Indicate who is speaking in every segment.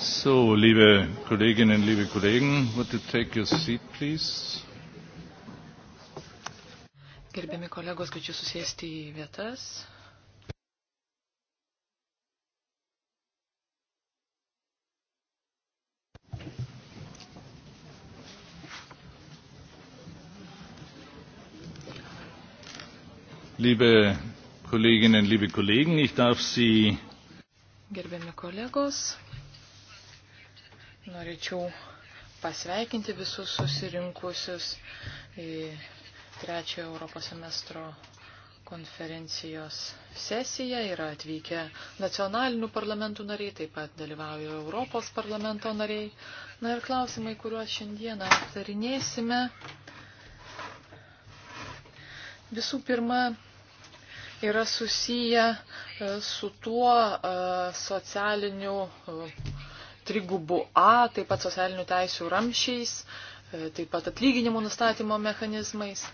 Speaker 1: So, liebe Kolleginnen, liebe Kollegen, would you
Speaker 2: take your seat, please?
Speaker 3: Gerbiami kolegos, kviečiu susėsti į vietas.
Speaker 2: Liebe Kolleginnen, liebe Kollegen, ich darf Sie.
Speaker 3: Gerbiami kolegos, Norėčiau pasveikinti visus susirinkusius į trečiojo Europos semestro konferencijos sesiją. Yra atvykę nacionalinių parlamentų nariai, taip pat dalyvauja Europos parlamento nariai. Na ir klausimai, kuriuos šiandieną aptarinėsime. Visų pirma, yra susiję e, su tuo e, socialiniu e, trigubu A, taip pat socialinių teisių ramšiais, e, taip pat atlyginimų nustatymo mechanizmais.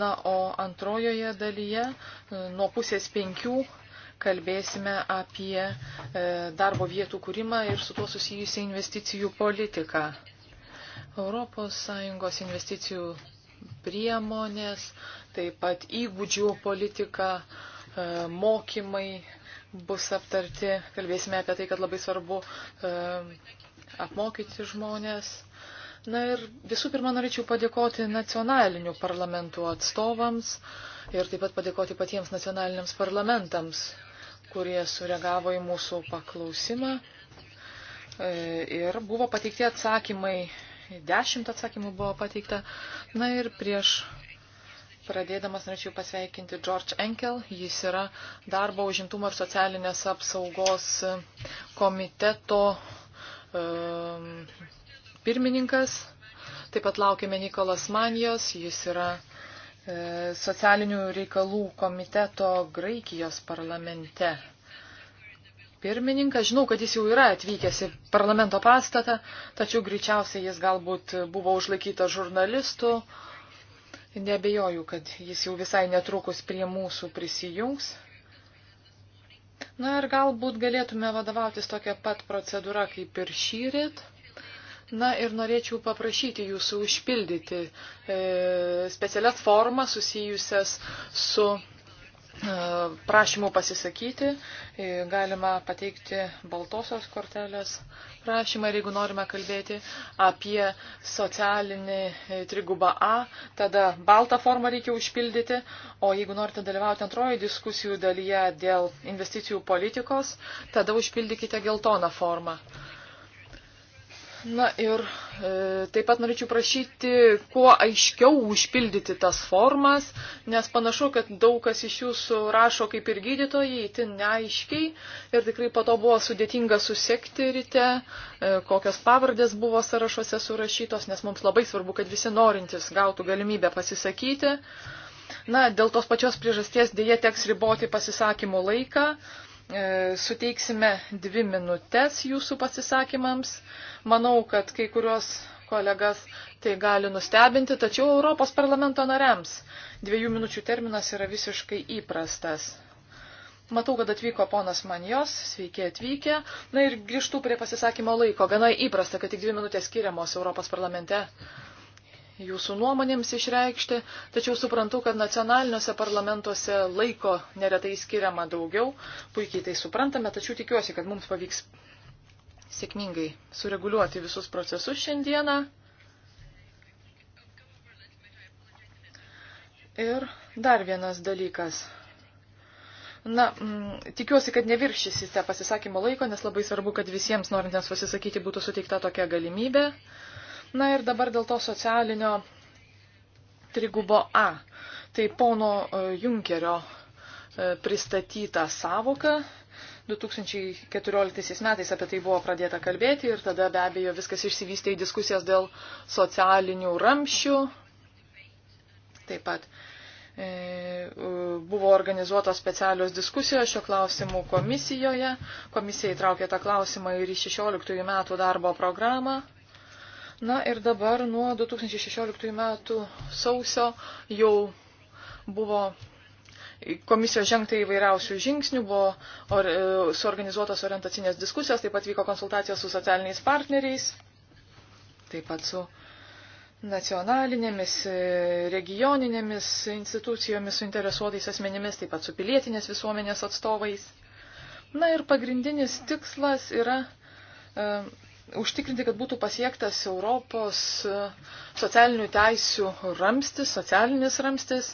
Speaker 3: Na, o antrojoje dalyje e, nuo pusės penkių kalbėsime apie e, darbo vietų kūrimą ir su tuo susijusią investicijų politiką. ES investicijų priemonės, taip pat įgūdžių politika, mokymai, bus aptarti, kalbėsime apie tai, kad labai svarbu e, apmokyti žmonės. Na ir visų pirma, norėčiau padėkoti nacionalinių parlamentų atstovams ir taip pat padėkoti patiems nacionaliniams parlamentams, kurie sureagavo į mūsų paklausimą. E, ir buvo pateikti atsakymai, dešimt atsakymų buvo pateikta. Na ir prieš Pradėdamas norėčiau pasveikinti George Enkel. Jis yra darbo užimtumo ir socialinės apsaugos komiteto um, pirmininkas. Taip pat laukime Nikolas Manijos. Jis yra e, socialinių reikalų komiteto Graikijos parlamente. Pirmininkas, žinau, kad jis jau yra atvykęs į parlamento pastatą, tačiau greičiausiai jis galbūt buvo užlaikytas žurnalistų. E, Nebejoju, kad jis jau visai netrukus prie mūsų prisijungs. Na ir galbūt galėtume vadovautis tokia pat procedūra kaip ir šyrit. Na ir norėčiau paprašyti jūsų užpildyti e, specialias formas susijusias su E, prašymų pasisakyti, e, galima pateikti baltosios kortelės prašymą ir jeigu norime kalbėti apie socialinį e, trigubą A, tada baltą formą reikia užpildyti, o jeigu norite dalyvauti antrojoje diskusijų dalyje dėl investicijų politikos, tada užpildykite geltoną formą. Na ir e, taip pat norėčiau prašyti, kuo aiškiau užpildyti tas formas, nes panašu, kad daug kas iš jūsų rašo kaip ir gydytojai, itin neaiškiai ir tikrai po to buvo sudėtinga susekti ryte, e, kokios pavardės buvo sąrašuose surašytos, nes mums labai svarbu, kad visi norintys gautų galimybę pasisakyti. Na, dėl tos pačios priežasties dėje teks riboti pasisakymų laiką. E, E, suteiksime dvi minutės jūsų pasisakymams. Manau, kad kai kurios kolegas tai gali nustebinti, tačiau Europos parlamento nariams dviejų minučių terminas yra visiškai įprastas. Matau, kad atvyko ponas Manjos, sveiki atvykę. Na ir grįžtų prie pasisakymo laiko. Gana įprasta, kad tik dvi minutės skiriamos Europos parlamente jūsų nuomonėms išreikšti, tačiau suprantu, kad nacionaliniuose parlamentuose laiko neretai skiriama daugiau, puikiai tai suprantame, tačiau tikiuosi, kad mums pavyks sėkmingai sureguliuoti visus procesus šiandieną. Ir dar vienas dalykas. Na, m, mm, tikiuosi, kad neviršysite pasisakymo laiko, nes labai svarbu, kad visiems norintiems pasisakyti būtų suteikta tokia galimybė. Uh, Na ir dabar dėl to socialinio trigubo A. Tai pono e, Junkerio e, pristatyta savoka. 2014 metais apie tai buvo pradėta kalbėti ir tada be abejo viskas išsivystė į diskusijas dėl socialinių ramšių. Taip pat e, buvo organizuotos specialios diskusijos šio klausimų komisijoje. Komisija įtraukė tą klausimą ir į 16 metų darbo programą. Na ir dabar nuo 2016 metų sausio jau buvo komisijos žengta įvairiausių žingsnių, buvo or, suorganizuotos orientacinės diskusijos, taip pat vyko konsultacijos su socialiniais partneriais, taip pat su nacionalinėmis, regioninėmis institucijomis, su interesuotais asmenimis, taip pat su pilietinės visuomenės atstovais. Na ir pagrindinis tikslas yra e, užtikrinti, kad būtų pasiektas Europos e, socialinių teisių ramstis, socialinis ramstis.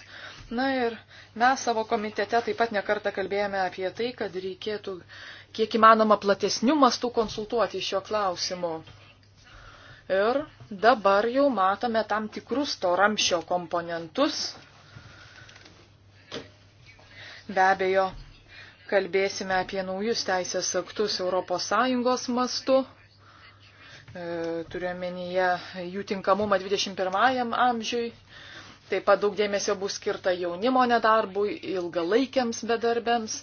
Speaker 3: Na ir mes savo komitete taip pat nekartą kalbėjome apie tai, kad reikėtų kiek įmanoma platesnių mastų konsultuoti šio klausimu. Ir dabar jau matome tam tikrus to ramšio komponentus. Be abejo, kalbėsime apie naujus teisės aktus ES mastu E, turiuomenyje jų tinkamumą 21 amžiui. Taip pat daug dėmesio bus skirta jaunimo nedarbui, ilgalaikiams bedarbėms.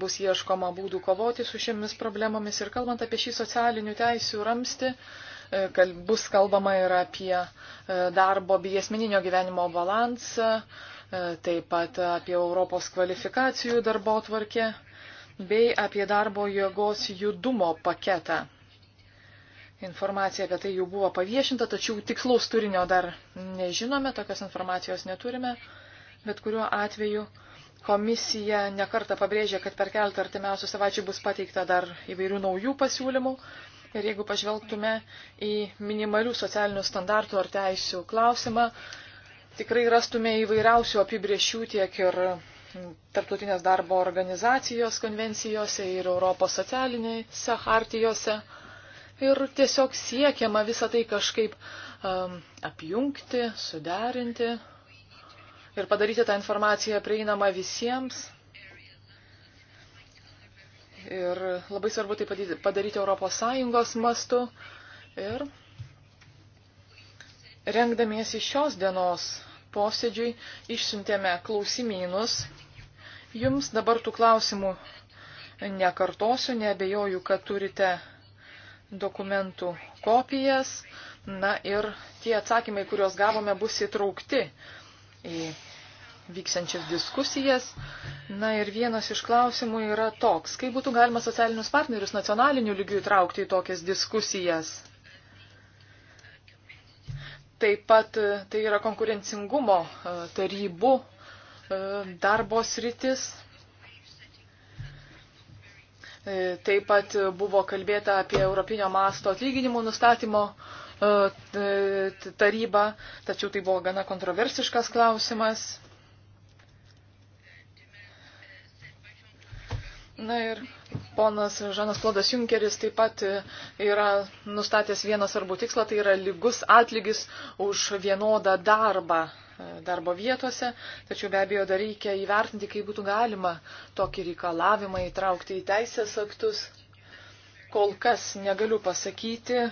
Speaker 3: Bus ieškoma būdų kovoti su šiomis problemomis. Ir kalbant apie šį socialinių teisių ramsti, e, bus kalbama ir apie e, darbo bei asmeninio gyvenimo balansą, taip pat apie Europos kvalifikacijų darbo tvarkę bei apie darbo jėgos judumo paketą. Informacija apie tai jau buvo paviešinta, tačiau tikslaus turinio dar nežinome, tokios informacijos neturime, bet kuriuo atveju Komisija nekarta pabrėžė, kad per keletą artimiausių savaičių bus pateikta dar įvairių naujų pasiūlymų. Ir jeigu pažvelgtume į minimalių socialinių standartų ar teisių klausimą, tikrai rastume įvairiausių apibriešių tiek ir tarptautinės darbo organizacijos konvencijose ir Europos socialinėse hartijose ir tiesiog siekiama visą tai kažkaip um, apjungti, suderinti ir padaryti tą informaciją prieinamą visiems. Ir labai svarbu tai padaryti Europos Sąjungos mastu. Ir rengdamiesi šios dienos posėdžiui išsiuntėme klausimynus. Jums dabar tų klausimų nekartosiu, nebejoju, kad turite dokumentų kopijas. Na ir tie atsakymai, kuriuos gavome, bus įtraukti į vyksiančias diskusijas. Na ir vienas iš klausimų yra toks, kaip būtų galima socialinius partnerius nacionaliniu lygiu įtraukti į tokias diskusijas. Taip pat e, tai yra konkurencingumo e, tarybų e, darbo sritis. E, taip pat buvo kalbėta apie Europinio masto atlyginimų nustatymo e, tarybą, tačiau tai buvo gana kontroversiškas klausimas. Na ir ponas Žanas Klodas Junkeris taip pat yra nustatęs vieną svarbų tikslą, tai yra lygus atlygis už vienodą darbą e, darbo vietose, tačiau be abejo dar reikia įvertinti, kaip būtų galima tokį reikalavimą įtraukti į teisės aktus. Kol kas negaliu pasakyti,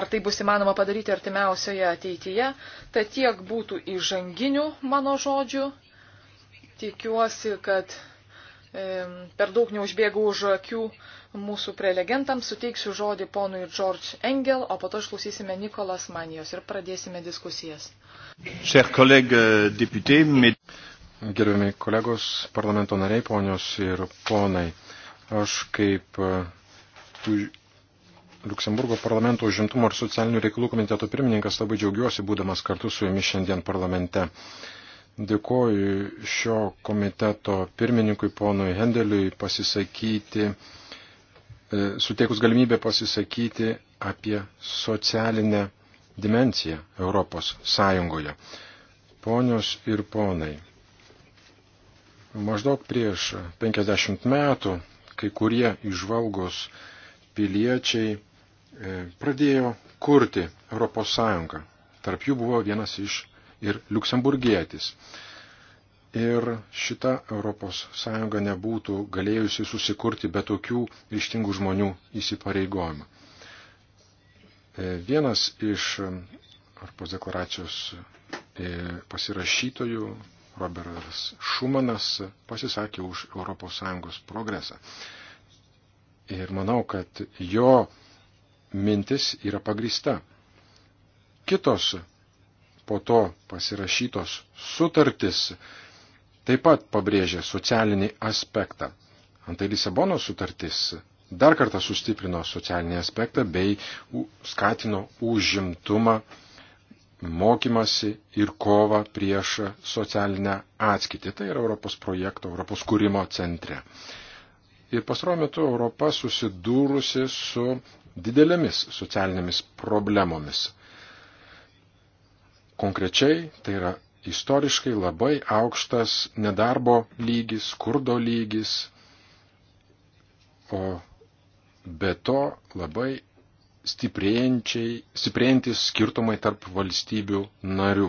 Speaker 3: ar tai bus įmanoma padaryti artimiausioje ateityje, tad tiek būtų įžanginių mano žodžių. Tikiuosi, kad E, per daug neužbėgau už akių mūsų prelegentams, suteiksiu žodį ponui George Engel, o po to išklausysime Nikolas Manijos ir pradėsime diskusijas.
Speaker 2: Euh, Gerbiami kolegos, parlamento nariai, ponios ir ponai, aš kaip e, Luksemburgo parlamento užimtumo ir socialinių reikalų komiteto pirmininkas labai džiaugiuosi, būdamas kartu su jumis šiandien parlamente. Dėkoju šio komiteto pirmininkui ponui Hendeliui pasisakyti, e, suteikus galimybę pasisakyti apie socialinę dimenciją Europos Sąjungoje. Ponios ir ponai, maždaug prieš 50 metų kai kurie išvalgos piliečiai e, pradėjo kurti Europos Sąjungą. Tarp jų buvo vienas iš ir liuksemburgietis. Ir šita ES nebūtų galėjusi susikurti be tokių ryštingų žmonių įsipareigojimų. E, vienas iš Arpos e, deklaracijos e, pasirašytojų Robertas Šumanas pasisakė už ES progresą. Ir manau, kad jo mintis yra pagrįsta. Kitos po to pasirašytos sutartis taip pat pabrėžė socialinį aspektą. Antai Lisabono sutartis dar kartą sustiprino socialinį aspektą bei skatino užimtumą, mokymasi ir kovą prieš socialinę atskitį. Tai yra Europos projekto, Europos kūrimo centre. Ir pastaruoju metu Europa susidūrusi su didelėmis socialinėmis problemomis. Konkrečiai tai yra istoriškai labai aukštas nedarbo lygis, skurdo lygis, o be to labai stiprėjantis skirtumai tarp valstybių narių.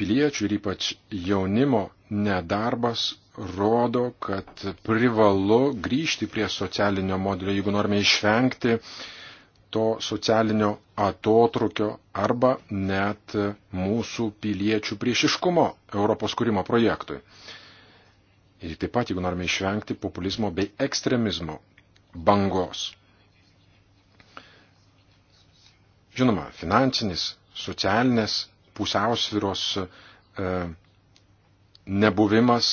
Speaker 2: Piliečių ir ypač jaunimo nedarbas rodo, kad privalu grįžti prie socialinio modelio, jeigu norime išvengti uh, to socialinio atotrukio arba net mūsų piliečių priešiškumo Europos kūrimo projektui. Ir taip pat, jeigu norime išvengti populizmo bei ekstremizmo bangos. Žinoma, finansinis, socialinės pusiausviros e, nebuvimas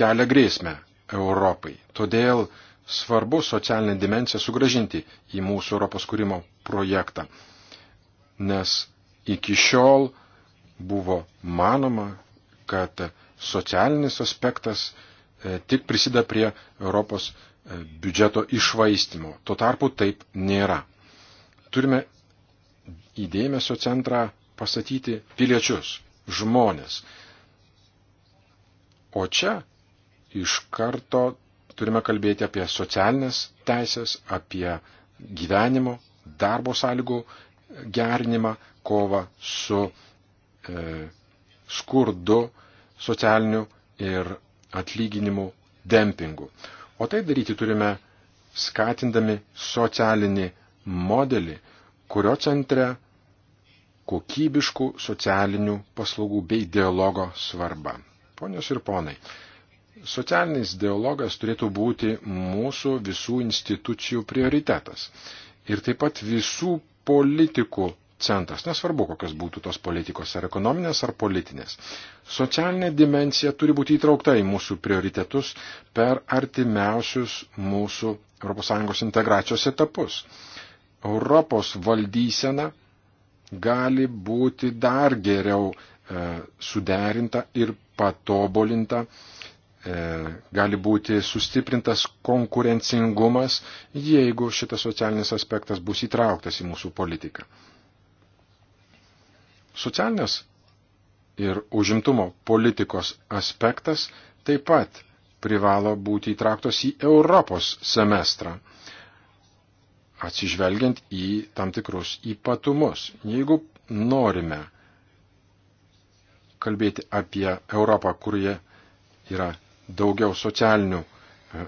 Speaker 2: kelia grėsmę Europai. Todėl svarbu socialinę dimenciją sugražinti į mūsų Europos kūrimo projektą. Nes iki šiol buvo manoma, kad socialinis aspektas e, tik prisida prie Europos e, biudžeto išvaistimo. Tuo tarpu taip nėra. Turime į dėmesio centrą pasakyti piliečius, žmonės. O čia iš karto Turime kalbėti apie socialinės teisės, apie gyvenimo, darbo sąlygų gerinimą, kovą su e, skurdu, socialiniu ir atlyginimu dempingu. O tai daryti turime skatindami socialinį modelį, kurio centre kokybiškų socialinių paslaugų bei dialogo svarba. Ponios ir ponai, Socialinis dialogas turėtų būti mūsų visų institucijų prioritetas. Ir taip pat visų politikų centras, nesvarbu, kokios būtų tos politikos, ar ekonominės, ar politinės. Socialinė dimensija turi būti įtraukta į mūsų prioritetus per artimiausius mūsų ES integracijos etapus. Europos valdysena gali būti dar geriau e, suderinta ir patobulinta E, gali būti sustiprintas konkurencingumas, jeigu šitas socialinis aspektas bus įtrauktas į mūsų politiką. Socialinės ir užimtumo politikos aspektas taip pat privalo būti įtrauktos į Europos semestrą, atsižvelgiant į tam tikrus ypatumus. Jeigu norime kalbėti apie Europą, kurioje yra daugiau socialinių, e,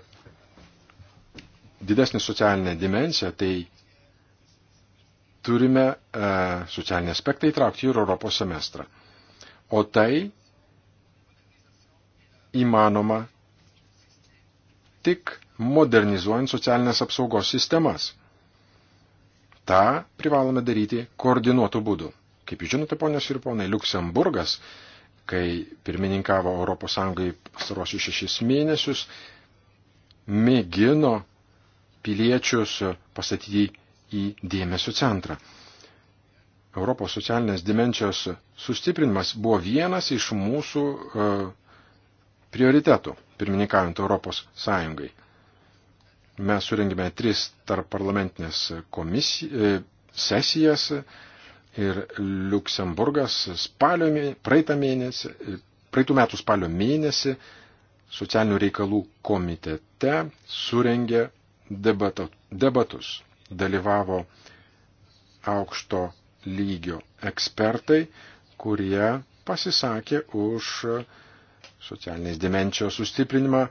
Speaker 2: didesnį socialinę dimenciją, tai turime e, socialinį aspektą įtraukti ir Europos semestrą. O tai įmanoma tik modernizuojant socialinės apsaugos sistemas. Ta privalome daryti koordinuotų būdų. Kaip jūs žinote, ponios ir ponai, Luksemburgas kai pirmininkavo ES pastarosius šešis mėnesius, mėgino piliečius pastatyti į dėmesio centrą. Europos socialinės dimensijos sustiprinimas buvo vienas iš mūsų e, prioritetų, pirmininkaujant Europos Sąjungai. Mes surengėme tris tarp parlamentinės komisijas, e, sesijas, e, ir Luksemburgas spalio, praeitą mėnesį, praeitų metų spalio mėnesį socialinių reikalų komitete surengė debato, debatus. Dalyvavo aukšto lygio ekspertai, kurie pasisakė už socialinės dimensijos sustiprinimą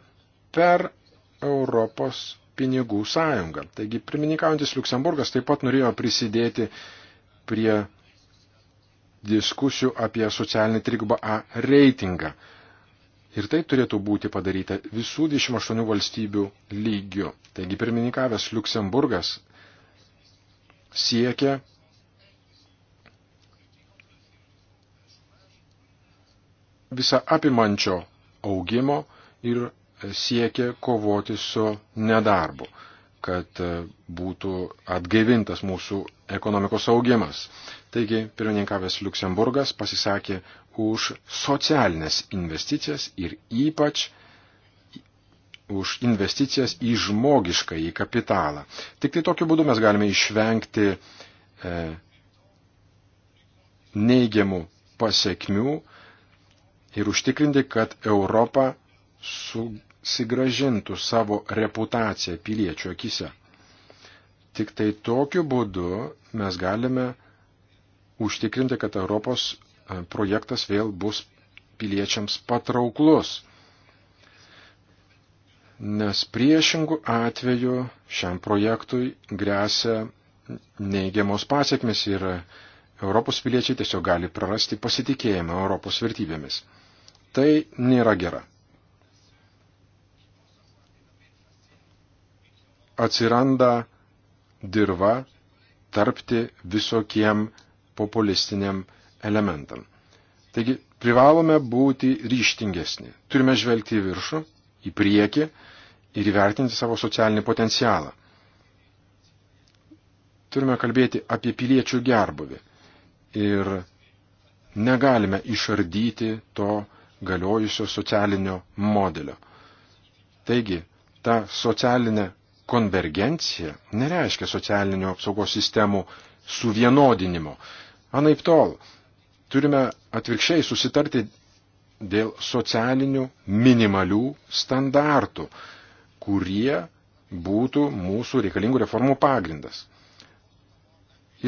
Speaker 2: per Europos pinigų sąjungą. Taigi, pirmininkaujantis Luksemburgas taip pat norėjo prisidėti prie diskusijų apie socialinį trigubą A reitingą. Ir tai turėtų būti padaryta visų 28 valstybių lygių. Taigi pirmininkavęs Luksemburgas siekia visą apimančio augimo ir siekia kovoti su nedarbu kad e, būtų atgaivintas mūsų ekonomikos augimas. Taigi, pirmininkavęs Luksemburgas pasisakė už socialinės investicijas ir ypač už investicijas į žmogišką, į kapitalą. Tik tai tokiu būdu mes galime išvengti e, neigiamų pasiekmių ir užtikrinti, kad Europa su, susigražintų savo reputaciją piliečių akise. Tik tai tokiu būdu mes galime užtikrinti, kad Europos e, projektas vėl bus piliečiams patrauklus. Nes priešingų atveju šiam projektui grėsia neigiamos pasiekmes ir Europos piliečiai tiesiog gali prarasti pasitikėjimą Europos vertybėmis. Tai nėra gera. atsiranda dirba tarpti visokiem populistiniam elementam. Taigi privalome būti ryštingesni. Turime žvelgti į viršų, į priekį ir įvertinti savo socialinį potencialą. Turime kalbėti apie piliečių gerbuvį ir negalime išardyti to galiojusio socialinio modelio. Taigi, ta socialinė konvergencija nereiškia socialinio apsaugos sistemų suvienodinimo. Anaip tol, turime atvirkščiai susitarti dėl socialinių minimalių standartų, kurie būtų mūsų reikalingų reformų pagrindas.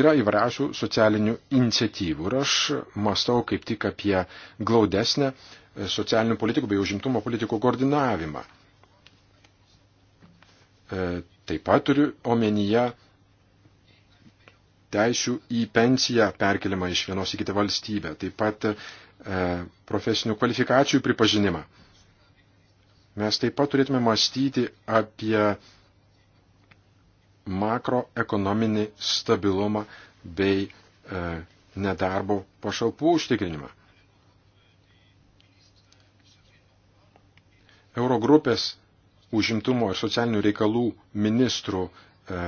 Speaker 2: Yra įvairiausių socialinių iniciatyvų ir aš mastau kaip tik apie glaudesnę socialinių politikų bei užimtumo politikų koordinavimą. E, taip pat turiu omenyje teisių į pensiją perkelimą iš vienos į kitą valstybę, taip pat e, profesinių kvalifikacijų pripažinimą. Mes taip pat turėtume mąstyti apie makroekonominį stabilumą bei e, nedarbo pašalpų užtikrinimą. Eurogrupės užimtumo ir socialinių reikalų ministrų e,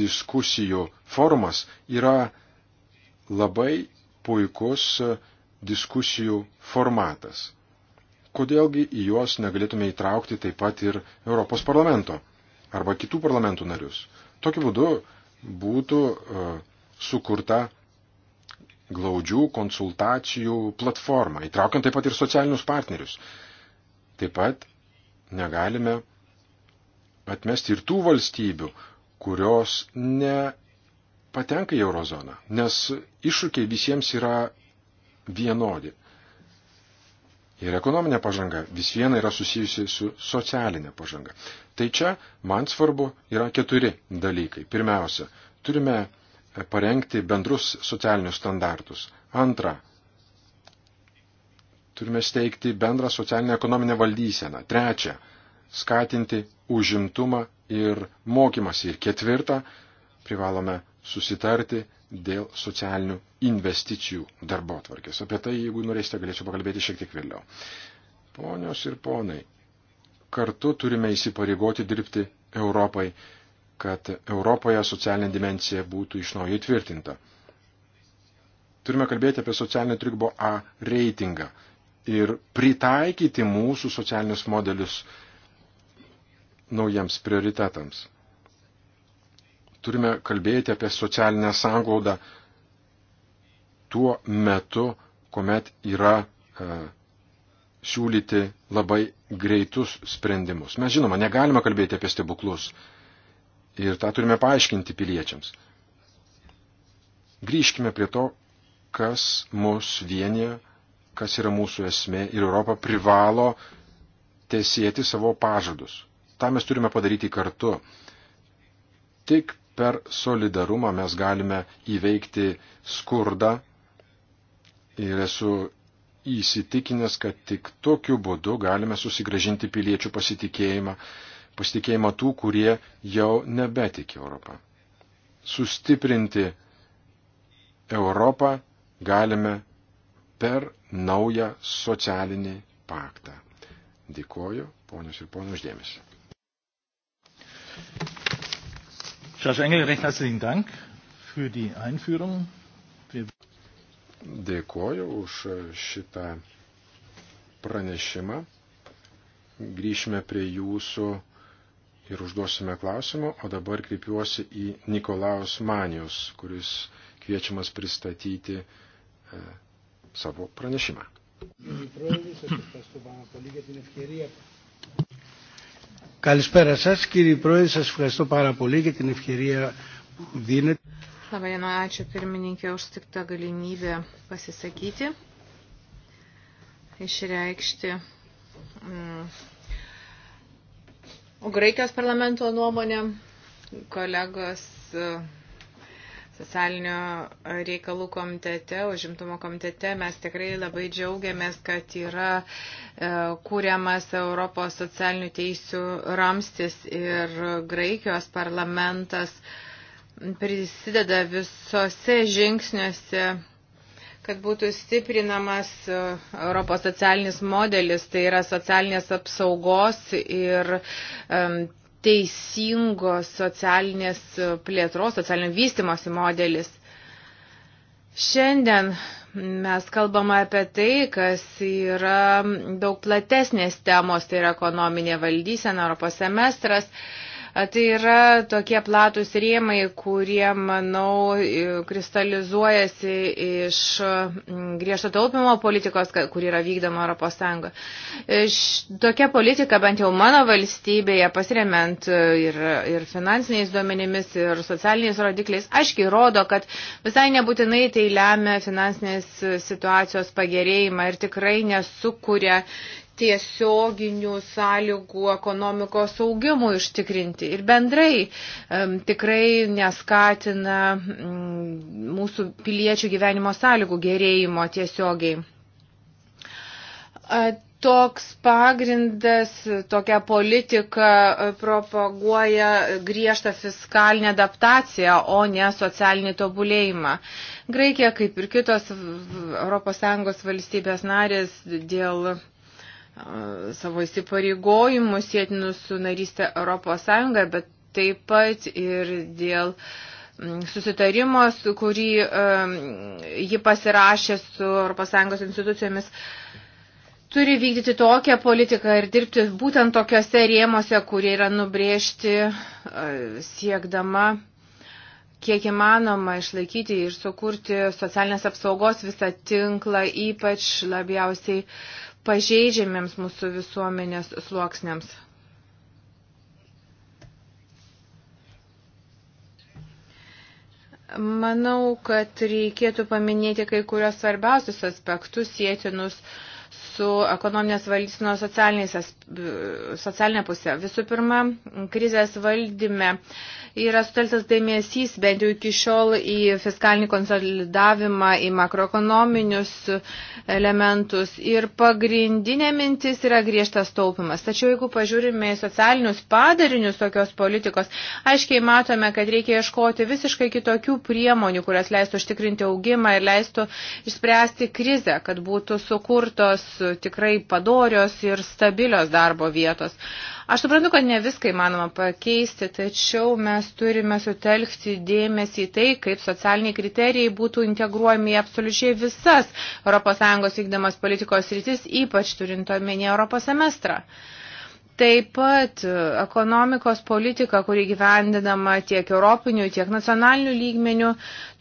Speaker 2: diskusijų formas yra labai puikus e, diskusijų formatas. Kodėlgi į juos negalėtume įtraukti taip pat ir Europos parlamento arba kitų parlamentų narius. Tokiu būdu būtų e, sukurta glaudžių konsultacijų platformą, įtraukiant taip pat ir socialinius partnerius. Taip pat negalime atmesti ir tų valstybių, kurios ne patenka į eurozoną, nes iššūkiai visiems yra vienodi. Ir ekonominė pažanga vis viena yra susijusi su socialinė pažanga. Tai čia man svarbu yra keturi dalykai. Pirmiausia, turime parengti bendrus socialinius standartus. Antra, Turime steigti bendrą socialinę ekonominę valdyseną. Trečia, skatinti užimtumą ir mokymasi. Ir ketvirta, privalome susitarti dėl socialinių investicijų darbo tvarkės. Apie tai, jeigu norėsite, galėčiau pakalbėti šiek tiek vėliau. Ponios ir ponai, kartu turime įsipareigoti dirbti Europai, kad Europoje socialinė dimencija būtų iš naujo įtvirtinta. Turime kalbėti apie socialinio trikbo A reitingą ir pritaikyti mūsų socialinius modelius naujiems prioritetams. Turime kalbėti apie socialinę sąnglaudą tuo metu, kuomet yra e, siūlyti labai greitus sprendimus. Mes žinoma, negalime kalbėti apie stebuklus ir tą turime paaiškinti piliečiams. Grįžkime prie to, kas mus vienyje kas yra mūsų esmė ir Europa privalo tiesėti savo pažadus. Ta mes turime padaryti kartu. Tik per solidarumą mes galime įveikti skurdą ir esu įsitikinęs, kad tik tokiu būdu galime susigražinti piliečių pasitikėjimą, pasitikėjimą tų, kurie jau nebetiki Europą. Sustiprinti Europą galime per naują socialinį paktą. Dėkoju, ponios ir ponų, uždėmesi. Šaš Engel, recht herzlichen Dank für die Einführung. Dėkoju už šitą pranešimą. Grįšime prie jūsų ir užduosime klausimų, o dabar kreipiuosi į Nikolaus Manijos, kuris kviečiamas pristatyti e, savo pranešimą. Καλησπέρα σας κύριε Πρόεδρε, σας ευχαριστώ πάρα πολύ για την ευκαιρία που δίνετε.
Speaker 1: Labai diena, ačiū pirmininkė už sutiktą galimybę pasisakyti, išreikšti mm, Graikijos parlamento nuomonę, kolegos mm, socialinio reikalų komitete, užimtumo komitete mes tikrai labai džiaugiamės, kad yra e, kūriamas Europos socialinių teisių ramstis ir Graikijos parlamentas prisideda visose žingsniuose kad būtų stiprinamas e, Europos socialinis modelis, tai yra socialinės apsaugos ir um, teisingos socialinės plėtros, socialinio vystimosi modelis. Šiandien mes kalbame apie tai, kas yra daug platesnės temos, tai yra ekonominė valdysena, Europos semestras. Uh, Tai yra tokie platus rėmai, kurie, manau, kristalizuojasi iš griežto taupimo politikos, kuri yra vykdoma Europos Sąjunga. E, tokia politika, bent jau mano valstybėje, pasiremiant e, ir, ir finansiniais duomenimis, ir socialiniais rodikliais, aiškiai rodo, kad visai nebūtinai tai lemia finansinės situacijos pagerėjimą ir tikrai nesukuria tiesioginių sąlygų ekonomikos augimui užtikrinti. Ir bendrai um, tikrai neskatina um, mūsų piliečių gyvenimo sąlygų gerėjimo tiesiogiai. At toks pagrindas, tokia politika e, propaguoja griežtą fiskalinę adaptaciją, o ne socialinį tobulėjimą. Graikija, kaip ir kitos ES valstybės narės, dėl savo įsipareigojimus sėtinus su narystė Europos Sąjunga, bet taip pat ir dėl susitarimas, kurį ji pasirašė su ES institucijomis, turi vykdyti tokią politiką ir dirbti būtent tokiuose rėmose, kurie yra nubrėžti siekdama kiek įmanoma išlaikyti ir sukurti socialinės apsaugos visą tinklą, ypač labiausiai pažeidžiamiems mūsų visuomenės sluoksniams. Manau, kad reikėtų paminėti kai kurios svarbiausius aspektus sėtinus uh, su ekonominės valdysenos socialinė pusė. Visų pirma, krizės valdyme yra suteltas dėmesys bent jau iki šiol į fiskalinį konsolidavimą, į makroekonominius elementus ir pagrindinė mintis yra griežtas taupimas. Tačiau jeigu pažiūrime į socialinius padarinius tokios politikos, aiškiai matome, kad reikia ieškoti visiškai kitokių priemonių, kurias leistų užtikrinti augimą ir leistų išspręsti krizę, kad būtų sukurtos būtų tikrai padorios ir stabilios darbo vietos. Aš suprantu, kad ne viską įmanoma pakeisti, tačiau mes turime sutelkti dėmesį į tai, kaip socialiniai kriterijai būtų integruojami į absoliučiai visas ES vykdomas politikos rytis, ypač turint omenyje Europos semestrą. Uh, Taip pat e, ekonomikos politika, kuri gyvendinama tiek europinių, tiek nacionalinių lygmenių,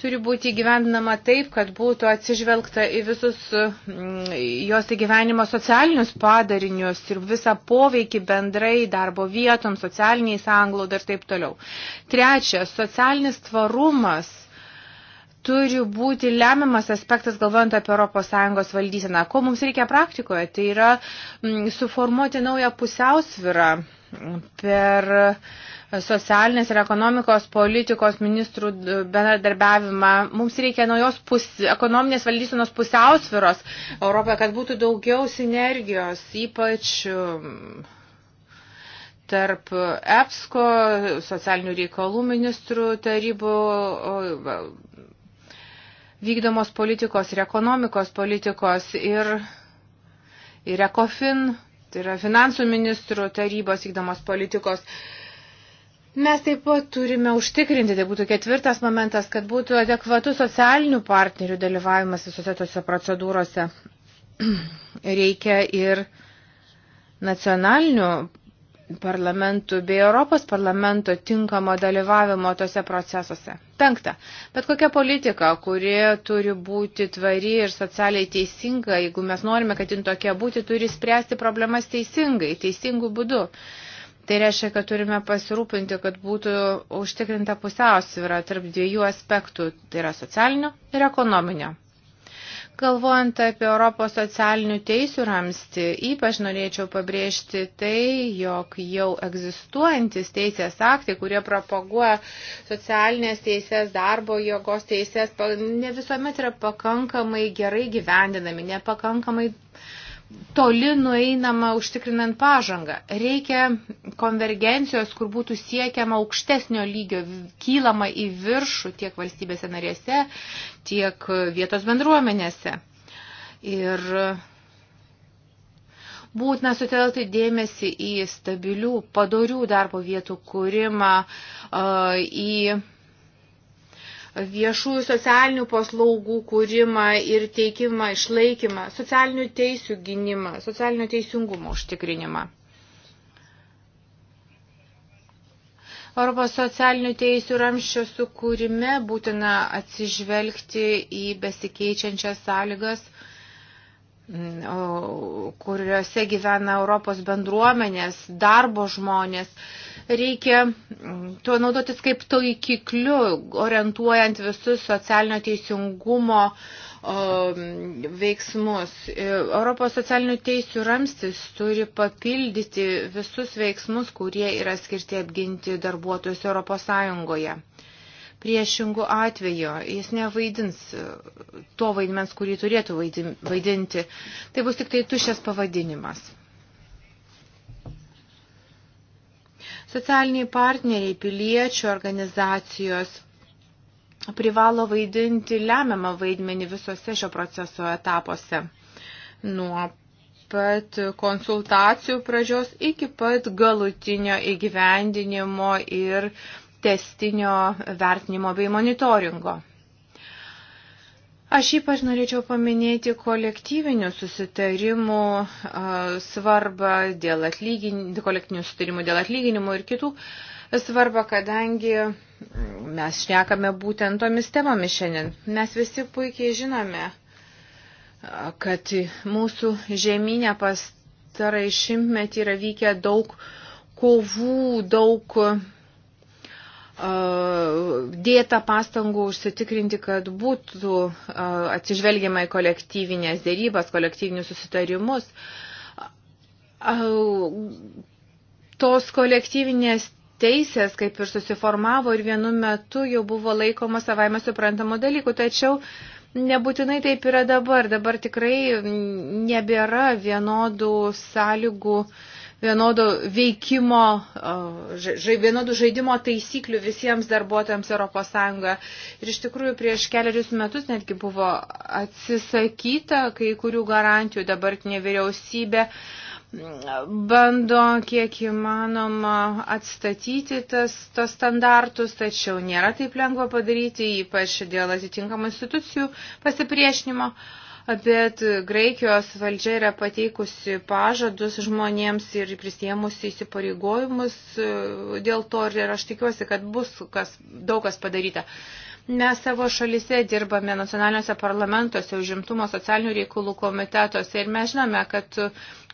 Speaker 1: turi būti gyvendinama taip, kad būtų atsižvelgta į visus e, jos įgyvenimo socialinius padarinius ir visą poveikį bendrai darbo vietom, socialiniai sąnglaud ir taip toliau. Trečia, socialinis tvarumas turi būti lemiamas aspektas, galvojant apie ES valdyseną. Ko mums reikia praktikoje? Tai yra mm, suformuoti naują pusiausvyrą per socialinės ir ekonomikos politikos ministrų e, bendradarbiavimą. Mums reikia naujos pus, ekonominės valdysenos pusiausviros Europoje, kad būtų daugiau sinergijos, ypač mm, tarp EPSCO, socialinių reikalų ministrų tarybų, vykdomos politikos ir ekonomikos politikos ir, ir ECOFIN, tai yra finansų ministrų tarybos vykdomos politikos. Mes taip pat turime užtikrinti, tai būtų ketvirtas momentas, kad būtų adekvatus socialinių partnerių dalyvavimas visose tose procedūrose. Reikia ir nacionalinių parlamentų bei Europos parlamento tinkamo dalyvavimo tose procesuose. Penkta. Bet kokia politika, kuri turi būti tvari ir socialiai teisinga, jeigu mes norime, kad jin tokia būti, turi spręsti problemas teisingai, teisingų būdų. Tai reiškia, kad turime pasirūpinti, kad būtų užtikrinta pusiausvyra tarp dviejų aspektų, tai yra socialinio ir ekonominio. Galvojant apie Europos socialinių teisų ramstį, ypač norėčiau pabrėžti tai, jog jau egzistuojantis teisės aktai, kurie propaguoja socialinės teisės, darbo jėgos teisės, ne visuomet yra pakankamai gerai gyvendinami, nepakankamai toli nueinama užtikrinant pažangą. Reikia konvergencijos, kur būtų siekiama aukštesnio lygio, kylama į viršų tiek valstybėse narėse, tiek vietos bendruomenėse. Ir būtina sutelkti dėmesį į stabilių, padorių darbo vietų kūrimą, į viešųjų socialinių paslaugų kūrimą ir teikimą, išlaikymą, socialinių teisių gynimą, socialinio teisingumo užtikrinimą. Europos socialinių teisių ramščio sukūrime būtina atsižvelgti į besikeičiančias sąlygas, kuriuose gyvena Europos bendruomenės, darbo žmonės reikia mm, tuo naudotis kaip taikikliu, orientuojant visus socialinio teisingumo um, veiksmus. Europos socialinių teisių ramstis turi papildyti visus veiksmus, kurie yra skirti apginti darbuotojus Europos Sąjungoje. Priešingų atveju jis nevaidins uh, to vaidmens, kurį turėtų vaidinti. Tai bus tik tai tušės pavadinimas. Socialiniai partneriai, piliečių organizacijos privalo vaidinti lemiamą vaidmenį visose šio proceso etapuose. Nuo pat konsultacijų pradžios iki pat galutinio įgyvendinimo ir testinio vertinimo bei monitoringo. Aš ypač norėčiau paminėti kolektyvinių susitarimų svarbą dėl atlyginimų, kolektyvinių susitarimų dėl atlyginimų ir kitų svarbą, kadangi mes šnekame būtent tomis temomis šiandien. Mes visi puikiai žinome, kad mūsų žemynė pastarai šimtmetį yra vykę daug kovų, daug Uh, dėta pastangų užsitikrinti, kad būtų uh, atsižvelgiama į kolektyvinės dėrybas, kolektyvinius susitarimus. Uh, tos kolektyvinės teisės kaip ir susiformavo ir vienu metu jau buvo laikoma savaime suprantamų dalykų, tačiau nebūtinai taip yra dabar. Dabar tikrai nebėra vienodų sąlygų uh, vienodo veikimo, ža, vienodų žaidimo taisyklių visiems darbuotojams ES. Ir iš tikrųjų prieš keliarius metus netgi buvo atsisakyta kai kurių garantijų dabartinė vyriausybė bando kiek įmanoma atstatyti tas, tos standartus, tačiau nėra taip lengva padaryti, ypač dėl atitinkamų institucijų pasipriešinimo. Uh, bet Graikijos valdžia yra pateikusi pažadus žmonėms ir prisėmusi įsipareigojimus e, dėl to ir aš tikiuosi, kad bus kas, daug kas padaryta. Mes savo šalise dirbame nacionaliniuose parlamentuose, užimtumo socialinių reikalų komitetuose ir mes žinome, kad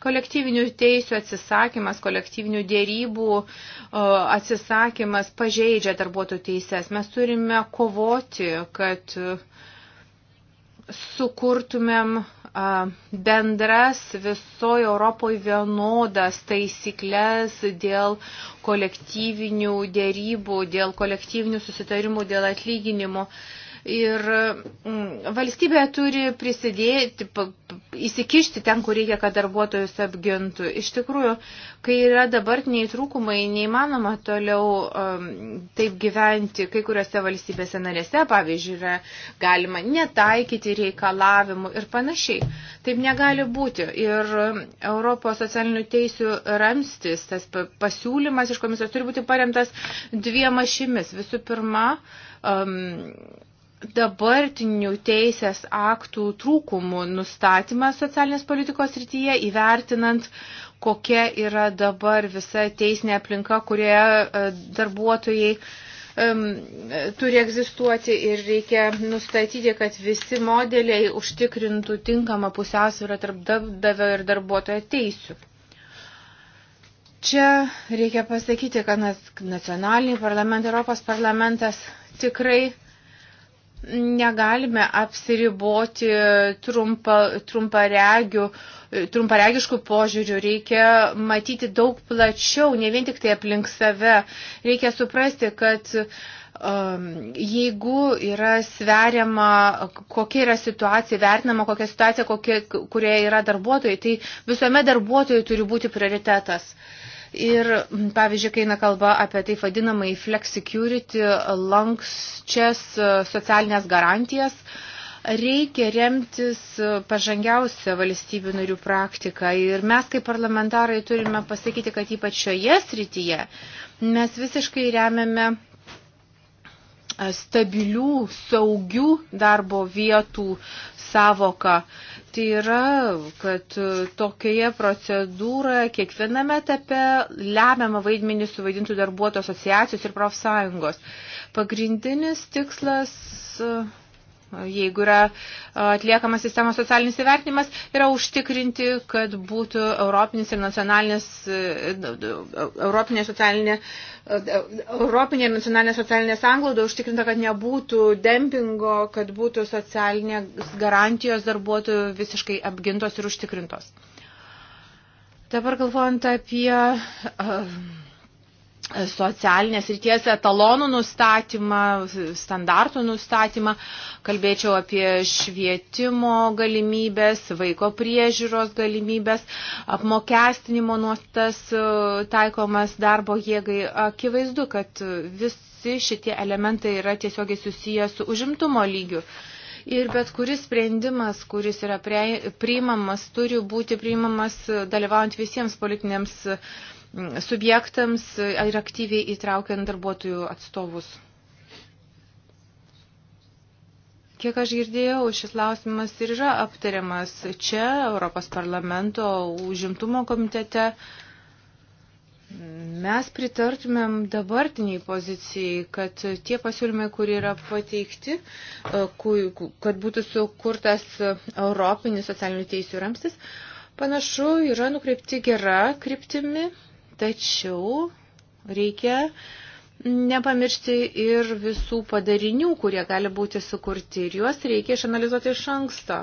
Speaker 1: kolektyvinių teisų atsisakymas, kolektyvinių dėrybų e, atsisakymas pažeidžia darbuotojų teises. Mes turime kovoti, kad uh, sukurtumėm bendras visoje Europoje vienodas taisyklės dėl kolektyvinių dėrybų, dėl kolektyvinių susitarimų, dėl atlyginimų. Ir mm, valstybė turi prisidėti, įsikišti ten, kur reikia, kad darbuotojus apgintų. Iš tikrųjų, kai yra dabartiniai trūkumai, neįmanoma toliau um, taip gyventi. Kai kuriuose valstybėse narėse, pavyzdžiui, yra galima netaikyti reikalavimų ir panašiai. Taip negali būti. Ir um, Europos socialinių teisių ramstis, tas pasiūlymas iš komisijos turi būti paremtas dviem ašimis. Visų pirma, um, dabartinių teisės aktų trūkumų nustatymas socialinės politikos rytyje, įvertinant, kokia yra dabar visa teisinė aplinka, kurioje e, darbuotojai um, turi egzistuoti ir reikia nustatyti, kad visi modeliai užtikrintų tinkamą pusiausvyrą tarp darbdavio ir darbuotojo teisių. Čia reikia pasakyti, kad nacionaliniai parlamentai, Europos parlamentas tikrai negalime apsiriboti trumpa, trumparegių, trumparegiškų požiūrių, reikia matyti daug plačiau, ne vien tik tai aplink save. Reikia suprasti, kad um, jeigu yra sveriama, kokia yra situacija, vertinama kokia situacija, kokie, kurie yra darbuotojai, tai visuomet darbuotojai turi būti prioritetas. Uh, Ir, pavyzdžiui, kai eina kalba apie taip vadinamai flex security, lankščias e, socialinės garantijas, reikia remtis e, pažangiausią valstybių narių praktiką. Ir mes kaip parlamentarai turime pasakyti, kad ypač šioje srityje mes visiškai remiame e, stabilių, saugių darbo vietų savoką. Tai yra, kad tokioje procedūroje kiekviename etape lemiamą vaidmenį suvaidintų darbuotojų asociacijos ir profsąjungos. Pagrindinis tikslas. Uh, jeigu yra atliekamas sistemos socialinis įvertinimas, yra užtikrinti, kad būtų europinis ir nacionalinis, e, europinė socialinė, e, europinė ir nacionalinė socialinė sanglauda užtikrinta, kad nebūtų dempingo, kad būtų socialinės garantijos darbuotojų visiškai apgintos ir užtikrintos. Dabar galvojant apie uh, socialinės ryties etalonų nustatymą, standartų nustatymą, kalbėčiau apie švietimo galimybės, vaiko priežiūros galimybės, apmokestinimo nuostas e, taikomas darbo jėgai. Akivaizdu, kad visi šitie elementai yra tiesiogiai susiję su užimtumo lygiu. Ir bet kuris sprendimas, kuris yra prie, priimamas, turi būti priimamas dalyvaujant visiems politiniams uh, subjektams ir aktyviai įtraukiant darbuotojų atstovus. Kiek aš girdėjau, šis lausimas ir yra aptariamas čia, Europos parlamento užimtumo komitete. Mes pritartumėm dabartiniai pozicijai, kad tie pasiūlymai, kurie yra pateikti, kad būtų sukurtas Europinis socialinių teisų ramstis, panašu yra nukreipti gera kryptimi Tačiau reikia nepamiršti ir visų padarinių, kurie gali būti sukurti ir juos reikia išanalizuoti iš anksto.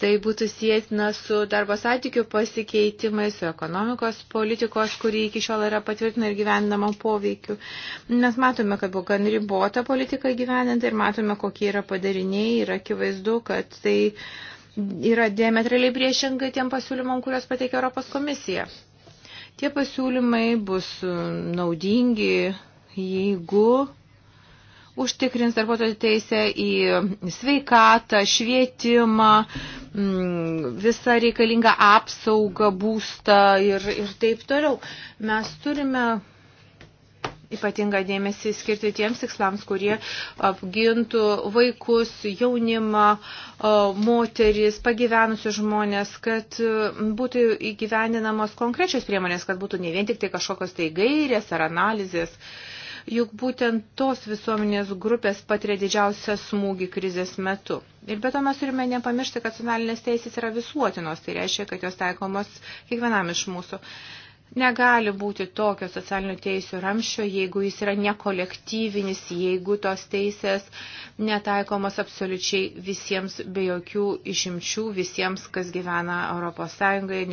Speaker 1: Tai būtų sėtina su darbo santykių pasikeitimais, su ekonomikos politikos, kuri iki šiol yra patvirtina ir gyvendama poveikiu. Mes matome, kad buvo gan ribota politika gyveninta ir matome, kokie yra padariniai ir akivaizdu, kad tai yra diametraliai priešingai tiem pasiūlymam, kuriuos pateikia Europos komisija. Tie pasiūlymai bus naudingi, jeigu užtikrins darbuotojų teisę į sveikatą, švietimą, mm, visą reikalingą apsaugą, būstą ir, ir taip toliau. Mes turime ypatingą dėmesį skirti tiems tikslams, kurie apgintų vaikus, jaunimą, moteris, pagyvenusius žmonės, kad būtų įgyvendinamos konkrečios priemonės, kad būtų ne vien tik tai kažkokios tai gairės ar analizės. Juk būtent tos visuomenės grupės patiria didžiausią smūgį krizės metu. Ir be to mes turime nepamiršti, kad nacionalinės teisės yra visuotinos, tai reiškia, kad jos taikomos kiekvienam iš mūsų. Uh, Negali būti tokio socialinių teisų ramščio, jeigu jis yra nekolektyvinis, jeigu tos teisės netaikomos absoliučiai visiems be jokių išimčių, visiems, kas gyvena ES,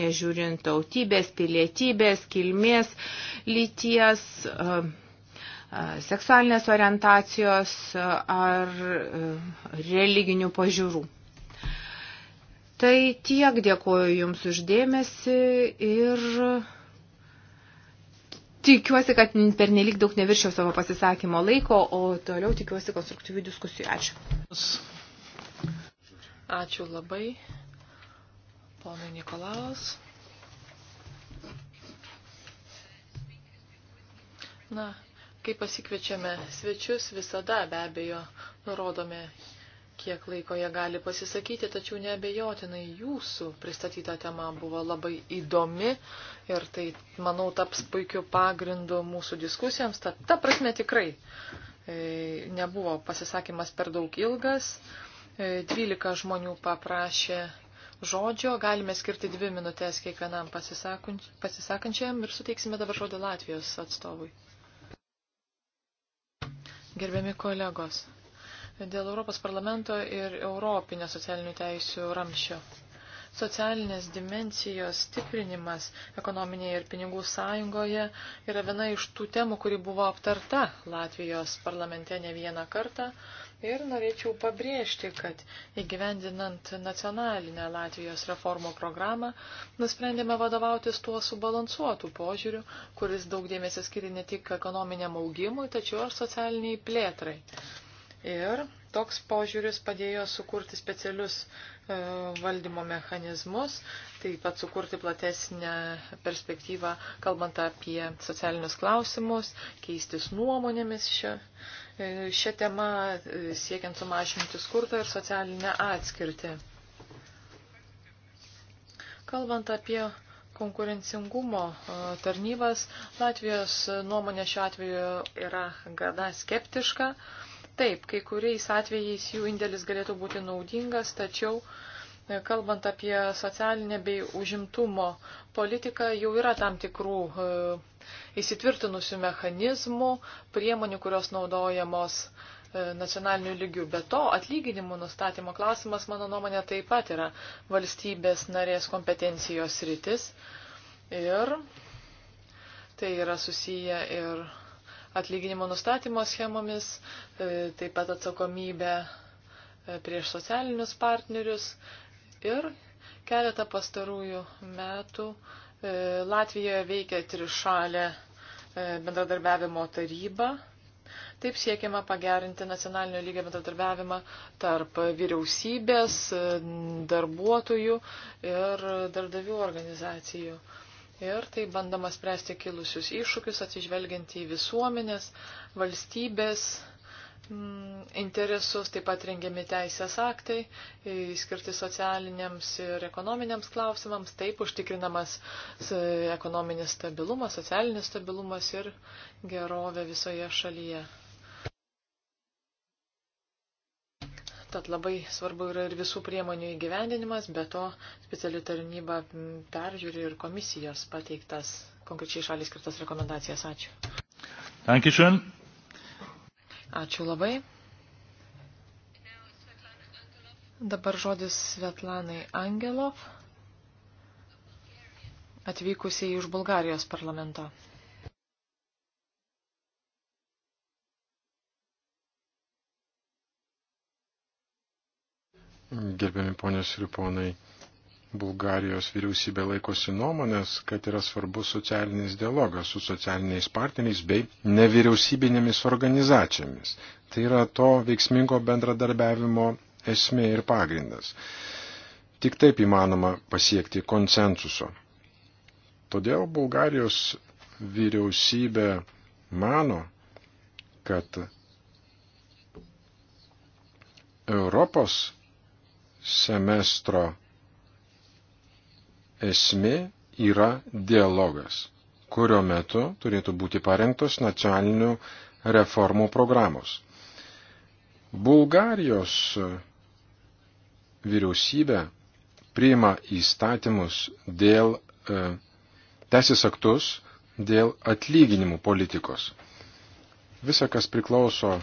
Speaker 1: nežiūrint tautybės, pilietybės, kilmės, lyties. Uh, seksualinės orientacijos ar religinių pažiūrų. Tai tiek dėkoju Jums uždėmesi ir Tikiuosi, kad per nelik daug neviršiau savo pasisakymo laiko, o toliau tikiuosi konstruktyvių diskusijų. Ačiū.
Speaker 3: Ačiū labai, ponai Nikolaus. Na, kai pasikviečiame svečius, visada be abejo nurodome kiek laiko jie gali pasisakyti, tačiau neabejotinai jūsų pristatyta tema buvo labai įdomi ir tai, manau, taps puikiu pagrindu mūsų diskusijoms. Ta, ta prasme tikrai e, nebuvo pasisakymas per daug ilgas. E, 12 žmonių paprašė žodžio, galime skirti dvi minutės kiekvienam pasisakančiam ir suteiksime dabar žodį Latvijos atstovui. Gerbiami kolegos dėl Europos parlamento ir Europinio socialinių teisių ramščio. Socialinės dimensijos stiprinimas ekonominėje ir pinigų sąjungoje yra viena iš tų temų, kuri buvo aptarta Latvijos parlamente ne vieną kartą. Ir norėčiau pabrėžti, kad įgyvendinant nacionalinę Latvijos reformų programą, nusprendėme vadovautis tuo subalansuotų požiūriu, kuris daug dėmesio skiria ne tik ekonominiam augimui, tačiau ir socialiniai plėtrai. Ir toks požiūris padėjo sukurti specialius e, valdymo mechanizmus, taip pat sukurti platesnę perspektyvą, kalbant apie socialinius klausimus, keistis nuomonėmis šią, e, šią temą, e, siekiant sumažinti skurtą ir socialinę atskirtį. Kalbant apie konkurencingumo tarnybas, Latvijos nuomonė šiuo atveju yra gana skeptiška. Taip, kai kuriais atvejais jų indėlis galėtų būti naudingas, tačiau e, kalbant apie socialinę bei užimtumo politiką, jau yra tam tikrų e, įsitvirtinusių mechanizmų, priemonių, kurios naudojamos e, nacionaliniu lygiu. Be to, atlyginimų nustatymo klausimas, mano nuomonė, taip pat yra valstybės narės kompetencijos rytis. Ir tai yra susiję ir atlyginimo nustatymo schemomis, e, taip pat atsakomybę e, prieš socialinius partnerius ir keletą pastarųjų metų e, Latvijoje veikia trišalė bendradarbiavimo taryba. Taip siekiama pagerinti nacionalinio lygio bendradarbiavimą tarp vyriausybės, darbuotojų ir darbdavių organizacijų. Ir tai bandama spręsti kilusius iššūkius, atsižvelgiant į visuomenės, valstybės m, mm, interesus, taip pat rengiami teisės aktai, skirti socialiniams ir ekonominiams klausimams, taip užtikrinamas ekonominis stabilumas, socialinis stabilumas ir gerovė visoje šalyje. Tad labai svarbu yra ir visų priemonių įgyvendinimas, be to speciali tarnyba peržiūri ir komisijos pateiktas konkrečiai šaliai skirtas rekomendacijas. Ačiū. Dankeschön. Ačiū labai. Dabar žodis Svetlanai Angelov, atvykusiai iš Bulgarijos parlamento.
Speaker 2: gerbiami ponios ir ponai, Bulgarijos vyriausybė laikosi nuomonės, kad yra svarbus socialinis dialogas su socialiniais partneriais bei nevyriausybinėmis organizacijomis. Tai yra to veiksmingo bendradarbiavimo esmė ir pagrindas. Tik taip įmanoma pasiekti konsensuso. Todėl Bulgarijos vyriausybė mano, kad Europos semestro esmė yra dialogas, kurio metu turėtų būti parengtos nacionalinių reformų programos. Bulgarijos vyriausybė priima įstatymus dėl e, teisės aktus dėl atlyginimų politikos. Visa, kas priklauso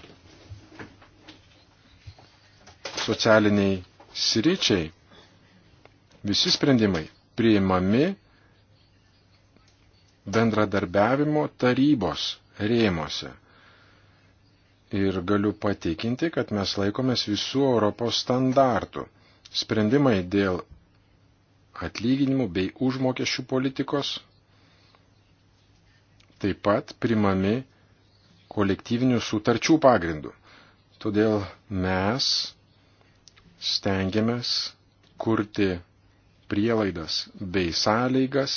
Speaker 2: socialiniai sričiai visi sprendimai priimami bendradarbiavimo tarybos rėmose. Ir galiu patikinti, kad mes laikomės visų Europos standartų. Sprendimai dėl atlyginimų bei užmokesčių politikos taip pat primami kolektyvinių sutarčių pagrindų. Todėl mes stengiamės kurti prielaidas bei sąlygas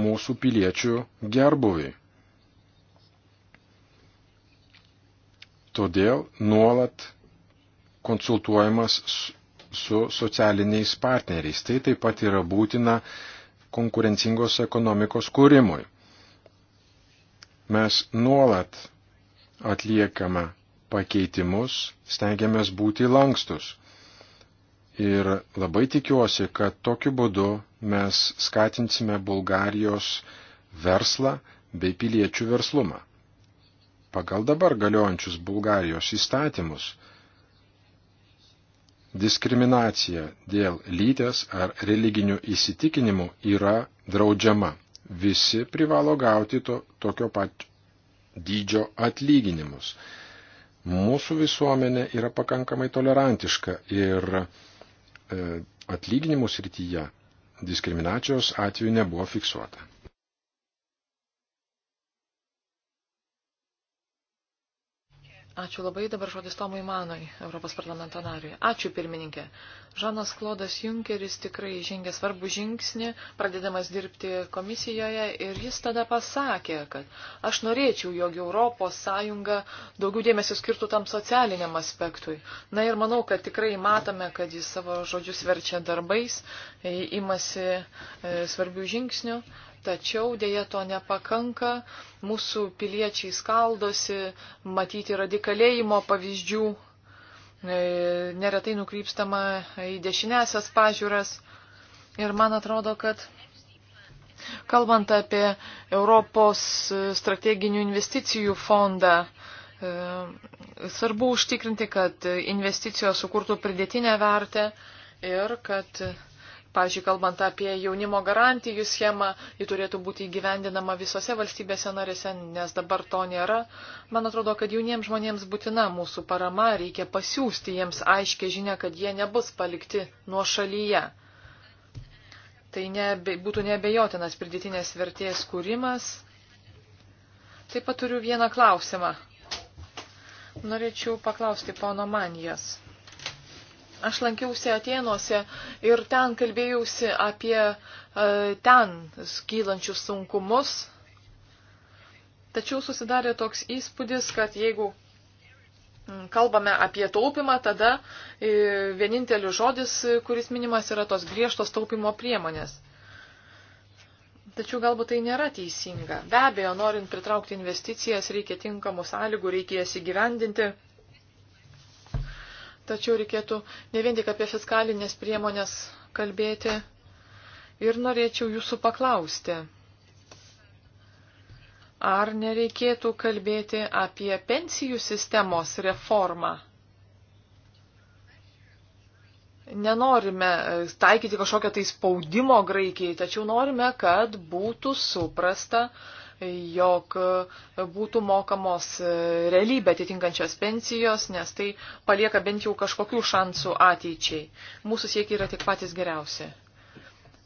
Speaker 2: mūsų piliečių gerbuviui. Todėl nuolat konsultuojamas su socialiniais partneriais. Tai taip pat yra būtina konkurencingos ekonomikos kūrimui. Mes nuolat atliekame pakeitimus stengiamės būti lankstus. Ir labai tikiuosi, kad tokiu būdu mes skatinsime Bulgarijos verslą bei piliečių verslumą. Pagal dabar galiojančius Bulgarijos įstatymus diskriminacija dėl lytės ar religinių įsitikinimų yra draudžiama. Visi privalo gauti to, tokio pat dydžio atlyginimus. Mūsų visuomenė yra pakankamai tolerantiška ir e, atlyginimų srityje diskriminacijos atveju nebuvo fiksuota.
Speaker 3: Ačiū labai, dabar žodis Tomui Manoj, Europos parlamento nariui. Ačiū pirmininkė. Žanas Klodas Junkeris tikrai žengė svarbų žingsnį, pradėdamas dirbti komisijoje ir jis tada pasakė, kad aš norėčiau, jog Europos Sąjunga daugiau dėmesio skirtų tam socialiniam aspektui. Na ir manau, kad tikrai matome, kad jis savo žodžius verčia darbais, e, imasi e, svarbių žingsnių Tačiau dėja to nepakanka, mūsų piliečiai skaldosi, matyti radikalėjimo pavyzdžių, e, neretai nukrypstama į dešinėsias pažiūras. Ir man atrodo, kad kalbant apie Europos strateginių investicijų fondą, e, svarbu užtikrinti, kad investicijos sukurtų pridėtinę vertę ir kad Pavyzdžiui, kalbant apie jaunimo garantijų schemą, ji turėtų būti įgyvendinama visose valstybėse narėse, nes dabar to nėra. Man atrodo, kad jauniems žmonėms būtina mūsų parama, reikia pasiūsti jiems aiškę žinę, kad jie nebus palikti nuo šalyje. Tai nebe, būtų nebejotinas pridėtinės vertės kūrimas. Taip pat turiu vieną klausimą. Norėčiau paklausti pono Manijas. Aš lankiausi Atenuose ir ten kalbėjausi apie e, ten skylančius sunkumus. Tačiau susidarė toks įspūdis, kad jeigu mm, kalbame apie taupimą, tada e, vienintelis žodis, kuris minimas, yra tos griežtos taupimo priemonės. Tačiau galbūt tai nėra teisinga. Be abejo, norint pritraukti investicijas, reikia tinkamų sąlygų, reikia jas įgyvendinti tačiau reikėtų ne vien tik apie fiskalinės priemonės kalbėti. Ir norėčiau jūsų paklausti, ar nereikėtų kalbėti apie pensijų sistemos reformą? Nenorime e, taikyti kažkokio tai spaudimo Graikijai, tačiau norime, kad būtų suprasta, uh, jog būtų mokamos realybę atitinkančios pensijos, nes tai palieka bent jau kažkokių šansų ateičiai. Mūsų siekiai yra tik patys geriausi.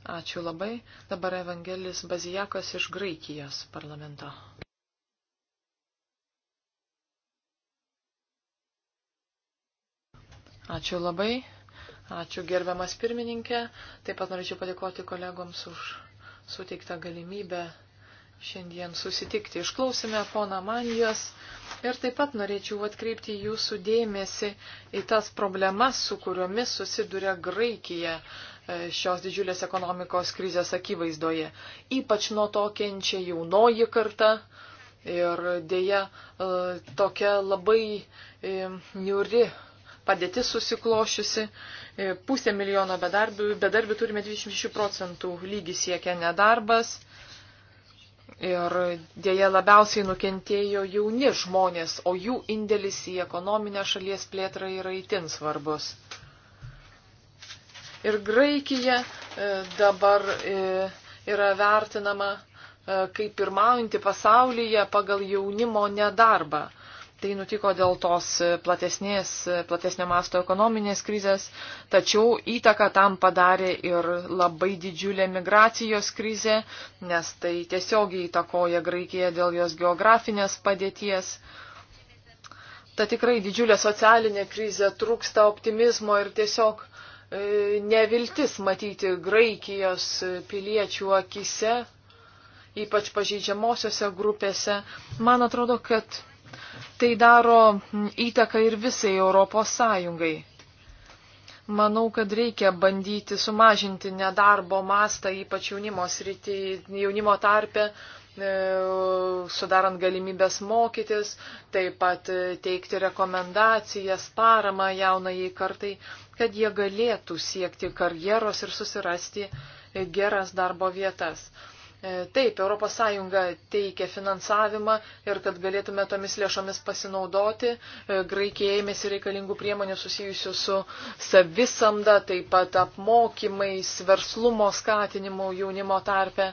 Speaker 3: Ačiū labai. Dabar Evangelis Bazijakas iš Graikijos parlamento. Ačiū labai. Ačiū gerbiamas pirmininkė. Taip pat norėčiau padėkoti kolegoms už suteiktą galimybę šiandien susitikti. Išklausime poną Manijos ir taip pat norėčiau atkreipti jūsų dėmesį į tas problemas, su kuriomis susiduria Graikija e, šios didžiulės ekonomikos krizės akivaizdoje. Ypač nuo to kenčia jaunoji karta ir dėja e, tokia labai e, niuri padėtis susiklošiusi. Pusė milijono bedarbių, bedarbių turime 26 procentų lygį siekia nedarbas. Ir dėja labiausiai nukentėjo jauni žmonės, o jų indėlis į ekonominę šalies plėtrą yra itin svarbus. Ir Graikija e, dabar e, yra vertinama e, kaip pirmaujanti pasaulyje pagal jaunimo nedarbą. Tai nutiko dėl tos platesnės, platesnio masto ekonominės krizės, tačiau įtaką tam padarė ir labai didžiulė migracijos krizė, nes tai tiesiogiai įtakoja Graikiją dėl jos geografinės padėties. Ta tikrai didžiulė socialinė krizė, trūksta optimizmo ir tiesiog e, neviltis matyti Graikijos piliečių akise, ypač pažeidžiamosiose grupėse. Man atrodo, kad Tai daro įtaką ir visai Europos Sąjungai. Manau, kad reikia bandyti sumažinti nedarbo mastą, ypač jaunimo srity, jaunimo tarpe, e, sudarant galimybės mokytis, taip pat e, teikti rekomendacijas, paramą jaunajai kartai, kad jie galėtų siekti karjeros ir susirasti e, geras darbo vietas. E, taip, ES teikia finansavimą ir kad galėtume tomis lėšomis pasinaudoti, e, Graikija ėmėsi reikalingų priemonių susijusių su savisamda, taip pat apmokymais, verslumo skatinimu jaunimo tarpe.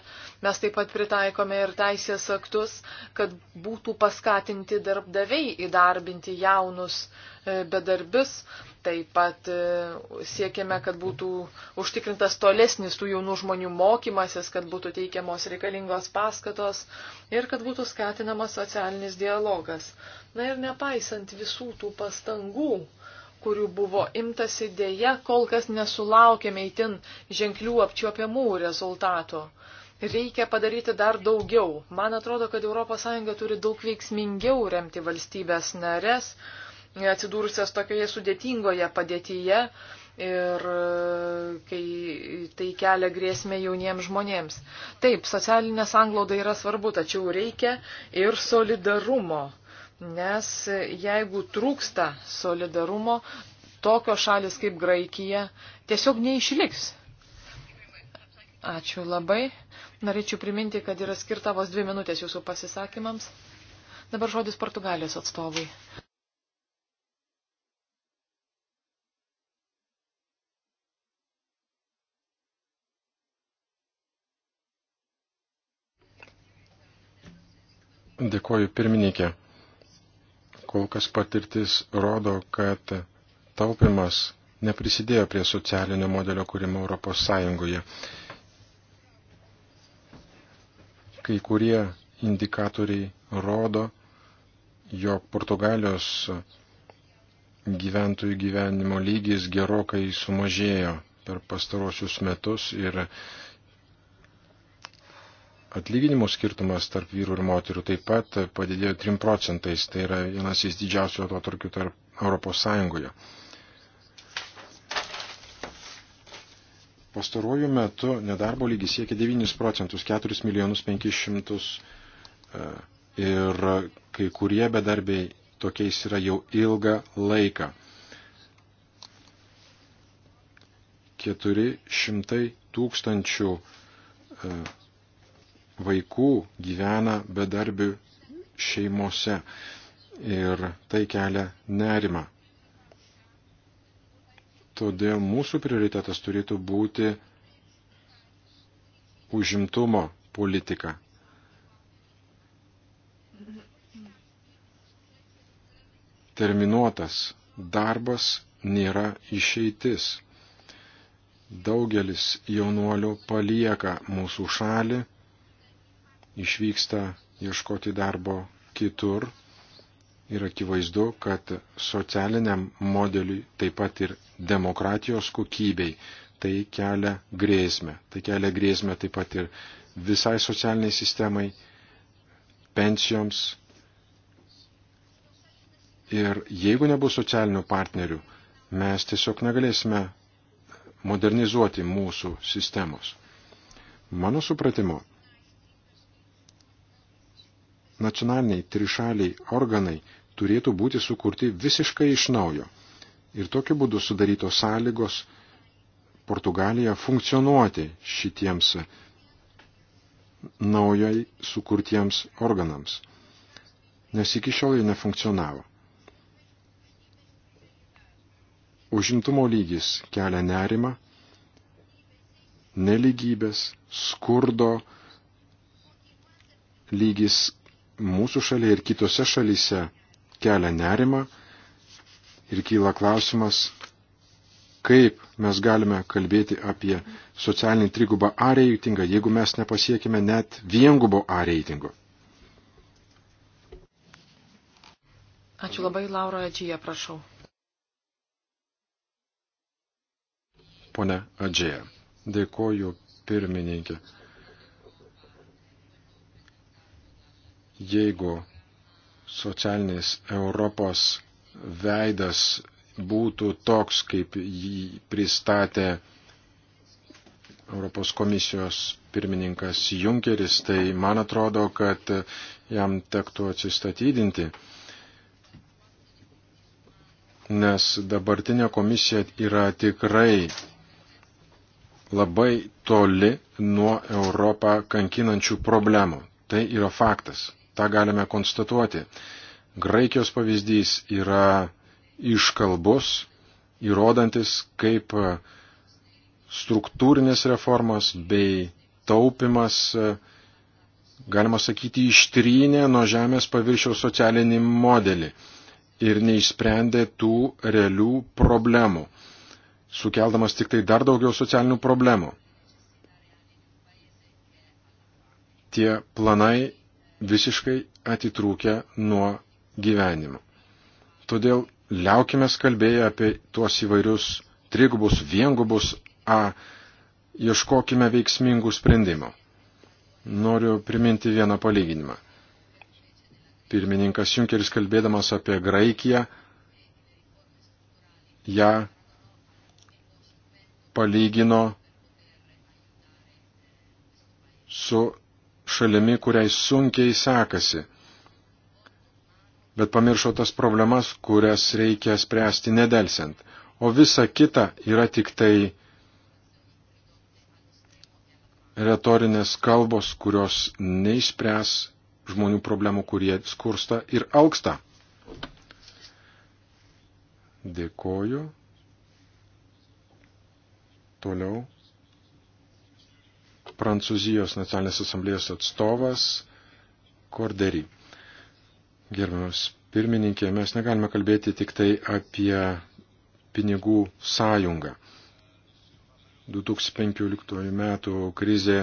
Speaker 3: Mes taip pat pritaikome ir teisės aktus, kad būtų paskatinti darbdaviai įdarbinti jaunus e, bedarbius. Taip pat e, siekiame, kad būtų užtikrintas tolesnis tų jaunų žmonių mokymasis, kad būtų teikiamos reikalingos paskatos ir kad būtų skatinamas socialinis dialogas. Na ir nepaisant visų tų pastangų, kurių buvo imtasi dėja, kol kas nesulaukėme įtin ženklių apčiuopiamų rezultatų. Reikia padaryti dar daugiau. Man atrodo, kad ES turi daug veiksmingiau remti valstybės narės atsidūrusios tokioje sudėtingoje padėtyje ir e, kai tai kelia grėsmę jauniems žmonėms. Taip, socialinė sanglauda yra svarbu, tačiau reikia ir solidarumo, nes jeigu trūksta solidarumo, tokios šalis kaip Graikija tiesiog neišliks. Ačiū labai. Norėčiau priminti, kad yra skirtavos dvi minutės jūsų pasisakymams. Dabar žodis Portugalijos atstovui.
Speaker 2: Dėkoju pirmininkė. Kol kas patirtis rodo, kad taupimas neprisidėjo prie socialinio modelio kūrimo Europos Sąjungoje. Kai kurie indikatoriai rodo, jog Portugalijos gyventojų gyvenimo lygis gerokai sumažėjo per pastarosius metus ir Atlyginimų skirtumas tarp vyrų ir moterų taip pat padidėjo 3 procentais, tai yra vienas iš didžiausių atotarkių tarp Europos Sąjungoje. Pastaruoju metu nedarbo lygis siekia 9 procentus, 4 milijonus 500 e, ir kai kurie bedarbiai tokiais yra jau ilgą laiką. 400 tūkstančių e, vaikų gyvena bedarbių šeimose ir tai kelia nerima. Todėl mūsų prioritetas turėtų būti užimtumo politika. Terminuotas darbas nėra išeitis. Daugelis jaunuolių palieka mūsų šalį išvyksta ieškoti darbo kitur. Ir akivaizdu, kad socialiniam modeliui, taip pat ir demokratijos kokybei, tai kelia grėsmę. Tai kelia grėsmę taip pat ir visai socialiniai sistemai, pensijoms. Ir jeigu nebus socialinių partnerių, mes tiesiog negalėsime modernizuoti mūsų sistemos. Mano supratimu, nacionaliniai trišaliai organai turėtų būti sukurti visiškai iš naujo. Ir tokiu būdu sudarytos sąlygos Portugalija funkcionuoti šitiems naujai sukurtiems organams, nes iki šiol jie nefunkcionavo. Užimtumo lygis kelia nerimą, neligybės, skurdo lygis mūsų šalyje ir kitose šalyse kelia nerima ir kyla klausimas, kaip mes galime kalbėti apie socialinį trigubą A reitingą, jeigu mes nepasiekime net viengubo A reitingo.
Speaker 3: Ačiū labai, Laura Adžija, prašau.
Speaker 2: Pone Adžija, dėkoju pirmininkė. jeigu socialinės Europos veidas būtų toks, kaip jį pristatė Europos komisijos pirmininkas Junkeris, tai man atrodo, kad jam tektų atsistatydinti, nes dabartinė komisija yra tikrai labai toli nuo Europą kankinančių problemų. Tai yra faktas tą galime konstatuoti. Graikijos pavyzdys yra iškalbus, įrodantis, kaip struktūrinės reformos bei taupimas, galima sakyti, ištrynė nuo žemės paviršiaus socialinį modelį ir neišsprendė tų realių problemų, sukeldamas tik tai dar daugiau socialinių problemų. Tie planai visiškai atitrūkę nuo gyvenimo. Todėl liaukime kalbėję apie tuos įvairius trigubus, viengubus, a, ieškokime veiksmingų sprendimų. Noriu priminti vieną palyginimą. Pirmininkas Junkeris kalbėdamas apie Graikiją, ją palygino su šalimi, kuriai sunkiai sekasi, bet pamiršo tas problemas, kurias reikia spręsti nedelsiant, o visa kita yra tik tai retorinės kalbos, kurios neišspręs žmonių problemų, kurie skursta ir auksta. Dėkoju. Toliau Prancūzijos nacionalinės asamblėjos atstovas Korderi. Gerbiamas pirmininkė, mes negalime kalbėti tik tai apie pinigų sąjungą. 2015 metų krizė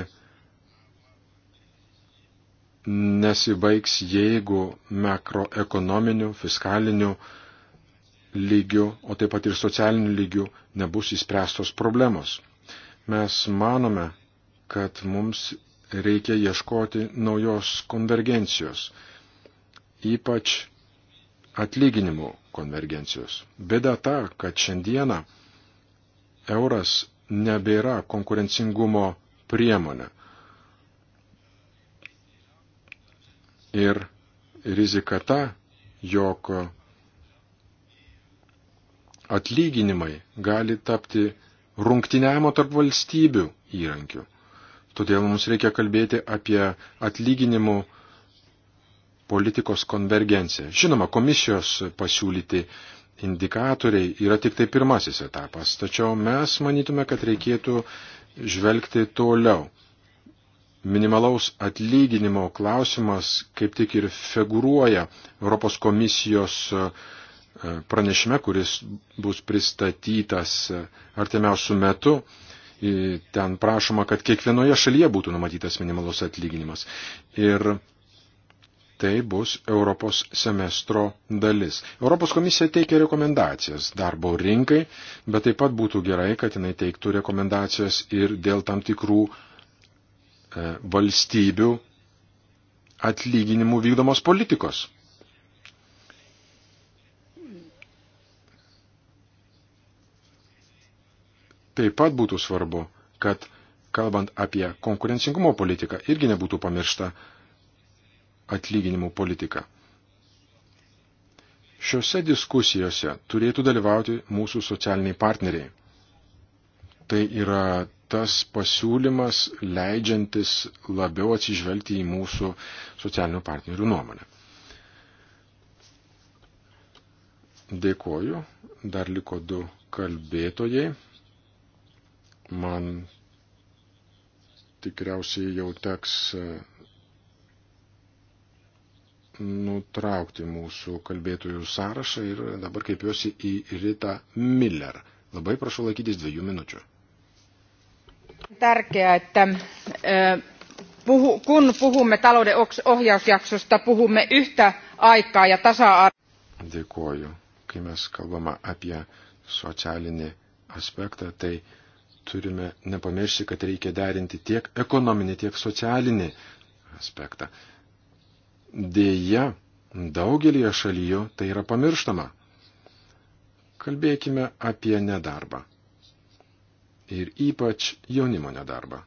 Speaker 2: nesibaigs, jeigu makroekonominiu, fiskaliniu lygiu, o taip pat ir socialiniu lygiu nebus įspręstos problemos. Mes manome, kad mums reikia ieškoti naujos konvergencijos, ypač atlyginimų konvergencijos. Bėda ta, kad šiandieną euras nebėra konkurencingumo priemonė. Ir rizika ta, jog atlyginimai gali tapti rungtyniavimo tarp valstybių įrankiu. Todėl mums reikia kalbėti apie atlyginimų politikos konvergenciją. Žinoma, komisijos pasiūlyti indikatoriai yra tik tai pirmasis etapas, tačiau mes manytume, kad reikėtų žvelgti toliau. Minimalaus atlyginimo klausimas kaip tik ir figuruoja Europos komisijos e, pranešime, kuris bus pristatytas e, artimiausių metų ten prašoma, kad kiekvienoje šalyje būtų numatytas minimalus atlyginimas. Ir tai bus Europos semestro dalis. Europos komisija teikia rekomendacijas darbo rinkai, bet taip pat būtų gerai, kad jinai teiktų rekomendacijas ir dėl tam tikrų e, valstybių atlyginimų vykdomos politikos. Taip pat būtų svarbu, kad kalbant apie konkurencingumo politiką, irgi nebūtų pamiršta atlyginimų politika. Šiuose diskusijose turėtų dalyvauti mūsų socialiniai partneriai. Tai yra tas pasiūlymas leidžiantis labiau atsižvelgti į mūsų socialinių partnerių nuomonę. Dėkoju. Dar liko du kalbėtojai man tikriausiai jau teks e, nutraukti mūsų kalbėtojų sąrašą ir dabar kreipiuosi į Ritą Miller. Labai prašau laikytis dviejų minučių.
Speaker 1: Tärkeää, että e, puhu, kun puhumme talouden ohjausjaksosta, puhumme yhtä aikaa ja tasa-arvoa.
Speaker 2: Dėkuoju. Kai mes kalbame apie socialinį aspektą, tai uh, turime nepamiršti, kad reikia derinti tiek ekonominį, tiek socialinį aspektą. Deja, daugelį šalyjų tai yra pamirštama. Kalbėkime apie nedarbą. Ir ypač jaunimo nedarbą.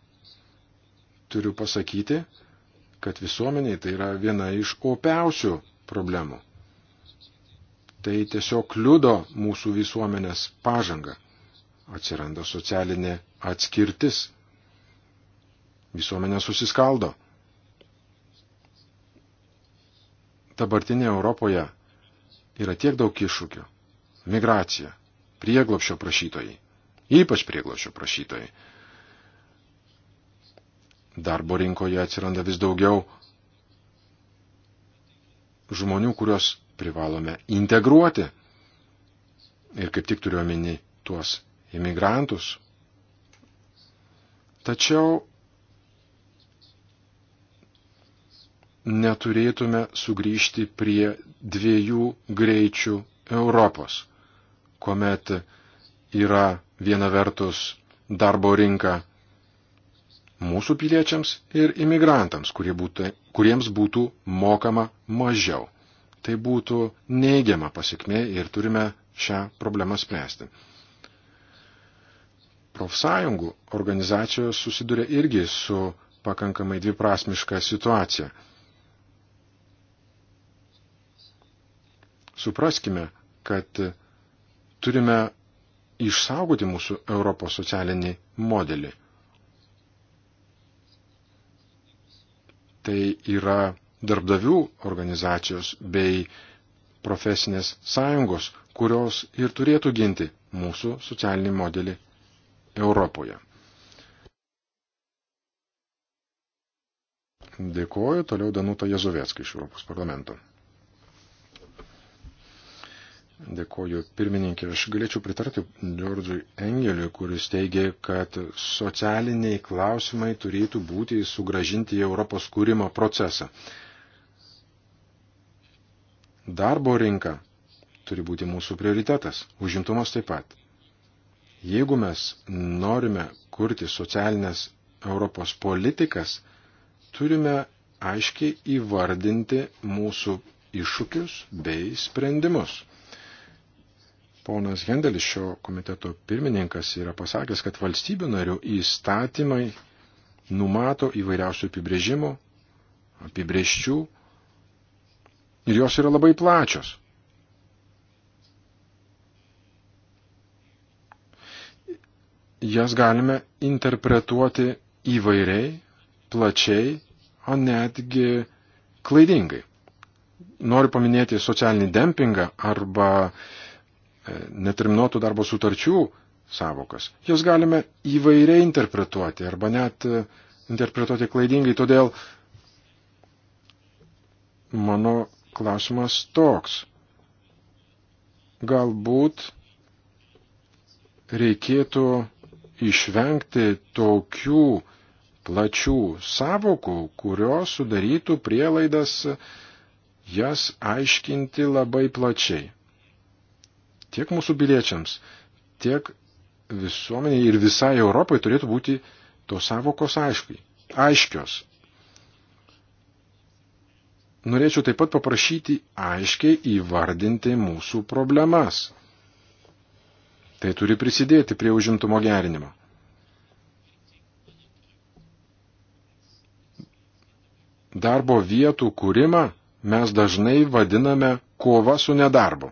Speaker 2: Turiu pasakyti, kad visuomeniai tai yra viena iš opiausių problemų. Tai tiesiog kliudo mūsų visuomenės pažangą atsiranda socialinė atskirtis. Visuomenė susiskaldo. Dabartinė Europoje yra tiek daug iššūkių. Migracija, prieglopšio prašytojai, ypač prieglopšio prašytojai. Darbo rinkoje atsiranda vis daugiau žmonių, kuriuos privalome integruoti. Ir kaip tik turiu omeny tuos imigrantus. Tačiau neturėtume sugrįžti prie dviejų greičių Europos, kuomet yra viena vertus darbo rinka mūsų piliečiams ir imigrantams, kurie būtų, kuriems būtų mokama mažiau. Tai būtų neigiama pasiekmė ir turime šią problemą spręsti profsąjungų organizacijos susiduria irgi su pakankamai dviprasmiška situacija. Supraskime, kad turime išsaugoti mūsų Europos socialinį modelį. Tai yra darbdavių organizacijos bei profesinės sąjungos, kurios ir turėtų ginti mūsų socialinį modelį Europoje. Dėkuoju, toliau Danuta Jezovėcka iš Europos parlamento. Dėkoju pirmininkė. Aš galėčiau pritarti Džordžui Engeliui, kuris teigia, kad socialiniai klausimai turėtų būti sugražinti į Europos kūrimo procesą. Darbo rinka turi būti mūsų prioritetas, užimtumas taip pat. Jeigu mes norime kurti socialinės Europos politikas, turime aiškiai įvardinti mūsų iššūkius bei sprendimus. Ponas Hendelis, šio komiteto pirmininkas, yra pasakęs, kad valstybių narių įstatymai numato įvairiausių apibrėžimų, apibrėžčių ir jos yra labai plačios. jas galime interpretuoti įvairiai, plačiai, o netgi klaidingai. Noriu paminėti socialinį dempingą arba e, neterminuotų darbo sutarčių savokas. Jas galime įvairiai interpretuoti arba net e, interpretuoti klaidingai, todėl mano klausimas toks. Galbūt reikėtų išvengti tokių plačių savokų, kurios sudarytų prielaidas jas aiškinti labai plačiai. Tiek mūsų piliečiams, tiek visuomeniai ir visai Europai turėtų būti tos savokos aiškai, aiškios. Norėčiau taip pat paprašyti aiškiai įvardinti mūsų problemas, Tai turi prisidėti prie užimtumo gerinimo. Darbo vietų kūrimą mes dažnai vadiname kova su nedarbu.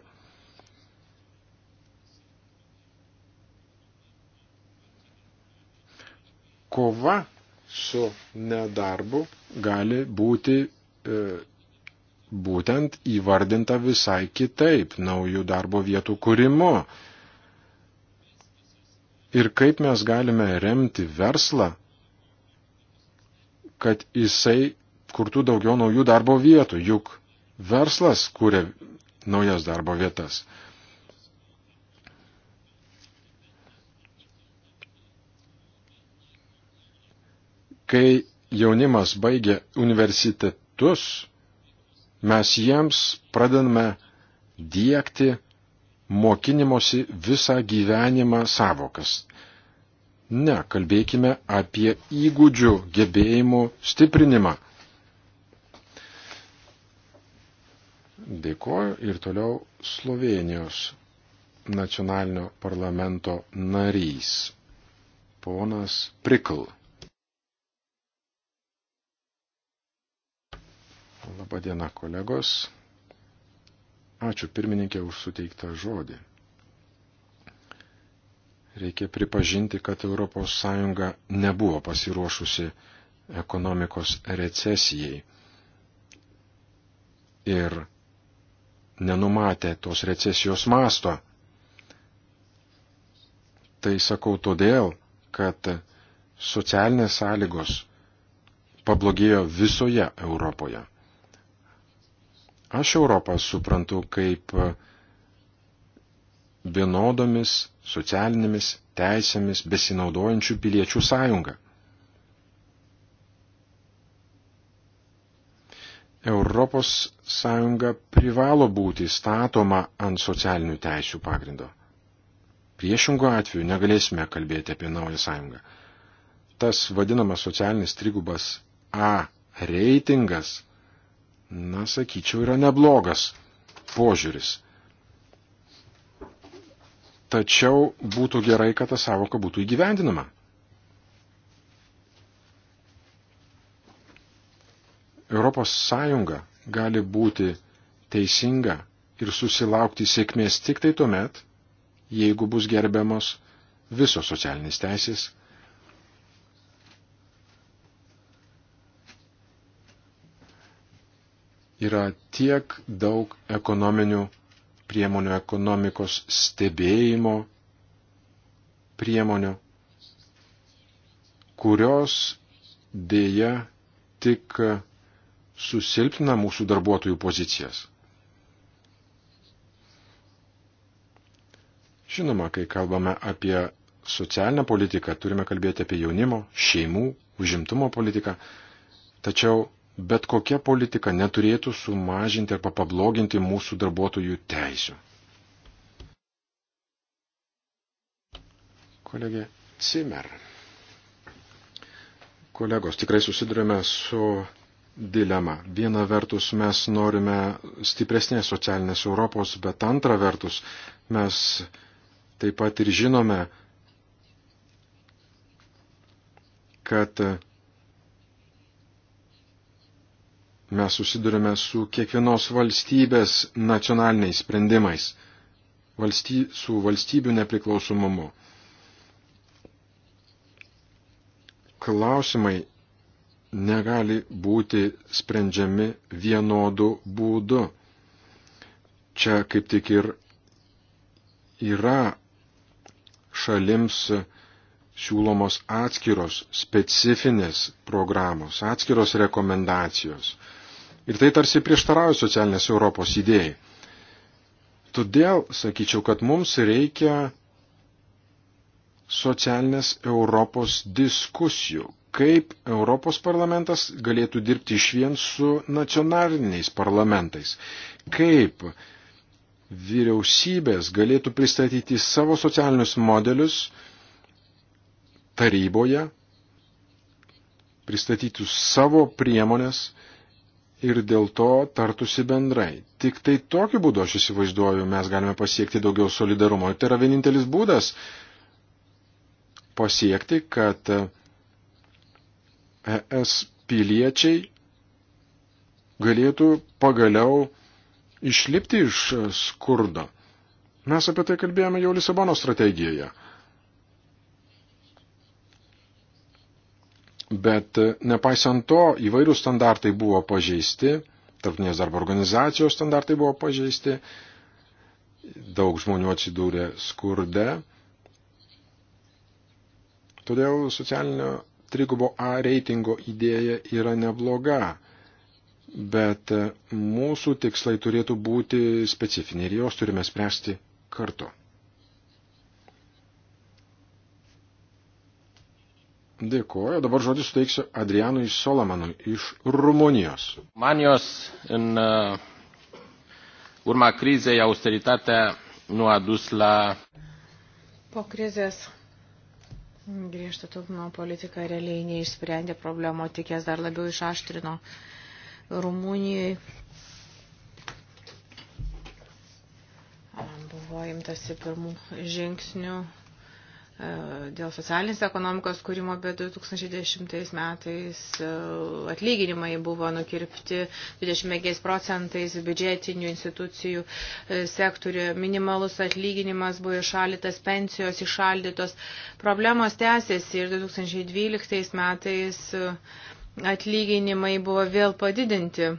Speaker 2: Kova su nedarbu gali būti e, būtent įvardinta visai kitaip, naujų darbo vietų kūrimo, e, ir kaip mes galime remti verslą, kad jisai kurtų daugiau naujų darbo vietų, juk verslas kūrė naujas darbo vietas. Kai jaunimas baigia universitetus, mes jiems pradedame diekti mokinimosi visą gyvenimą savokas. Ne, kalbėkime apie įgūdžių gebėjimų stiprinimą. Dėkoju ir toliau Slovenijos nacionalinio parlamento narys, ponas Prikl. Labadiena, kolegos. Ačiū pirmininkė už suteiktą žodį. Reikia pripažinti, kad ES nebuvo pasiruošusi ekonomikos recesijai ir nenumatė tos recesijos masto. Tai sakau todėl, kad socialinės sąlygos pablogėjo visoje Europoje. Aš Europą suprantu kaip e, vienodomis socialinėmis teisėmis besinaudojančių piliečių sąjungą. Europos sąjunga privalo būti statoma ant socialinių teisių pagrindo. Priešingų atveju negalėsime kalbėti apie naują sąjungą. Tas vadinamas socialinis trigubas A reitingas na, sakyčiau, yra neblogas požiūris. Tačiau būtų gerai, kad ta savoka būtų įgyvendinama. Europos Sąjunga gali būti teisinga ir susilaukti sėkmės tik tai tuomet, jeigu bus gerbiamos visos socialinės teisės yra tiek daug ekonominių priemonių, ekonomikos stebėjimo priemonių, kurios dėja tik susilpna mūsų darbuotojų pozicijas. Žinoma, kai kalbame apie socialinę politiką, turime kalbėti apie jaunimo, šeimų, užimtumo politiką, tačiau bet kokia politika neturėtų sumažinti arba pabloginti mūsų darbuotojų teisių. Kolegė Cimer. Kolegos, tikrai susidurime su dilema. Viena vertus mes norime stipresnės socialinės Europos, bet antra vertus mes taip pat ir žinome, kad mes susidurime su kiekvienos valstybės nacionaliniais sprendimais, valsty, su valstybių nepriklausomumu. Klausimai negali būti sprendžiami vienodu būdu. Čia kaip tik ir yra šalims siūlomos atskiros specifinės programos, atskiros rekomendacijos Ir tai tarsi prieštarauja socialinės Europos idėjai. Todėl sakyčiau, kad mums reikia socialinės Europos diskusijų, kaip Europos parlamentas galėtų dirbti iš vien su nacionaliniais parlamentais, kaip vyriausybės galėtų pristatyti savo socialinius modelius taryboje, pristatytų savo priemonės, ir dėl to tartusi bendrai. Tik tai tokiu būdu, aš įsivaizduoju, mes galime pasiekti daugiau solidarumo. Ir tai yra vienintelis būdas pasiekti, kad ES piliečiai galėtų pagaliau išlipti iš skurdo. Mes apie tai kalbėjome jau Lisabono strategijoje. Bet e, nepaisant to, įvairių standartai buvo pažeisti, tarptinės darbo organizacijos standartai buvo pažeisti, daug žmonių atsidūrė skurde. Todėl socialinio trigubo A reitingo idėja yra nebloga, bet e, mūsų tikslai turėtų būti specifiniai ir jos turime spręsti kartu. Dėkuoju. Dabar žodį suteiksiu Adrianui Solomanui iš Rumunijos. Manijos în uh, urma crizei austeritatea nu a dus la...
Speaker 1: Po krizės griežto taupimo politika realiai neišsprendė problemo, tik jas dar labiau išaštrino Rumunijai. Buvo imtasi pirmų žingsnių dėl socialinės ekonomikos kūrimo, bet 2010 metais e, atlyginimai buvo nukirpti 25 procentais biudžetinių institucijų e, sektorių, minimalus atlyginimas buvo išalytas, pensijos išaldytos, problemos tęsėsi ir 2012 metais e, atlyginimai buvo vėl padidinti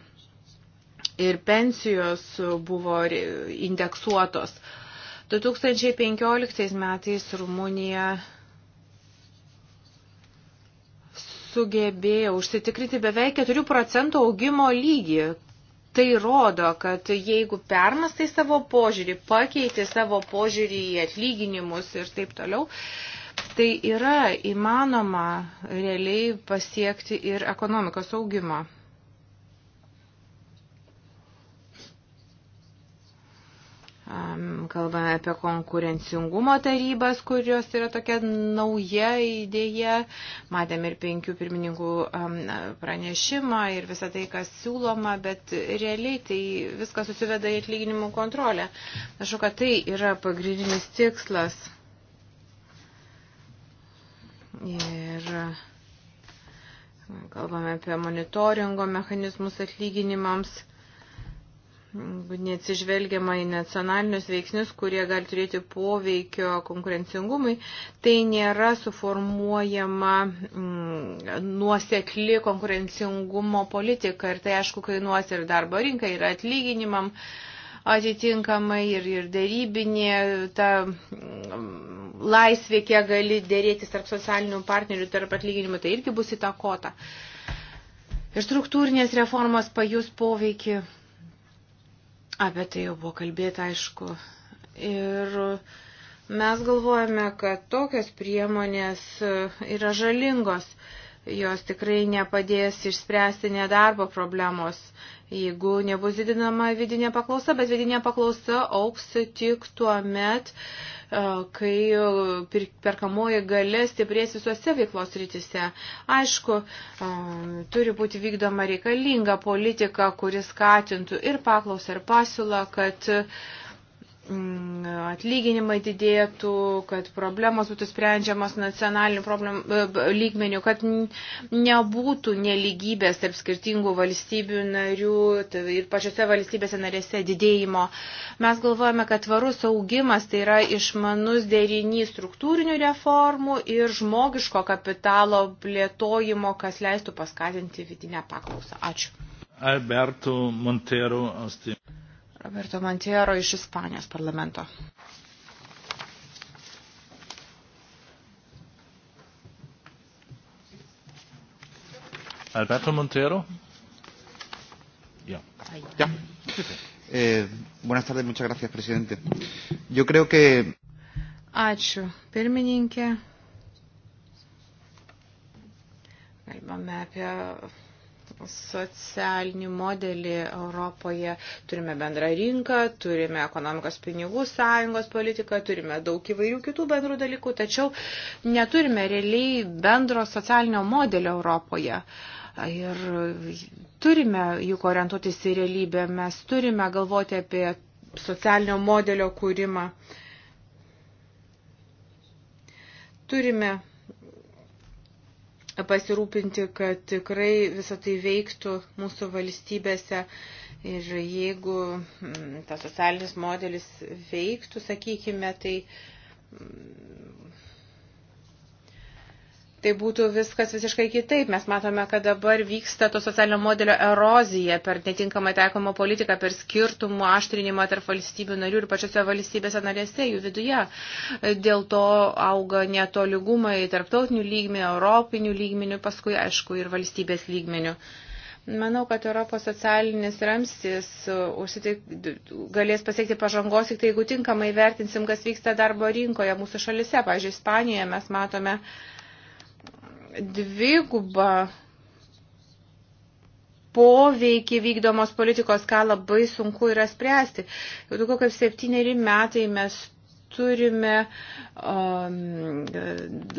Speaker 1: ir pensijos buvo indeksuotos. 2015 metais Rumunija sugebėjo užsitikrinti beveik 4 procentų augimo lygį. Tai rodo, kad jeigu permastai savo požiūrį, pakeiti savo požiūrį į atlyginimus ir taip toliau, tai yra įmanoma realiai pasiekti ir ekonomikos augimą. Kalbame apie konkurencingumo tarybas, kurios yra tokia nauja idėja. Matėme ir penkių pirmininkų pranešimą ir visą tai, kas siūloma, bet realiai tai viskas susiveda į atlyginimų kontrolę. Aš kad tai yra pagrindinis tikslas. Ir kalbame apie monitoringo mechanizmus atlyginimams neatsižvelgiama į nacionalinius veiksnius, kurie gali turėti poveikio konkurencingumui, tai nėra suformuojama mm, nuosekli konkurencingumo politika ir tai aišku kainuos ir darbo rinkai, ir atlyginimam atitinkamai ir, ir dėrybinė ta mm, laisvė, kiek gali dėrėtis tarp socialinių partnerių, tarp atlyginimų, tai irgi bus įtakota. Ir struktūrinės reformos pajus poveikį Apie tai jau buvo kalbėta, aišku. Ir mes galvojame, kad tokios priemonės e, yra žalingos jos tikrai nepadės išspręsti nedarbo problemos jeigu nebus didinama vidinė paklausa, bet vidinė paklausa auks tik tuo met, e, kai perkamoji galia stiprės visose veiklos rytise. Aišku, e, turi būti vykdoma reikalinga politika, kuris skatintų ir paklausą, ir pasiūlą, kad uh, Mm, atlyginimai didėtų, kad problemos būtų sprendžiamas nacionaliniu problem, e, lygmeniu, kad nebūtų neligybės tarp skirtingų valstybių narių ir pačiose valstybėse narėse didėjimo. Mes galvojame, kad tvarus augimas tai yra išmanus derinys struktūrinių reformų ir žmogiško kapitalo plėtojimo, kas leistų paskatinti vidinę paklausą. Ačiū. Alberto Montero, Austin. Roberto Mantiero iš Ispanijos parlamento. Alberto Montero. Ya. ya. Eh, buenas tardes, muchas gracias, presidente. Yo creo que. Ačiū, pirmininkė. Kalbame apie socialinį modelį Europoje. Turime bendrą rinką, turime ekonomikos pinigų sąjungos politiką, turime daug įvairių kitų bendrų dalykų, tačiau neturime realiai bendro socialinio modelio Europoje. Ir turime juk orientuotis į realybę, mes turime galvoti apie socialinio modelio kūrimą. Turime pasirūpinti, kad tikrai visą tai veiktų mūsų valstybėse. Ir jeigu mm, tas socialinis modelis veiktų, sakykime, tai tai būtų viskas visiškai kitaip. Mes matome, kad dabar vyksta to socialinio modelio erozija per netinkamą taikomą politiką, per skirtumų aštrinimą tarp valstybių narių ir pačiose valstybėse narėse jų viduje. Dėl to auga netoligumai tarptautinių lygmenių, europinių lygmenių, paskui, aišku, ir valstybės lygmenių. Manau, kad Europos socialinis ramstis uh, užsitik, galės pasiekti pažangos, tik tai jeigu tinkamai vertinsim, kas vyksta darbo rinkoje mūsų šalise. Pavyzdžiui, Ispanijoje mes matome, uh, dvigubą poveikį vykdomos politikos, ką labai sunku yra spręsti. Jau daugiau kaip septyneri metai mes turime um,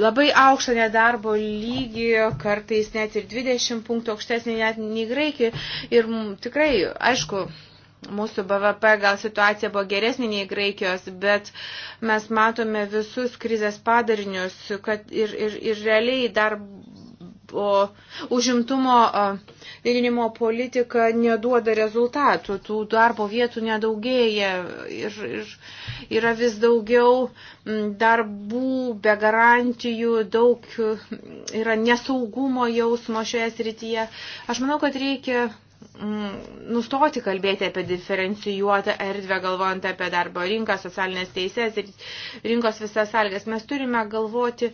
Speaker 1: labai aukštą nedarbo lygį, kartais net ir 20 punktų aukštesnį net nei graikiai. Ir tikrai, aišku, mūsų BVP gal situacija buvo geresnė nei Graikijos, bet mes matome visus krizės padarinius kad ir, ir, ir realiai darbo užimtumo didinimo politika neduoda rezultatų, tų darbo vietų nedaugėja ir, ir yra vis daugiau darbų be garantijų, daug yra nesaugumo jausmo šioje srityje. Aš manau, kad reikia Mm, nustoti kalbėti apie diferencijuotą erdvę, galvojant apie darbo rinką, socialinės teises ir rinkos visas sąlygas. Mes turime galvoti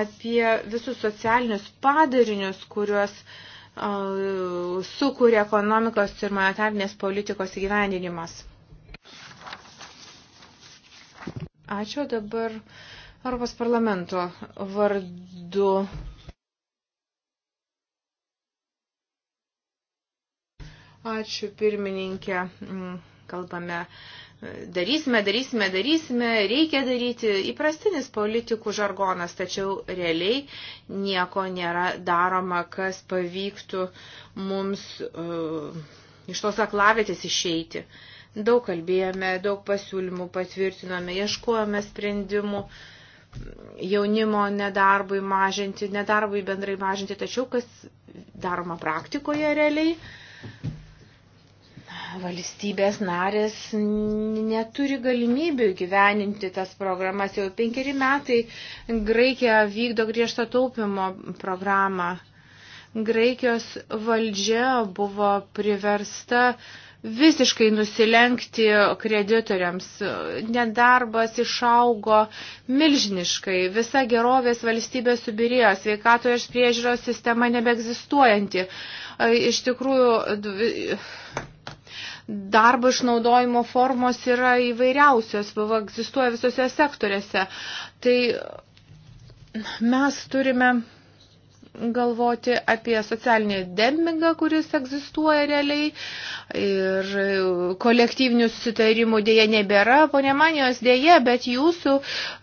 Speaker 1: apie visus socialinius padarinius, kuriuos uh, sukuria ekonomikos ir monetarnės politikos įgyvendinimas. Ačiū dabar Europos parlamento vardu. Ačiū pirmininkė. Mm, kalbame darysime, darysime, darysime, reikia daryti įprastinis politikų žargonas, tačiau realiai nieko nėra daroma, kas pavyktų mums uh, iš tos aklavėtės išeiti. Daug kalbėjome, daug pasiūlymų patvirtinome, ieškojame sprendimų jaunimo nedarbui mažinti, nedarbui bendrai mažinti, tačiau kas daroma praktikoje realiai, valstybės narės neturi galimybių gyveninti tas programas. Jau penkeri metai Graikija vykdo griežto taupimo programą. Graikijos valdžia buvo priversta visiškai nusilenkti kreditoriams. Nedarbas išaugo milžiniškai, visa gerovės valstybė subirėjo, sveikatoje ir priežiūros sistema nebeegzistuojanti. Iš tikrųjų, darbo išnaudojimo formos yra įvairiausios, egzistuoja visose sektoriuose. Tai mes turime galvoti apie socialinį dempingą, kuris egzistuoja realiai ir kolektyvinių susitarimų dėje nebėra, ponė manijos dėje, bet jūsų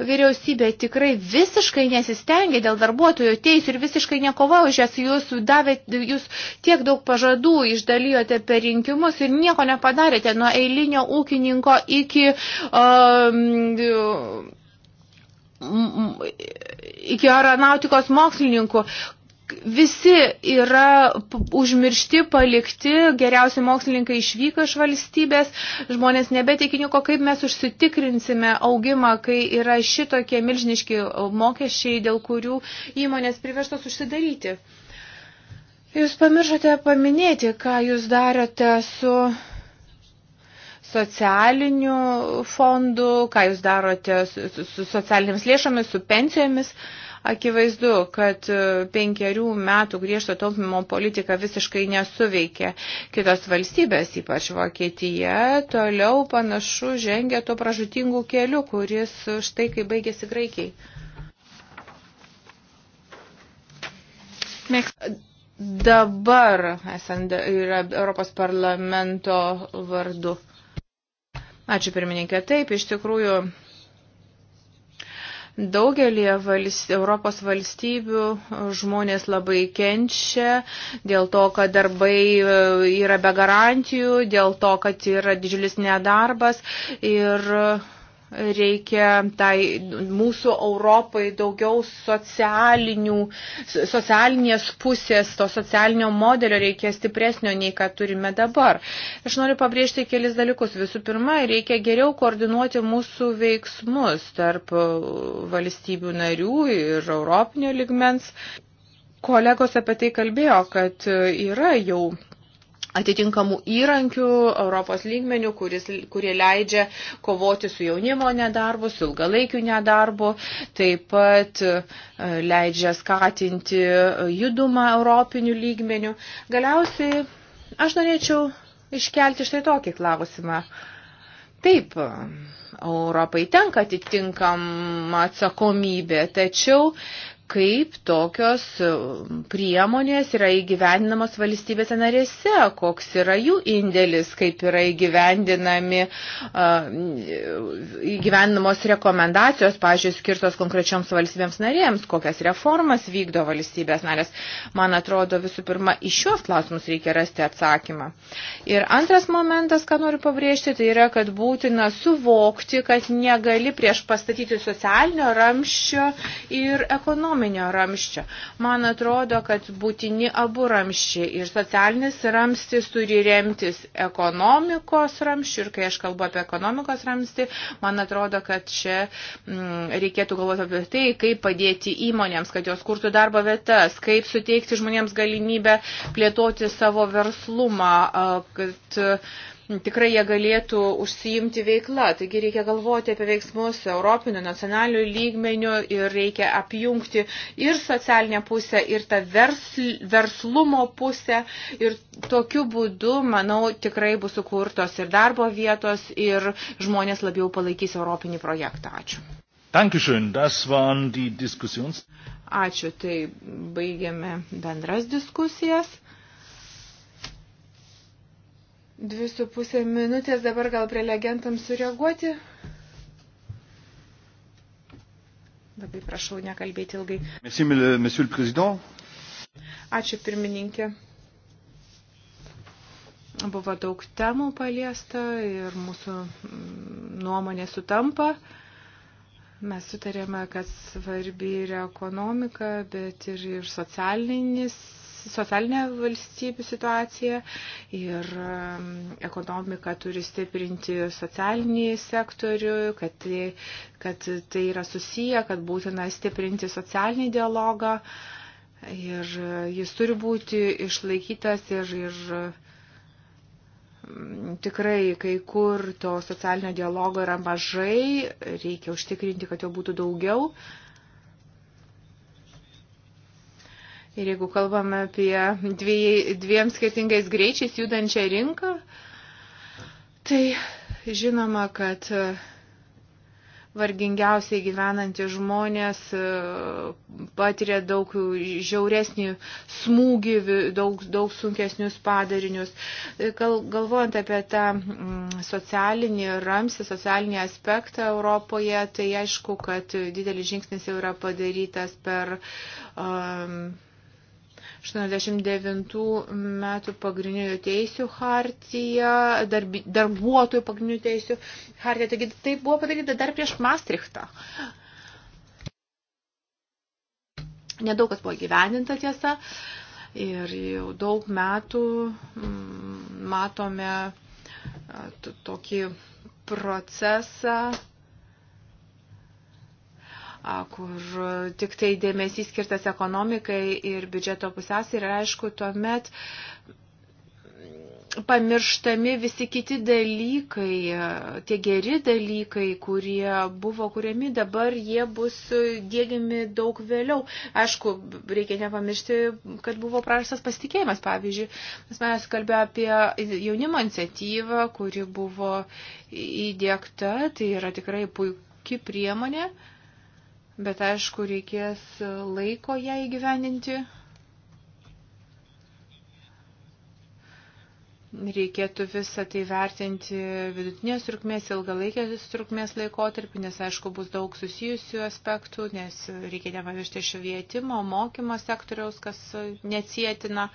Speaker 1: vyriausybė tikrai visiškai nesistengia dėl darbuotojų teisų ir visiškai nekovoja už jas, jūs davėt, jūs tiek daug pažadų išdalijote per rinkimus ir nieko nepadarėte nuo eilinio ūkininko iki um, iki aeronautikos mokslininkų visi yra užmiršti, palikti, geriausi mokslininkai išvyko iš valstybės, žmonės nebetikiniko, kaip mes užsitikrinsime augimą, kai yra šitokie milžiniški mokesčiai, dėl kurių įmonės priverstos užsidaryti. Jūs pamiršote paminėti, ką jūs darote su socialiniu fondu, ką jūs darote su, su, su socialinėmis lėšomis, su pensijomis. Uh, Akivaizdu, kad e, penkerių metų griežto taupimo politika visiškai nesuveikė. Kitos valstybės, ypač Vokietija, toliau panašu žengia tuo pražutingu keliu, kuris štai kai baigėsi Graikijai. Dabar esant yra Europos parlamento vardu. Ačiū pirmininkė. Taip, iš tikrųjų Daugelį valst, Europos valstybių e, žmonės labai kenčia dėl to, kad darbai e, yra be garantijų, dėl to, kad yra didžiulis nedarbas ir reikia tai mūsų Europai daugiau socialinės pusės, to socialinio modelio reikia stipresnio nei ką turime dabar. Aš noriu pabrėžti kelis dalykus. Visų pirma, reikia geriau koordinuoti mūsų veiksmus tarp valstybių narių ir europinio ligmens. Kolegos apie tai kalbėjo, kad yra jau atitinkamų įrankių Europos lygmenių, kuris, kurie leidžia kovoti su jaunimo nedarbu, su ilgalaikiu nedarbu, taip pat e, leidžia skatinti judumą Europinių lygmenių. Galiausiai aš norėčiau iškelti štai tokį klausimą. Taip, Europai tenka atitinkama atsakomybė, tačiau kaip tokios um, priemonės yra įgyvendinamos valstybėse narėse, koks yra jų indėlis, kaip yra įgyvendinami, įgyvendinamos rekomendacijos, pažiūrėjau, skirtos konkrečioms valstybėms narėms, kokias reformas vykdo valstybės narės. Man atrodo, visų pirma, iš šios klausimus reikia rasti atsakymą. Ir antras momentas, ką noriu pabrėžti, tai yra, kad būtina suvokti, kad negali prieš pastatyti socialinio ramščio ir ekonominio ekonominio ramščio. Man atrodo, kad būtini abu ramščiai ir socialinis ramstis turi remtis ekonomikos ramščiu ir kai aš kalbu apie ekonomikos ramstį, man atrodo, kad čia m, mm, reikėtų galvoti apie tai, kaip padėti įmonėms, kad jos kurtų darbo vietas, kaip suteikti žmonėms galimybę plėtoti savo verslumą, kad tikrai jie galėtų užsiimti veiklą. Taigi reikia galvoti apie veiksmus europinių, nacionalinių lygmenių ir reikia apjungti ir socialinę pusę, ir tą versl, verslumo pusę. Ir tokiu būdu, manau, tikrai bus sukurtos ir darbo vietos, ir žmonės labiau palaikys europinį projektą. Ačiū.
Speaker 2: Dankeschön, das waren die Diskussions.
Speaker 1: Ačiū, tai baigiame bendras diskusijas. Dvi su pusė minutės dabar gal prie legendams sureaguoti. Labai prašau nekalbėti ilgai.
Speaker 3: Merci, monsieur le président.
Speaker 1: Ačiū pirmininkė. Buvo daug temų paliesta ir mūsų mm, nuomonė sutampa. Mes sutarėme, kad svarbi yra ekonomika, bet ir, ir socialinis socialinė valstybių situacija ir um, ekonomika turi stiprinti socialinį sektorių, kad tai, kad tai yra susiję, kad būtina stiprinti socialinį dialogą ir jis turi būti išlaikytas ir, ir mm, tikrai kai kur to socialinio dialogo yra mažai, reikia užtikrinti, kad jo būtų daugiau. Ir jeigu kalbame apie dviej, dviem skirtingais greičiais judančią rinką, tai žinoma, kad e, vargingiausiai gyvenantys žmonės e, patiria daug žiauresnį smūgį, daug, daug sunkesnius padarinius. E, gal, galvojant apie tą mm, socialinį ramsį, socialinį aspektą Europoje, tai aišku, kad didelis žingsnis jau yra padarytas per um, 89 metų pagrindinių teisių hartija, darbi, darbuotojų pagrindinių teisių hartija. Taigi tai buvo padaryta dar prieš Maastrichtą. Nedaug kas buvo gyvendinta tiesa ir jau daug metų mm, matome tokį procesą kur tik tai dėmesys skirtas ekonomikai ir biudžeto pusiausvėrai ir aišku, tuomet pamirštami visi kiti dalykai, tie geri dalykai, kurie buvo kuriami, dabar jie bus dėgiami daug vėliau. Aišku, reikia nepamiršti, kad buvo prarastas pasitikėjimas. Pavyzdžiui, mes mes kalbėjome apie jaunimo iniciatyvą, kuri buvo įdėkta, tai yra tikrai puikia priemonė. Uh, bet aišku, reikės laiko ją įgyveninti. Reikėtų visą tai vertinti vidutinės trukmės, ilgalaikės trukmės laikotarpį, nes aišku bus daug susijusių aspektų, nes reikia nepamiršti švietimo, mokymo sektoriaus, kas neatsietina.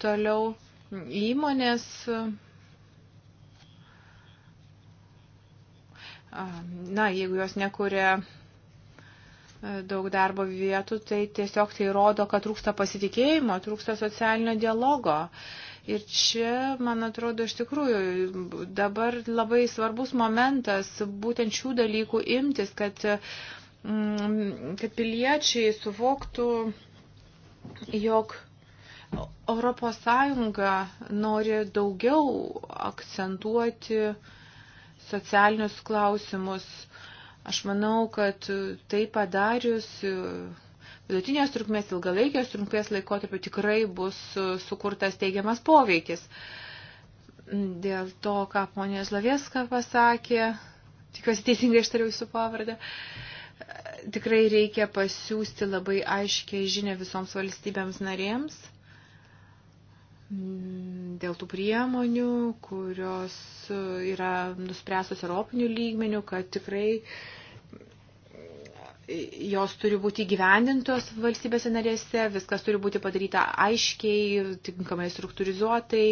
Speaker 1: Toliau įmonės na, jeigu jos nekuria daug darbo vietų, tai tiesiog tai rodo, kad trūksta pasitikėjimo, trūksta socialinio dialogo. Ir čia, man atrodo, iš tikrųjų dabar labai svarbus momentas būtent šių dalykų imtis, kad, mm, kad piliečiai suvoktų, jog Europos Sąjunga nori daugiau akcentuoti socialinius klausimus Aš manau, kad tai padarius e, vidutinės trukmės, ilgalaikės trukmės laikotarpiu tikrai bus e, sukurtas teigiamas poveikis. Dėl to, ką ponė Zlavieska pasakė, tikiuosi teisingai ištariau jūsų pavardę, tikrai reikia pasiūsti labai aiškiai žinę visoms valstybėms narėms Mm, dėl tų priemonių, kurios e, yra nuspręstos Europinių lygmenių, kad tikrai e, jos turi būti gyvendintos valstybėse narėse, viskas turi būti padaryta aiškiai, tinkamai struktūrizuotai,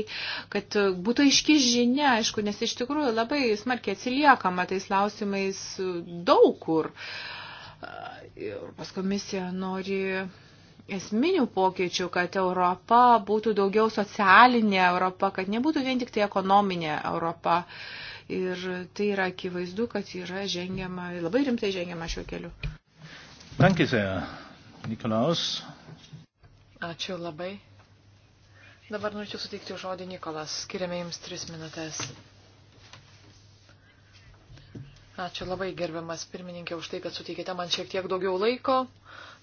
Speaker 1: kad būtų aiški žinia, aišku, nes iš tikrųjų labai smarkiai atsiliekama tais klausimais daug kur. Europos komisija nori esminių pokyčių, kad Europa būtų daugiau socialinė Europa, kad nebūtų vien tik tai ekonominė Europa. Ir tai yra akivaizdu, kad yra žengiama, labai rimtai žengiama šiuo keliu.
Speaker 2: Dankise, Nikolaus.
Speaker 3: Ačiū labai. Dabar norėčiau suteikti žodį Nikolas. Skiriame jums tris minutės. Ačiū labai gerbiamas pirmininkė už tai, kad suteikėte man šiek tiek daugiau laiko.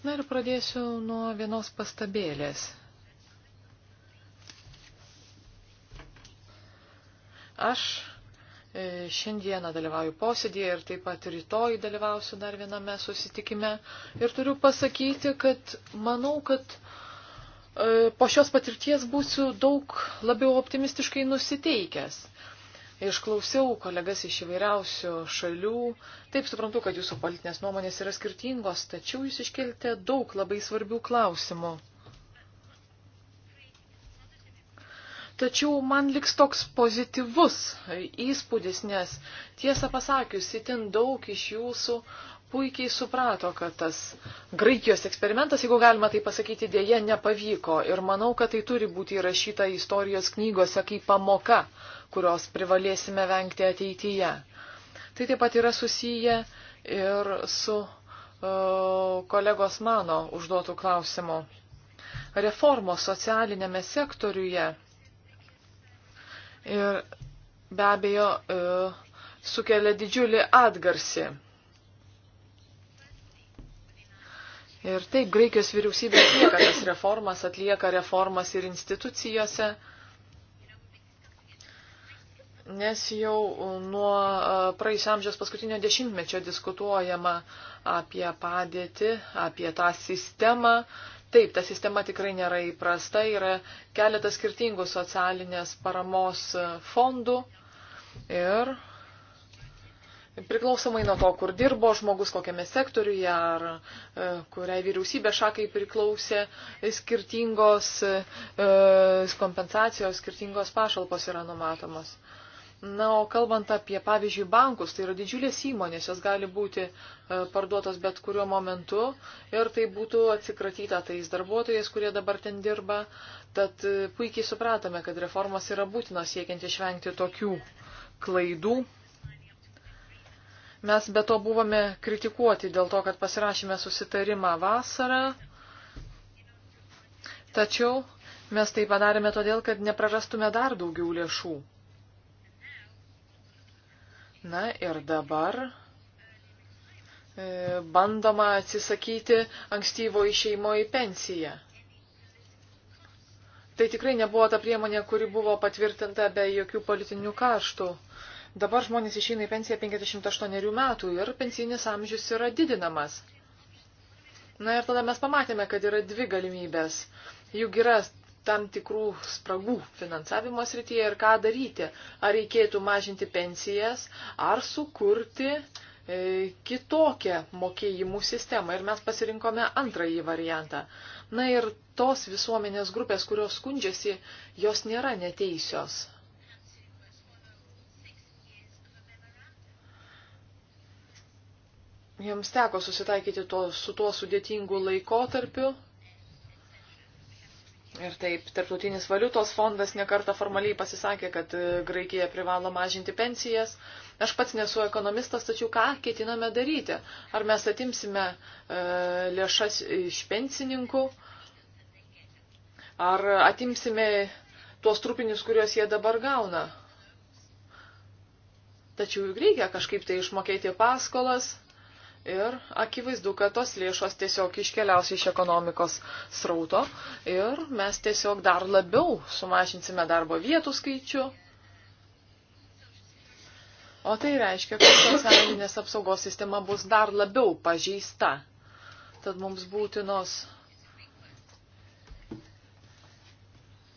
Speaker 3: Na ir pradėsiu nuo vienos pastabėlės. Aš e, šiandieną dalyvauju posėdėje ir taip pat rytoj dalyvausiu dar viename susitikime. Ir turiu pasakyti, kad manau, kad e, po šios patirties būsiu daug labiau optimistiškai nusiteikęs. Išklausiau kolegas iš įvairiausių šalių. Taip suprantu, kad jūsų politinės nuomonės yra skirtingos, tačiau jūs iškeltė daug labai svarbių klausimų. Tačiau man liks toks pozityvus įspūdis, nes tiesą pasakius, itin daug iš jūsų puikiai suprato, kad tas Graikijos eksperimentas, jeigu galima tai pasakyti, dėje nepavyko. Ir manau, kad tai turi būti įrašyta istorijos knygose kaip pamoka kurios privalėsime vengti ateityje. Tai taip pat yra susiję ir su e, kolegos mano užduotų klausimų. Reformos socialinėme sektoriuje ir be abejo e, sukelia didžiulį atgarsį. Ir taip, Graikijos vyriausybė atlieka tas reformas, atlieka reformas ir institucijose nes jau nuo e, praeisio amžiaus paskutinio dešimtmečio diskutuojama apie padėtį, apie tą sistemą. Taip, ta sistema tikrai nėra įprasta, yra keletas skirtingų socialinės paramos fondų ir priklausomai nuo to, kur dirbo žmogus, kokiame sektoriuje ar e, kuriai vyriausybė šakai priklausė, skirtingos e, kompensacijos, skirtingos pašalpos yra numatomos. Na, o kalbant apie, pavyzdžiui, bankus, tai yra didžiulės įmonės, jos gali būti e, parduotos bet kuriuo momentu ir tai būtų atsikratyta tais darbuotojais, kurie dabar ten dirba. Tad e, puikiai supratome, kad reformos yra būtinos siekiant išvengti tokių klaidų. Mes be to buvome kritikuoti dėl to, kad pasirašėme susitarimą vasarą. Tačiau mes tai padarėme todėl, kad neprarastume dar daugiau lėšų. Na ir dabar e, bandoma atsisakyti ankstyvo išeimo į pensiją. Tai tikrai nebuvo ta priemonė, kuri buvo patvirtinta be jokių politinių kaštų. Dabar žmonės išeina į pensiją 58 metų ir pensinis amžius yra didinamas. Na ir tada mes pamatėme, kad yra dvi galimybės. Juk yra tam tikrų spragų finansavimo srityje ir ką daryti. Ar reikėtų mažinti pensijas, ar sukurti e, kitokią mokėjimų sistemą. Ir mes pasirinkome antrąjį variantą. Na ir tos visuomenės grupės, kurios skundžiasi, jos nėra neteisios. Jums teko susitaikyti to, su tuo sudėtingu laikotarpiu, Ir taip, Tarptautinis valiutos fondas nekarta formaliai pasisakė, kad e, Graikija privalo mažinti pensijas. Aš pats nesu ekonomistas, tačiau ką ketiname daryti? Ar mes atimsime e, lėšas iš pensininkų? Ar atimsime tuos trupinius, kuriuos jie dabar gauna? Tačiau juk reikia kažkaip tai išmokėti paskolas. Ir akivaizdu, kad tos lėšos tiesiog iškeliaus iš ekonomikos srauto ir mes tiesiog dar labiau sumažinsime darbo vietų skaičių. O tai reiškia, kad socialinės apsaugos sistema bus dar labiau pažeista. Tad mums būtinos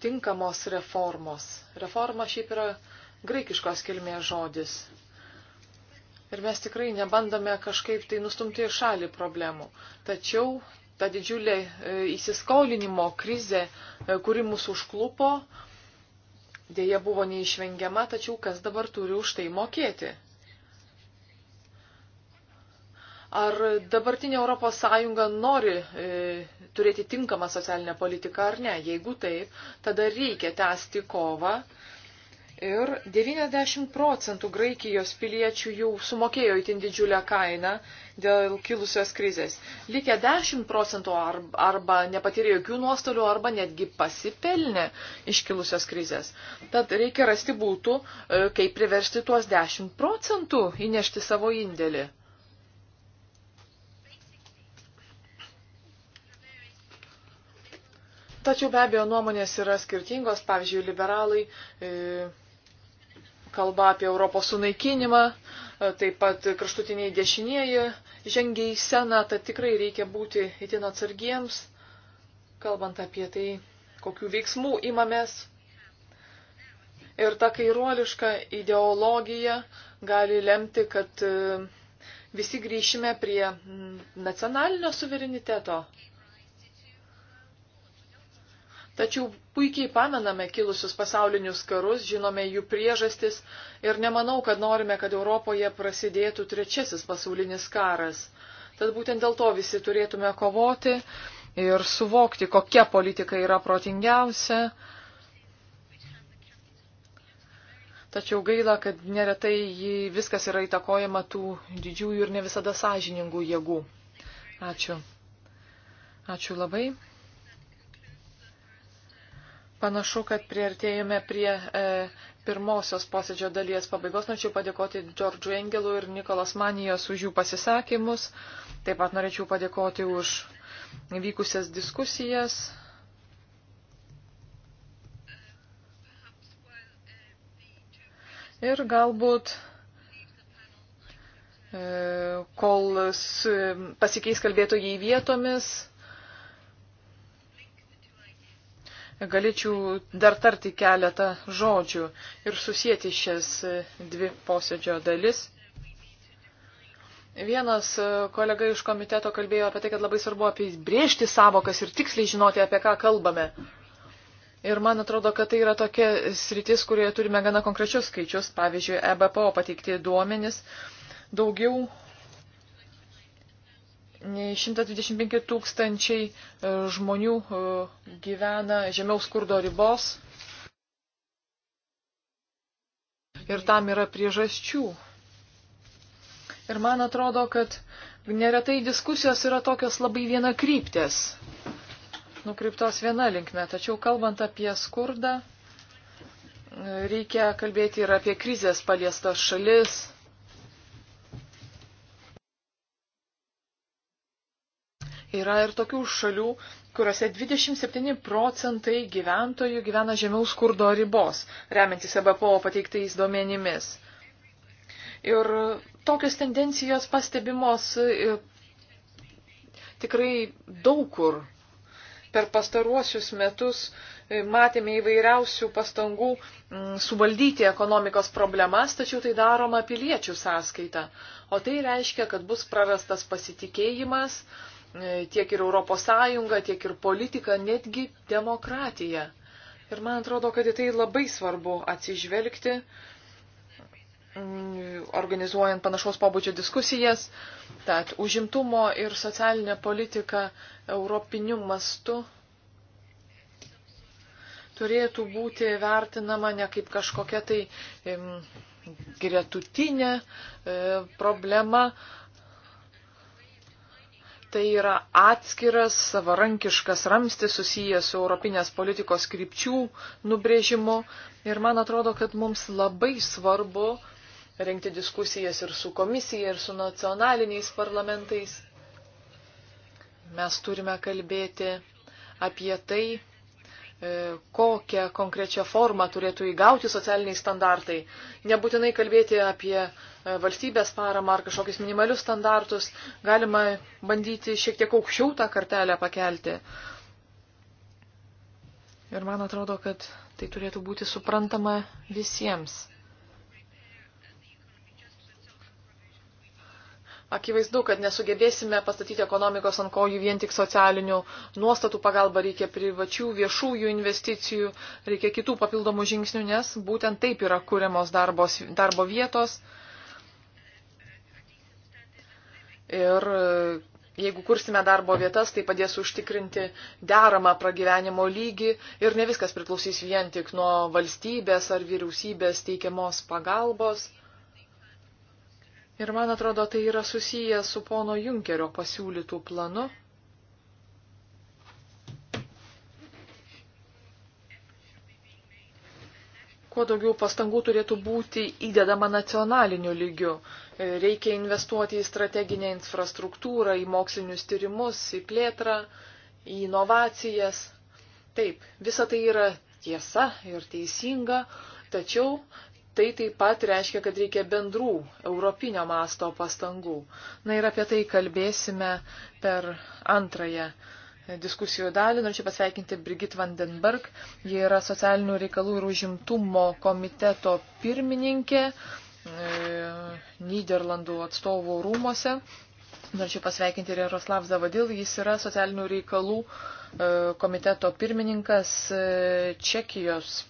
Speaker 3: tinkamos reformos. Reforma šiaip yra graikiškos kilmės žodis Ir mes tikrai nebandome kažkaip tai nustumti į šalį problemų. Tačiau ta didžiulė e, įsiskolinimo krizė, e, kuri mūsų užklupo, dėja buvo neišvengiama, tačiau kas dabar turi už tai mokėti? Ar dabartinė ES nori e, turėti tinkamą socialinę politiką ar ne? Jeigu taip, tada reikia tęsti kovą Ir 90 procentų Graikijos piliečių jau sumokėjo itin didžiulę kainą dėl kilusios krizės. Likę 10 procentų arba nepatyrė jokių nuostolių, arba netgi pasipelnė iš kilusios krizės. Tad reikia rasti būtų, e, kaip priversti tuos 10 procentų įnešti savo indėlį. Tačiau be abejo nuomonės yra skirtingos, pavyzdžiui, liberalai. E, kalba apie Europos sunaikinimą, taip pat kraštutiniai dešinieji žengia į seną, tad tikrai reikia būti itin atsargiems, kalbant apie tai, kokių veiksmų imamės. Ir ta kairuoliška ideologija gali lemti, kad e, visi grįšime prie nacionalinio suvereniteto. Tačiau puikiai pamename kilusius pasaulinius karus, žinome jų priežastis ir nemanau, kad norime, kad Europoje prasidėtų trečiasis pasaulinis karas. Tad būtent dėl to visi turėtume kovoti ir suvokti, kokia politika yra protingiausia. Tačiau gaila, kad neretai viskas yra įtakojama tų didžiųjų ir ne visada sąžiningų jėgų. Ačiū. Ačiū labai. Panašu, kad priartėjome prie e, pirmosios posėdžio dalies pabaigos. Norėčiau padėkoti Džordžu Engelu ir Nikolas Manijos už jų pasisakymus. Taip pat norėčiau padėkoti už vykusias diskusijas. Ir galbūt, e, kol pasikeis kalbėtojai vietomis, galėčiau dar tarti keletą žodžių ir susijęti šias dvi posėdžio dalis. Vienas kolega iš komiteto kalbėjo apie tai, kad labai svarbu apibriežti savokas ir tiksliai žinoti, apie ką kalbame. Ir man atrodo, kad tai yra tokia sritis, kurioje turime gana konkrečius skaičius, pavyzdžiui, EBPO pateikti duomenis. Daugiau 125 tūkstančiai e, žmonių e, gyvena žemiaus skurdo ribos. Ir tam yra priežasčių. Ir man atrodo, kad neretai diskusijos yra tokios labai viena kryptės. Nukryptos viena linkme. Tačiau kalbant apie skurdą, e, reikia kalbėti ir apie krizės paliestas šalis Yra ir tokių šalių, kuriuose 27 procentai gyventojų gyvena žemiau skurdo ribos, remiantis EBPO pateiktais duomenimis. Ir tokios tendencijos pastebimos e, tikrai daug kur. Per pastaruosius metus e, matėme įvairiausių pastangų mm, suvaldyti ekonomikos problemas, tačiau tai daroma piliečių sąskaita. O tai reiškia, kad bus prarastas pasitikėjimas, E, tiek ir Europos Sąjunga, tiek ir politika, netgi demokratija. Ir man atrodo, kad į tai labai svarbu atsižvelgti, mm, organizuojant panašaus pobūdžio diskusijas. Tad užimtumo ir socialinė politika europiniu mastu turėtų būti vertinama ne kaip kažkokia tai gretutinė e, problema, Tai yra atskiras savarankiškas ramstis susijęs su Europinės politikos krypčių nubrėžimu. Ir man atrodo, kad mums labai svarbu rengti diskusijas ir su komisija, ir su nacionaliniais parlamentais. Mes turime kalbėti apie tai, E, kokią konkrečią formą turėtų įgauti socialiniai standartai. Nebūtinai kalbėti apie e, valstybės paramą ar kažkokius minimalius standartus, galima bandyti šiek tiek aukščiau tą kartelę pakelti. Ir man atrodo, kad tai turėtų būti suprantama visiems. Akivaizdu, kad nesugebėsime pastatyti ekonomikos ant kojų vien tik socialinių nuostatų pagalba, reikia privačių viešųjų investicijų, reikia kitų papildomų žingsnių, nes būtent taip yra kūriamos darbos, darbo vietos. Ir e, jeigu kursime darbo vietas, tai padės užtikrinti deramą pragyvenimo lygį ir ne viskas priklausys vien tik nuo valstybės ar vyriausybės teikiamos pagalbos. Ir man atrodo, tai yra susiję su pono Junkerio pasiūlytų planu. Kuo daugiau pastangų turėtų būti įdedama nacionaliniu lygiu. E, reikia investuoti į strateginę infrastruktūrą, į mokslinius tyrimus, į plėtrą, į inovacijas. Taip, visa tai yra tiesa ir teisinga, tačiau tai taip pat reiškia, kad reikia bendrų europinio masto pastangų. Na ir apie tai kalbėsime per antrąją diskusijų dalį. Norėčiau pasveikinti Brigit Vandenberg. Ji yra socialinių reikalų ir užimtumo komiteto pirmininkė e, Niderlandų atstovų rūmose. Norėčiau pasveikinti ir Jaroslav Zavadil, jis yra socialinių reikalų e, komiteto pirmininkas e, Čekijos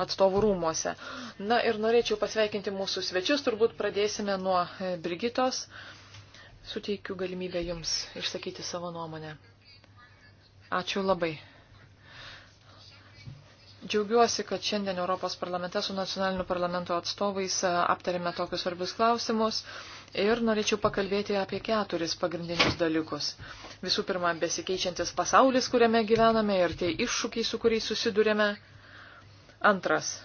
Speaker 3: atstovų rūmose. Na ir norėčiau pasveikinti mūsų svečius, turbūt pradėsime nuo e, Brigitos. Suteikiu galimybę Jums išsakyti savo nuomonę. Ačiū labai. Džiaugiuosi, kad šiandien Europos parlamente su nacionaliniu parlamento atstovais e, aptarėme tokius svarbius klausimus ir norėčiau pakalbėti apie keturis pagrindinius dalykus. Visų pirma, besikeičiantis pasaulis, kuriame gyvename ir tie iššūkiai, su kuriais susidurėme. Antras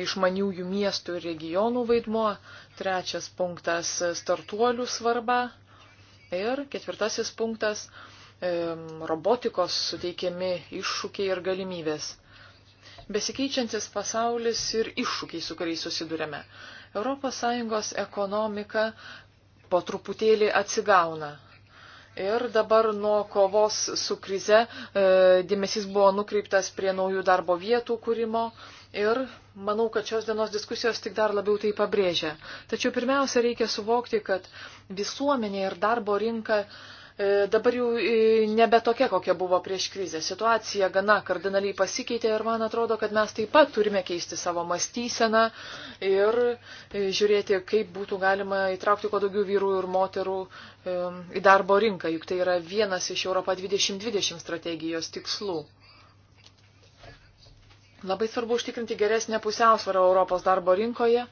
Speaker 3: išmaniųjų miestų ir regionų vaidmuo, trečias punktas startuolių svarba ir ketvirtasis punktas robotikos suteikiami iššūkiai ir galimybės. Besikeičiantis pasaulis ir iššūkiai, su kuriais susidurėme. ES ekonomika po truputėlį atsigauna. Ir dabar nuo kovos su krize e, dėmesys buvo nukreiptas prie naujų darbo vietų kūrimo. Ir manau, kad šios dienos diskusijos tik dar labiau tai pabrėžia. Tačiau pirmiausia, reikia suvokti, kad visuomenė ir darbo rinka E, dabar jau e, nebe tokia, kokia buvo prieš krizę. Situacija gana kardinaliai pasikeitė ir man atrodo, kad mes taip pat turime keisti savo mąstyseną ir e, žiūrėti, kaip būtų galima įtraukti kuo daugiau vyrų ir moterų į darbo rinką, juk tai yra vienas iš Europą 2020 strategijos tikslų. Labai svarbu užtikrinti geresnę pusiausvarą Europos darbo rinkoje,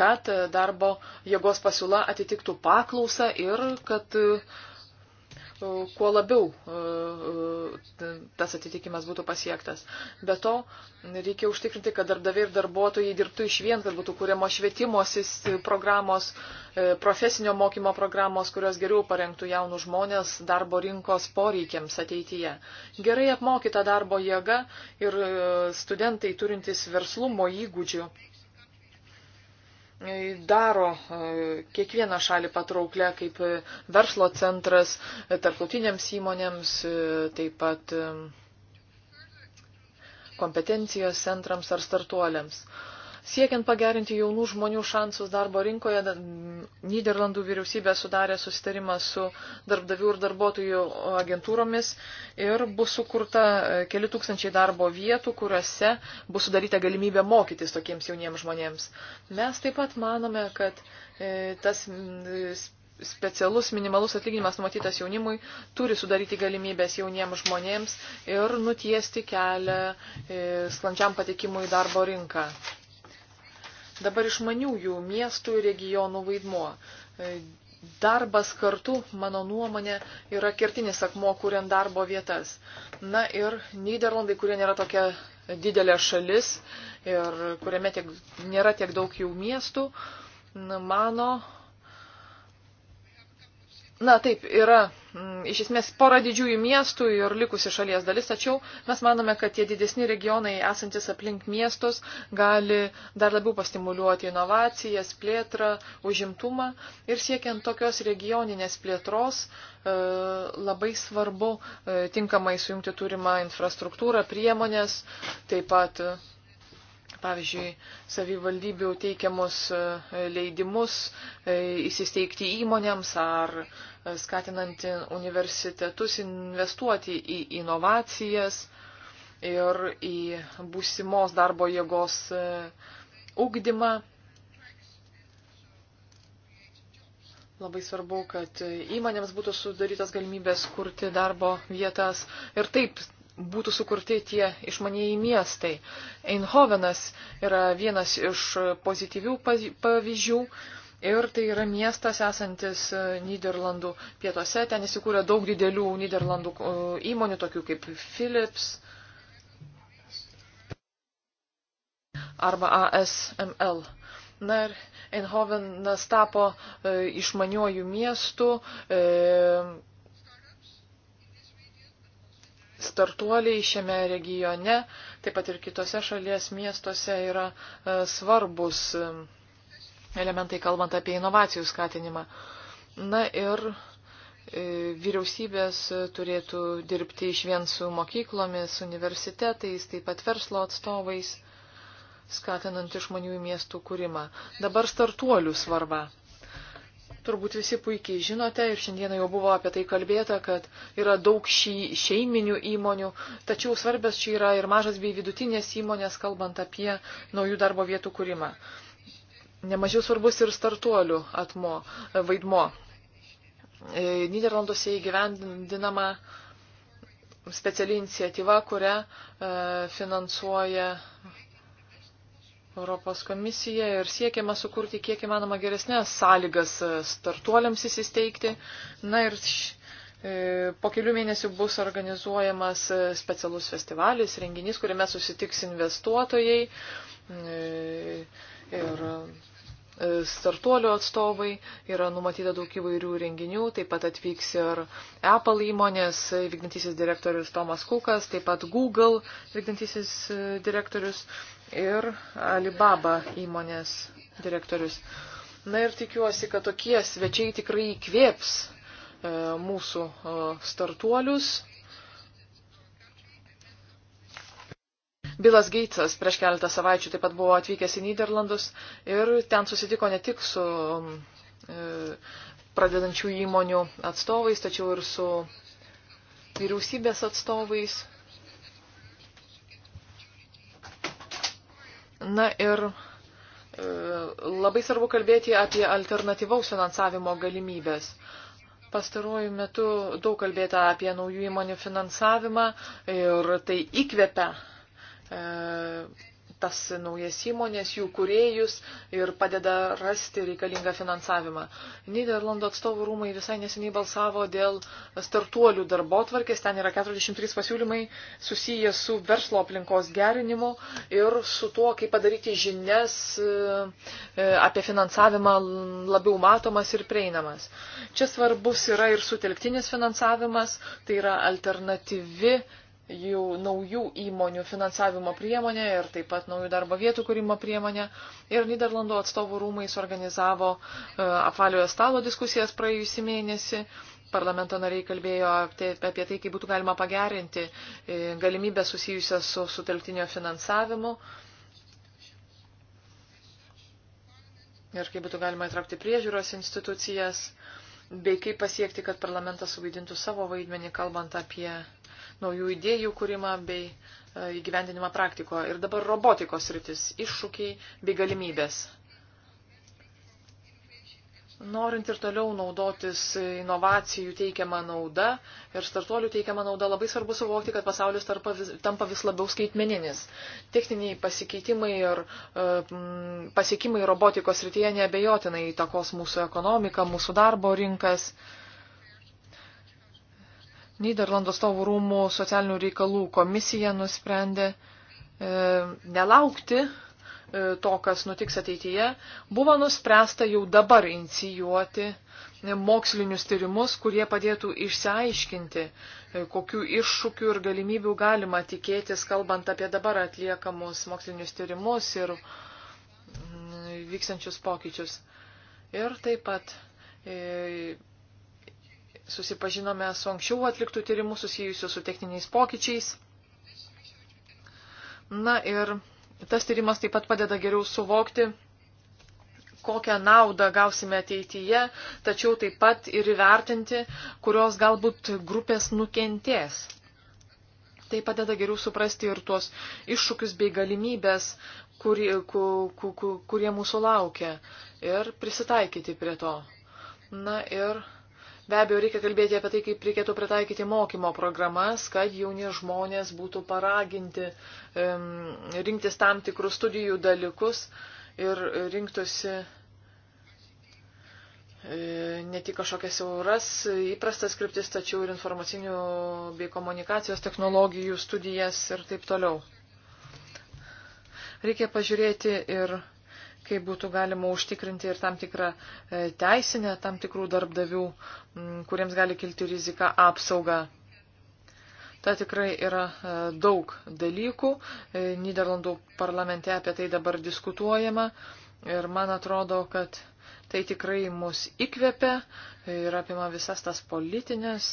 Speaker 3: kad darbo jėgos pasiūla atitiktų paklausą ir kad kuo labiau e, e, tas atitikimas būtų pasiektas. Be to, reikia užtikrinti, kad darbdaviai ir darbuotojai dirbtų iš vien, kad būtų kūrimo švietimo programos, e, profesinio mokymo programos, kurios geriau parengtų jaunų žmonės darbo rinkos poreikiams ateityje. Gerai apmokyta darbo jėga ir studentai turintys verslumo įgūdžių daro e, kiekvieną šalį patrauklę kaip e, verslo centras e, tarptautinėms įmonėms, taip pat kompetencijos centrams ar startuoliams. Siekiant pagerinti jaunų žmonių šansus darbo rinkoje, Niderlandų vyriausybė sudarė susitarimą su darbdavių ir darbuotojų agentūromis ir bus sukurta e, keli tūkstančiai darbo vietų, kuriuose bus sudaryta galimybė mokytis tokiems jauniems žmonėms. Mes taip pat manome, kad e, tas specialus minimalus atlyginimas numatytas jaunimui turi sudaryti galimybės jauniems žmonėms ir nutiesti kelią e, sklandžiam patekimui į darbo rinką. Dabar išmaniųjų miestų ir regionų vaidmuo. E, darbas kartu, mano nuomonė, yra kertinis akmuo, kuriant darbo vietas. Na ir Niderlandai, kurie nėra tokia didelė šalis ir kuriame tiek, nėra tiek daug jų miestų, mano Na taip, yra m, mm, iš esmės pora didžiųjų miestų ir likusi šalies dalis, tačiau mes manome, kad tie didesni regionai esantis aplink miestus gali dar labiau pastimuliuoti inovacijas, plėtrą, užimtumą ir siekiant tokios regioninės plėtros e, labai svarbu e, tinkamai sujungti turimą infrastruktūrą, priemonės, taip pat. E, pavyzdžiui, savivaldybių teikiamus e, leidimus e, įsisteigti įmonėms ar e, skatinant universitetus investuoti į inovacijas ir į būsimos darbo jėgos ugdymą. Labai svarbu, kad įmonėms būtų sudarytas galimybės kurti darbo vietas ir taip būtų sukurti tie išmanėjai miestai. Einhovenas yra vienas iš pozityvių pavyzdžių. Ir tai yra miestas esantis e, Niderlandų pietuose. Ten įsikūrė daug didelių Niderlandų e, įmonių, tokių kaip Philips arba ASML. Na ir Einhovenas tapo e, išmaniojų miestų, e, startuoliai šiame regione, taip pat ir kitose šalies miestuose yra e, svarbus e, elementai, kalbant apie inovacijų skatinimą. Na ir e, vyriausybės turėtų dirbti iš vien su mokyklomis, universitetais, taip pat verslo atstovais, skatinant išmanių miestų kūrimą. Dabar startuolių svarba. Turbūt visi puikiai žinote ir šiandieną jau buvo apie tai kalbėta, kad yra daug šį šeiminių įmonių, tačiau svarbės čia yra ir mažas bei vidutinės įmonės, kalbant apie naujų darbo vietų kūrimą. Nemažiau svarbus ir startuolių atmo, vaidmo. E, Niderlanduose įgyvendinama speciali iniciatyva, kurią e, finansuoja Europos komisija ir siekiama sukurti kiek įmanoma geresnės sąlygas e, startuoliams įsisteigti. Na ir e, po kelių mėnesių bus organizuojamas e, specialus festivalis, renginys, kuriame susitiks investuotojai ir startuolių atstovai. Yra numatyta daug įvairių renginių, taip pat atvyks ir Apple įmonės vykdantisis direktorius Tomas Kukas, taip pat Google vykdantisis direktorius ir Alibaba įmonės direktorius. Na ir tikiuosi, kad tokie svečiai tikrai įkvėps e, mūsų e, startuolius. Bilas Geitsas prieš keletą savaičių taip pat buvo atvykęs į Niderlandus ir ten susitiko ne tik su e, pradedančių įmonių atstovais, tačiau ir su vyriausybės atstovais. Na ir e, labai svarbu kalbėti apie alternatyvaus finansavimo galimybės. Pastaruoju metu daug kalbėta apie naujų įmonių finansavimą ir tai įkvepia e, tas naujas įmonės, jų kuriejus ir padeda rasti reikalingą finansavimą. Niderlandų atstovų rūmai visai neseniai balsavo dėl startuolių darbo tvarkės. Ten yra 43 pasiūlymai susiję su verslo aplinkos gerinimu ir su tuo, kaip padaryti žinias e, apie finansavimą labiau matomas ir prieinamas. Čia svarbus yra ir sutelktinis finansavimas, tai yra alternatyvi jų naujų įmonių finansavimo priemonė ir taip pat naujų darbo vietų kūrimo priemonė. Ir Niderlandų atstovų rūmai suorganizavo e, apvaliojo stalo diskusijas praėjusį mėnesį. Parlamento nariai kalbėjo apie tai, kaip būtų galima pagerinti e, galimybę susijusią su sutelktinio finansavimu. Ir kaip būtų galima įtraukti priežiūros institucijas, bei kaip pasiekti, kad parlamentas suvaidintų savo vaidmenį, kalbant apie naujų idėjų kūrimą bei e, įgyvendinimą praktikoje. Ir dabar robotikos rytis - iššūkiai bei galimybės. Norint ir toliau naudotis inovacijų teikiamą naudą ir startuolių teikiamą naudą, labai svarbu suvokti, kad pasaulis tarpa, vis, tampa vis labiau skaitmeninis. Techniniai pasikeitimai ir e, pasiekimai robotikos rytyje neabejotinai įtakos mūsų ekonomiką, mūsų darbo rinkas. E, Niderlandų stovų rūmų socialinių reikalų komisija nusprendė e, nelaukti e, to, kas nutiks ateityje. Buvo nuspręsta jau dabar inicijuoti e, mokslinius tyrimus, kurie padėtų išsiaiškinti, e, kokiu iššūkiu ir galimybių galima tikėtis, kalbant apie dabar atliekamus mokslinius tyrimus ir mm, vykstančius pokyčius. Ir taip pat e, susipažinome su anksčiau atliktų tyrimų susijusių su techniniais pokyčiais. Na ir tas tyrimas taip pat padeda geriau suvokti, kokią naudą gausime ateityje, tačiau taip pat ir įvertinti, kurios galbūt grupės nukentės. Tai padeda geriau suprasti ir tuos iššūkius bei galimybės, kuri, ku, ku, ku, kurie mūsų laukia ir prisitaikyti prie to. Na ir Be abejo, reikia kalbėti apie tai, kaip reikėtų pritaikyti mokymo programas, kad jauni žmonės būtų paraginti um, rinktis tam tikrus studijų dalykus ir rinktųsi e, ne tik kažkokias euras įprastas kryptis, tačiau ir informacinių bei komunikacijos technologijų studijas ir taip toliau. Reikia pažiūrėti ir kaip būtų galima užtikrinti ir tam tikrą e, teisinę, tam tikrų darbdavių, kuriems gali kilti rizika apsaugą. Ta tikrai yra e, daug dalykų. E, Niderlandų parlamente apie tai dabar diskutuojama ir man atrodo, kad tai tikrai mus įkvepia ir apima visas tas politinės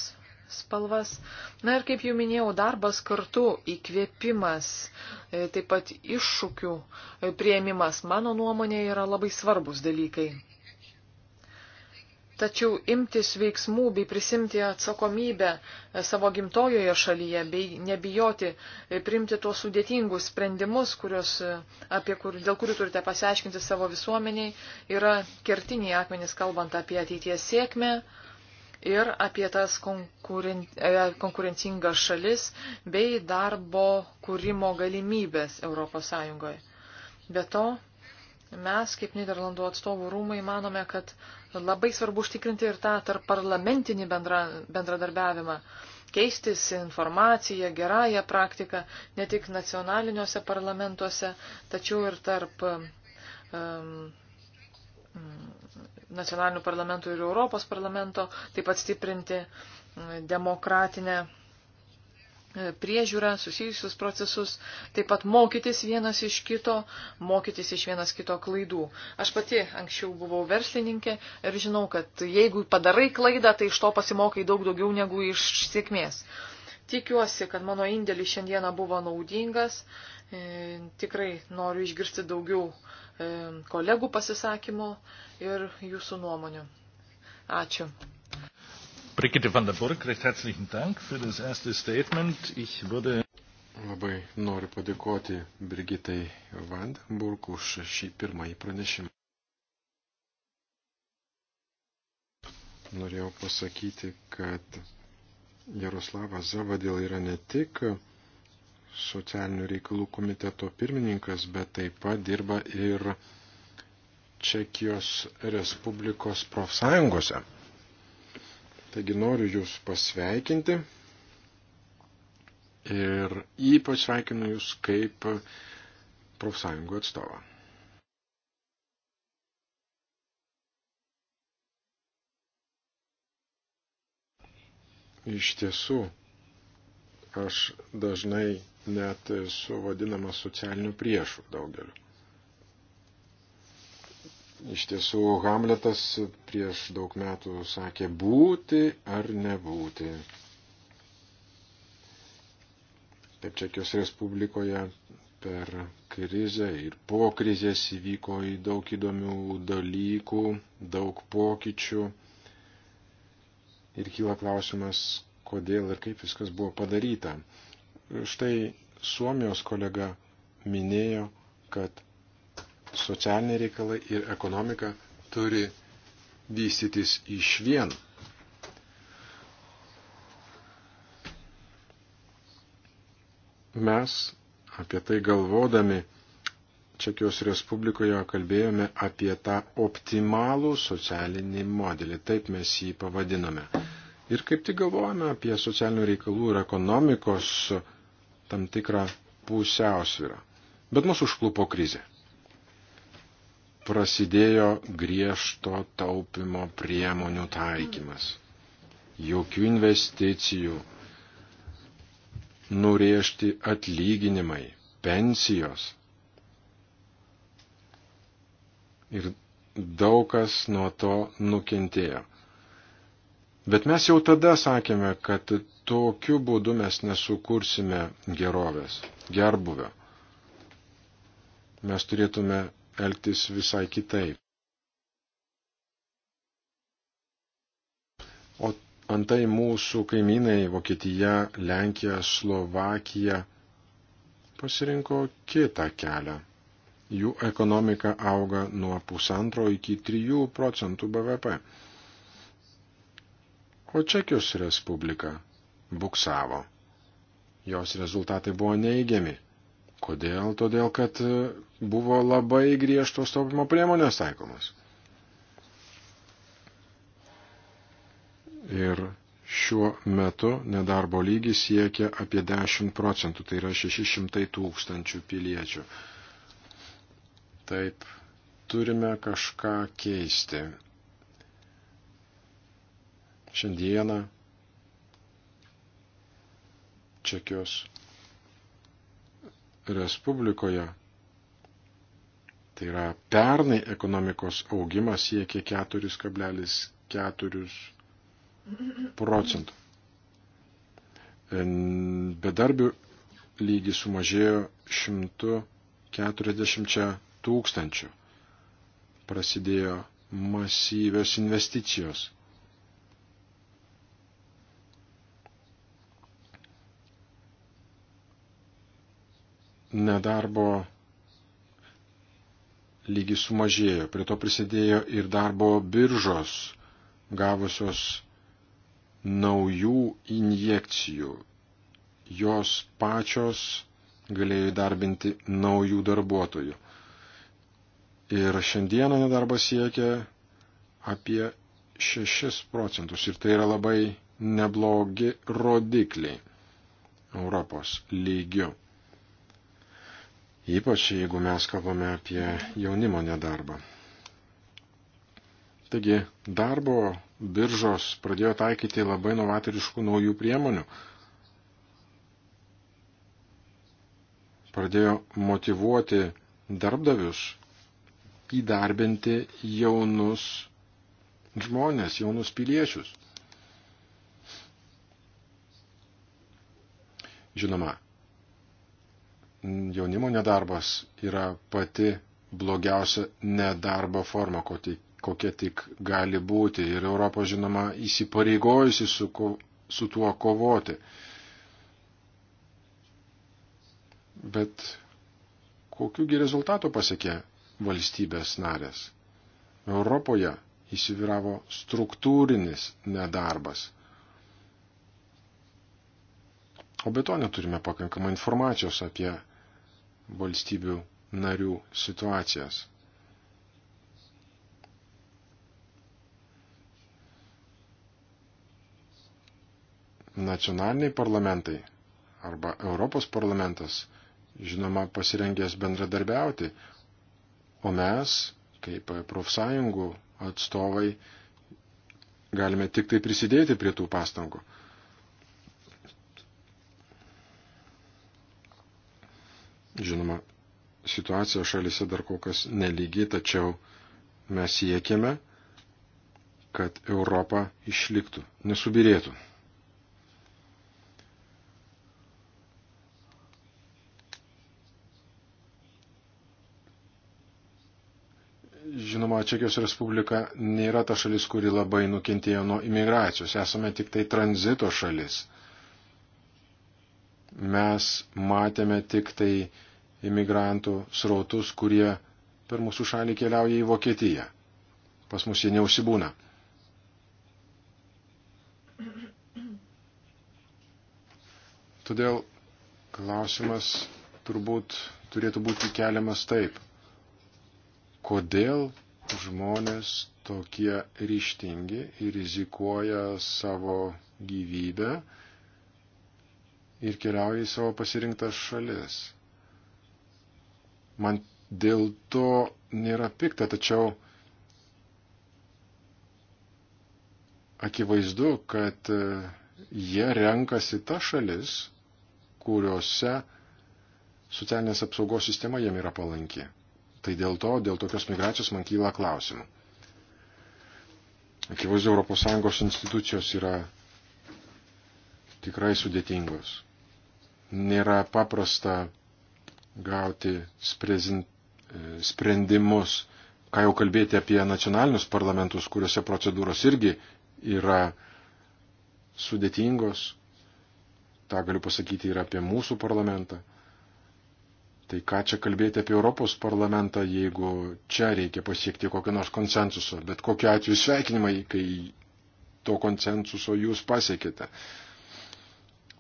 Speaker 3: spalvas. Na ir kaip jau minėjau, darbas kartu, įkvėpimas, e, taip pat iššūkių e, prieimimas, mano nuomonė, yra labai svarbus dalykai. Tačiau imtis veiksmų bei prisimti atsakomybę e, savo gimtojoje šalyje bei nebijoti priimti tuos sudėtingus sprendimus, kurios, kur, dėl kurių turite pasiaiškinti savo visuomeniai, yra kertiniai akmenys kalbant apie ateities sėkmę, ir apie tas e, konkurencingas šalis bei darbo kūrimo galimybės ES. Be to, mes kaip Niderlandų atstovų rūmai manome, kad labai svarbu užtikrinti ir tą tarp parlamentinį bendra, bendradarbiavimą, keistis informaciją, gerąją praktiką ne tik nacionaliniuose parlamentuose, tačiau ir tarp um, nacionalinių parlamentų ir Europos parlamento, taip pat stiprinti demokratinę e, priežiūrą, susijusius procesus, taip pat mokytis vienas iš kito, mokytis iš vienas kito klaidų. Aš pati anksčiau buvau verslininkė ir žinau, kad jeigu padarai klaidą, tai iš to pasimokai daug daugiau negu iš sėkmės. Tikiuosi, kad mano indėlis šiandieną buvo naudingas. E, tikrai noriu išgirsti daugiau E, kolegų pasisakymų ir jūsų nuomonių. Ačiū.
Speaker 2: Brigitte van der Burg, recht herzlichen Dank für das erste Statement. Ich würde Labai noriu padėkoti Brigitai Vandenburg už šį pirmąjį pranešimą. Norėjau pasakyti, kad Jaroslavas Zavadėl yra ne tik socialinių reikalų komiteto pirmininkas, bet taip pat dirba ir Čekijos Respublikos profsąjungose. Taigi noriu Jūs pasveikinti ir ypač sveikinu Jūs kaip profsąjungų atstovą. Iš tiesų, aš dažnai net su vadinamas socialiniu priešu daugeliu. Iš tiesų, Hamletas prieš daug metų sakė būti ar nebūti. Taip Čekijos Respublikoje per krizę ir po krizės įvyko į daug įdomių dalykų, daug pokyčių. Ir kyla klausimas, kodėl ir kaip viskas buvo padaryta. Štai Suomijos kolega minėjo, kad socialiniai reikalai ir ekonomika turi vystytis iš vien. Mes apie tai galvodami Čekijos Respublikoje kalbėjome apie tą optimalų socialinį modelį, taip mes jį pavadinome. Ir kaip tik galvojame apie socialinių reikalų ir ekonomikos tam tikrą pusiausvyrą. Bet mus užklupo krizė. Prasidėjo griežto taupimo priemonių taikymas. Jokių investicijų, nurėžti atlyginimai, pensijos. Ir daug kas nuo to nukentėjo. Bet mes jau tada sakėme, kad tokiu būdu mes nesukursime gerovės, gerbuvio. Mes turėtume elgtis visai kitaip. O antai mūsų kaimynai Vokietija, Lenkija, Slovakija pasirinko kitą kelią. Jų ekonomika auga nuo pusantro iki trijų procentų BVP o Čekijos Respublika buksavo. Jos rezultatai buvo neįgiami. Kodėl? Todėl, kad buvo labai griežtos taupimo priemonės taikomas. Ir šiuo metu nedarbo lygis siekia apie 10 procentų, tai yra 600 tūkstančių piliečių. Taip, turime kažką keisti. Šiandieną Čekijos Respublikoje, tai yra pernai ekonomikos augimas siekia 4,4 procentų. Bedarbių lygis sumažėjo 140 tūkstančių. Prasidėjo masyvios investicijos. nedarbo lygis sumažėjo. Prie to prisidėjo ir darbo biržos gavusios naujų injekcijų. Jos pačios galėjo įdarbinti naujų darbuotojų. Ir šiandieną nedarbas siekia apie 6 procentus. Ir tai yra labai neblogi rodikliai Europos lygiu ypač jeigu mes kalbame apie jaunimo nedarbą. Taigi darbo biržos pradėjo taikyti labai novatoriškų naujų priemonių. Pradėjo motivuoti darbdavius įdarbinti jaunus žmonės, jaunus piliečius. Žinoma, Mm, jaunimo nedarbas yra pati blogiausia nedarbo forma, kokia tik gali būti. Ir Europa, žinoma, įsipareigojusi su, su tuo kovoti. Bet kokiugi rezultatų pasiekė valstybės narės? Europoje įsivyravo struktūrinis nedarbas. O be to neturime pakankamai informacijos apie valstybių narių situacijas. Nacionaliniai parlamentai arba Europos parlamentas, žinoma, pasirengęs bendradarbiauti, o mes, kaip profsąjungų atstovai, galime tik tai prisidėti prie tų pastangų. Žinoma, situacija šalise dar kol kas nelygi, tačiau mes siekiame, kad Europa išliktų, nesubirėtų. Žinoma, Čekijos Respublika nėra ta šalis, kuri labai nukentėjo nuo imigracijos. Esame tik tai tranzito šalis mes matėme tik tai imigrantų srautus, kurie per mūsų šalį keliauja į Vokietiją. Pas mus jie neusibūna. Todėl klausimas turbūt turėtų būti keliamas taip. Kodėl žmonės tokie ryštingi ir rizikuoja savo gyvybę ir keliauja į savo pasirinktas šalis. Man dėl to nėra pikta, tačiau akivaizdu, kad e, jie renkasi tą šalis, kuriuose socialinės apsaugos sistema jiem yra palanki. Tai dėl to, dėl tokios migracijos man kyla klausimų. Akivaizdu, ES institucijos yra tikrai sudėtingos nėra paprasta gauti e, sprendimus, ką jau kalbėti apie nacionalinius parlamentus, kuriuose procedūros irgi yra sudėtingos. Ta galiu pasakyti ir apie mūsų parlamentą. Tai ką čia kalbėti apie Europos parlamentą, jeigu čia reikia pasiekti kokio nors konsensuso, bet kokiu atveju sveikinimai, kai to konsensuso jūs pasiekite.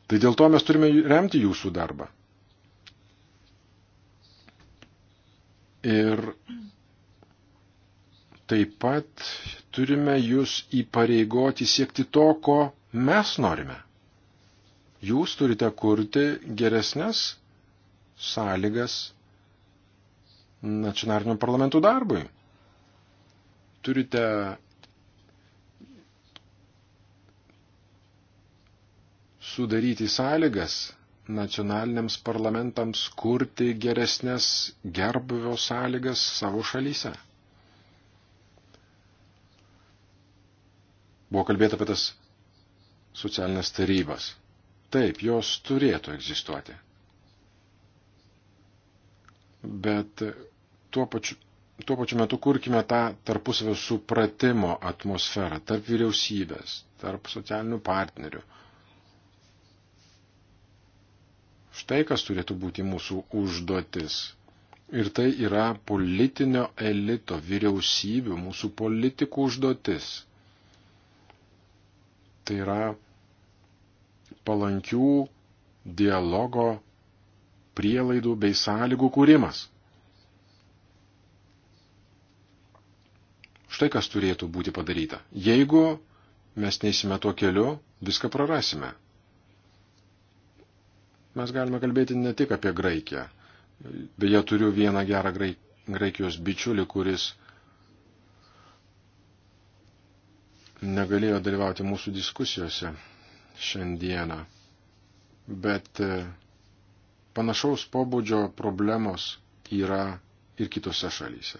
Speaker 2: Tai dėl to mes turime remti jūsų darbą. Ir taip pat turime jūs įpareigoti siekti to, ko mes norime. Jūs turite kurti geresnės sąlygas nacionalinių parlamentų darbui. Turite sudaryti sąlygas nacionaliniams parlamentams kurti geresnės gerbuvio sąlygas savo šalyse. Buvo kalbėta apie tas socialinės tarybas. Taip, jos turėtų egzistuoti. Bet tuo pačiu, tuo pačiu metu kurkime tą tarpusavio supratimo atmosferą tarp vyriausybės, tarp socialinių partnerių, Štai kas turėtų būti mūsų užduotis. Ir tai yra politinio elito, vyriausybių, mūsų politikų užduotis. Tai yra palankių dialogo prielaidų bei sąlygų kūrimas. Štai kas turėtų būti padaryta. Jeigu mes neįsime tuo keliu, viską prarasime mes galime kalbėti ne tik apie Graikiją. Beje, turiu vieną gerą Graikijos bičiulį, kuris negalėjo dalyvauti mūsų diskusijose šiandieną. Bet e, panašaus pobūdžio problemos yra ir kitose šalyse.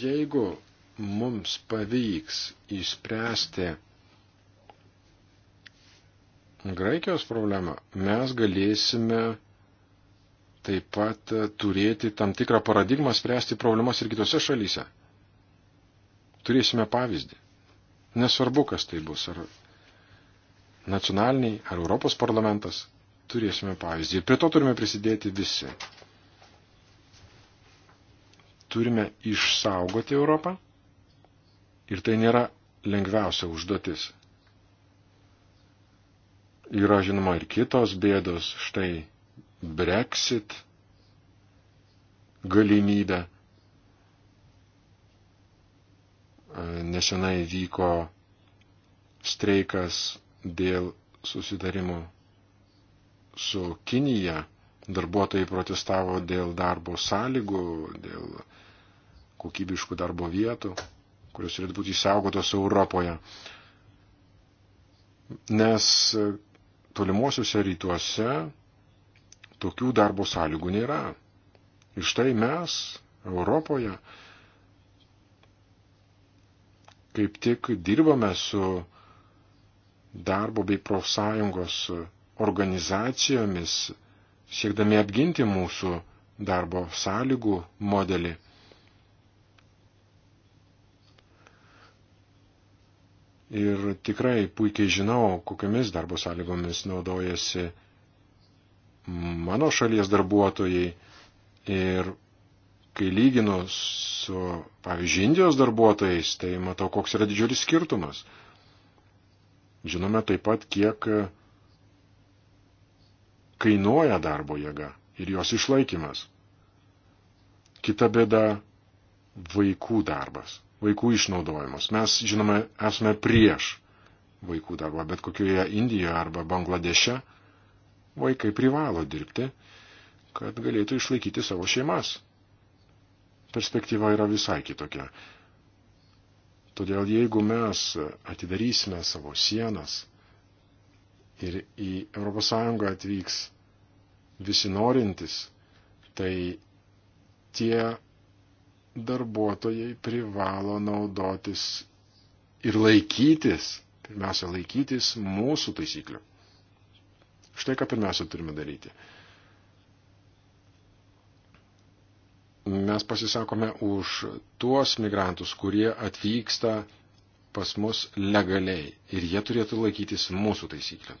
Speaker 2: Jeigu mums pavyks įspręsti Graikijos problemą, mes galėsime taip pat turėti tam tikrą paradigmą spręsti problemas ir kitose šalyse. Turėsime pavyzdį. Nesvarbu, kas tai bus, ar nacionaliniai, ar Europos parlamentas, turėsime pavyzdį. Ir prie to turime prisidėti visi. Turime išsaugoti Europą Ir tai nėra lengviausia užduotis. Yra, žinoma, ir kitos bėdos, štai Brexit galimybė. E, nesenai vyko streikas dėl susitarimo su Kinija. Darbuotojai protestavo dėl darbo sąlygų, dėl kokybiškų darbo vietų kurios turėtų būti išsaugotos Europoje. Nes tolimuosiuose rytuose tokių darbo sąlygų nėra. Ir štai mes Europoje kaip tik dirbame su darbo bei profsąjungos organizacijomis, siekdami apginti mūsų darbo sąlygų modelį. ir tikrai puikiai žinau, kokiamis darbo sąlygomis naudojasi mano šalies darbuotojai ir kai lyginu su, pavyzdžiui, Indijos darbuotojais, tai matau, koks yra didžiulis skirtumas. Žinome taip pat, kiek kainuoja darbo jėga ir jos išlaikymas. Kita bėda - vaikų darbas vaikų išnaudojimus. Mes, žinoma, esame prieš vaikų darbą, bet kokioje Indijoje arba Bangladeše vaikai privalo dirbti, kad galėtų išlaikyti savo šeimas. Perspektyva yra visai kitokia. Todėl jeigu mes atidarysime savo sienas ir į ES atvyks visi norintys, tai tie darbuotojai privalo naudotis ir laikytis, pirmiausia, laikytis mūsų taisyklių. Štai ką pirmiausia turime daryti. Mes pasisakome už tuos migrantus, kurie atvyksta pas mus legaliai ir jie turėtų laikytis mūsų taisyklių.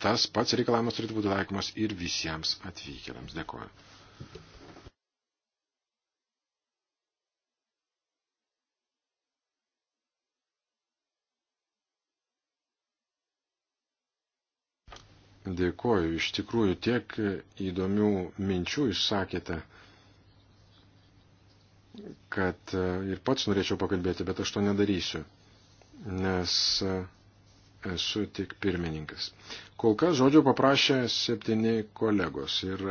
Speaker 2: Tas pats reikalavimas turėtų būti taikomas ir visiems atvykėliams. Dėkuoju. Dėkoju, iš tikrųjų tiek įdomių minčių išsakėte, kad e, ir pats norėčiau pakalbėti, bet aš to nedarysiu, nes e, esu tik pirmininkas. Kol kas žodžio paprašė septyni kolegos ir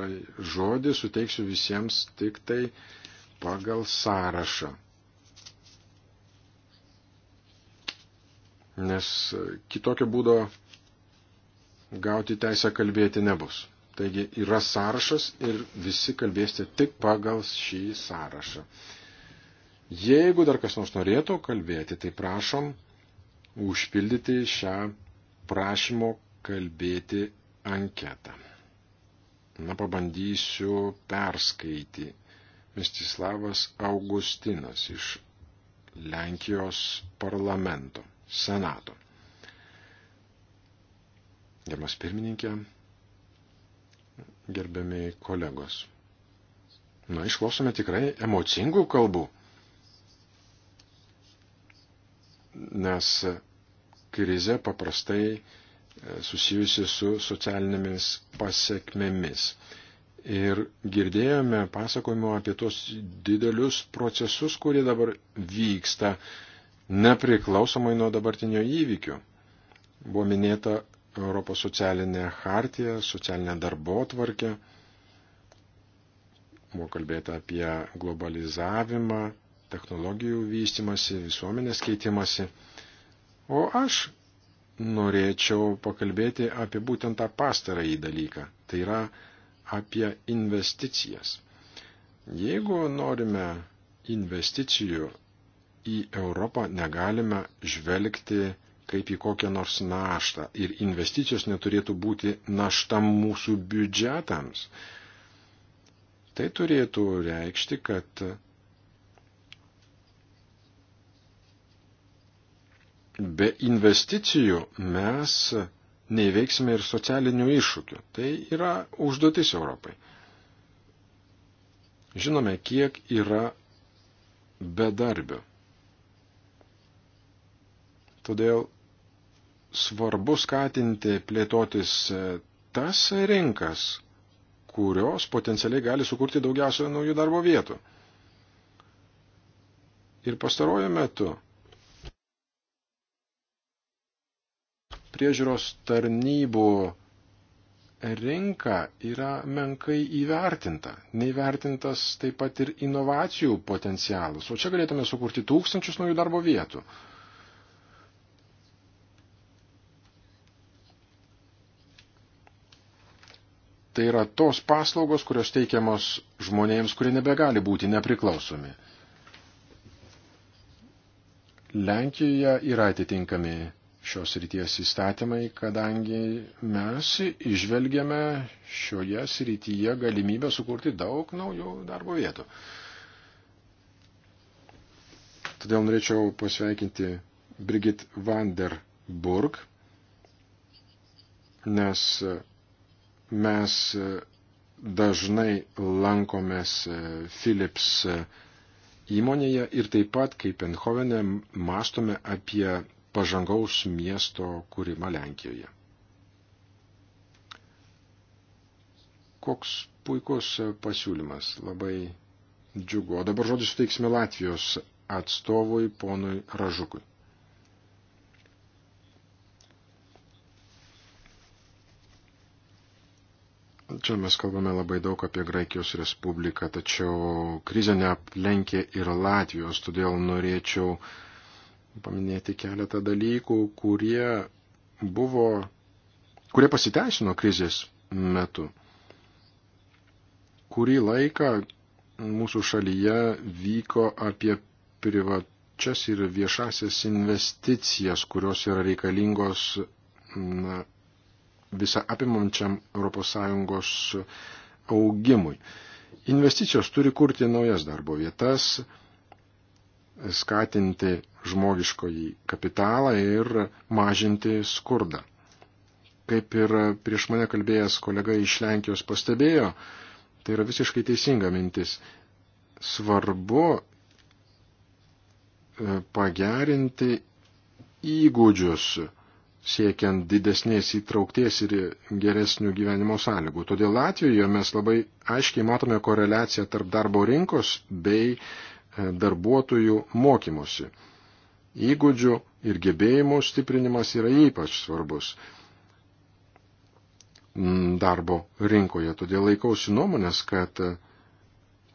Speaker 2: žodį suteiksiu visiems tik tai pagal sąrašą. Nes kitokio būdo gauti teisę kalbėti nebus. Taigi yra sąrašas ir visi kalbėsite tik pagal šį sąrašą. Jeigu dar kas nors norėtų kalbėti, tai prašom užpildyti šią prašymo kalbėti anketą. Na, pabandysiu perskaityti. Mistislavas Augustinas iš Lenkijos parlamento, senato gerbiamas pirmininkė, gerbiami kolegos. Na, išklausome tikrai emocingų kalbų, nes krize paprastai e, susijusi su socialinėmis pasiekmėmis. Ir girdėjome pasakojimo apie tos didelius procesus, kurie dabar vyksta nepriklausomai nuo dabartinio įvykių. Buvo minėta Europos socialinę hartiją, socialinę darbo tvarkę. Buvo kalbėta apie globalizavimą, technologijų vystimasi, visuomenės keitimasi. O aš norėčiau pakalbėti apie būtent tą pastarąjį dalyką. Tai yra apie investicijas. Jeigu norime investicijų į Europą, negalime žvelgti kaip į kokią nors naštą. Ir investicijos neturėtų būti našta mūsų biudžetams. Tai turėtų reikšti, kad be investicijų mes neįveiksime ir socialinių iššūkių. Tai yra užduotis Europai. Žinome, kiek yra bedarbių. Todėl svarbu skatinti plėtotis e, tas rinkas, kurios potencialiai gali sukurti daugiausia naujų darbo vietų. Ir pastaruoju metu priežiūros tarnybų rinka yra menkai įvertinta. Neįvertintas taip pat ir inovacijų potencialas. O čia galėtume sukurti tūkstančius naujų darbo vietų. Tai yra tos paslaugos, kurios teikiamos žmonėms, kurie nebegali būti nepriklausomi. Lenkijoje yra atitinkami šios ryties įstatymai, kadangi mes išvelgiame šioje srityje galimybę sukurti daug naujų darbo vietų. Todėl norėčiau pasveikinti Brigit van der Burg, nes Mes e, dažnai lankomės e, Philips e, įmonėje ir taip pat kaip Enhovene mastome apie pažangaus miesto kūrimą Lenkijoje. Koks puikus pasiūlymas, labai džiugu. O dabar žodžius teiksime Latvijos atstovui ponui Ražukui. Čia mes kalbame labai daug apie Graikijos Respubliką, tačiau krizė neaplenkė ir Latvijos, todėl norėčiau paminėti keletą dalykų, kurie buvo, kurie pasiteisino krizės metu. Kurį laiką mūsų šalyje vyko apie privačias ir viešasias investicijas, kurios yra reikalingos na, visą apimančiam ES augimui. Investicijos turi kurti naujas darbo vietas, skatinti žmogiškojį kapitalą ir mažinti skurdą. Kaip ir prieš mane kalbėjęs kolega iš Lenkijos pastebėjo, tai yra visiškai teisinga mintis. Svarbu e, pagerinti įgūdžius siekiant didesnės įtraukties ir geresnių gyvenimo sąlygų. Todėl Latvijoje mes labai aiškiai matome koreliaciją tarp darbo rinkos bei e, darbuotojų mokymosi. Įgūdžių ir gebėjimų stiprinimas yra ypač svarbus mm, darbo rinkoje. Todėl laikausi nuomonės, kad e,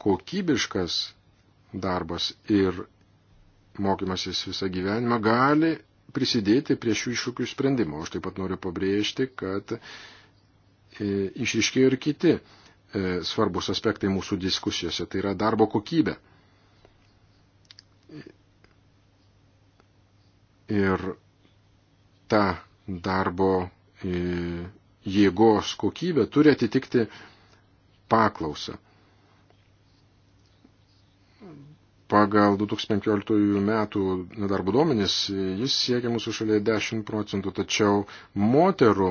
Speaker 2: kokybiškas darbas ir mokymasis visą gyvenimą gali prisidėti prie šių iššūkių sprendimo. Aš taip pat noriu pabrėžti, kad e, išriškėjo ir kiti e, svarbus aspektai mūsų diskusijose, tai yra darbo kokybė. Ir ta darbo e, jėgos kokybė turi atitikti paklausą. Pagal 2015 metų nedarbo duomenis jis siekia mūsų šalyje 10 procentų, tačiau moterų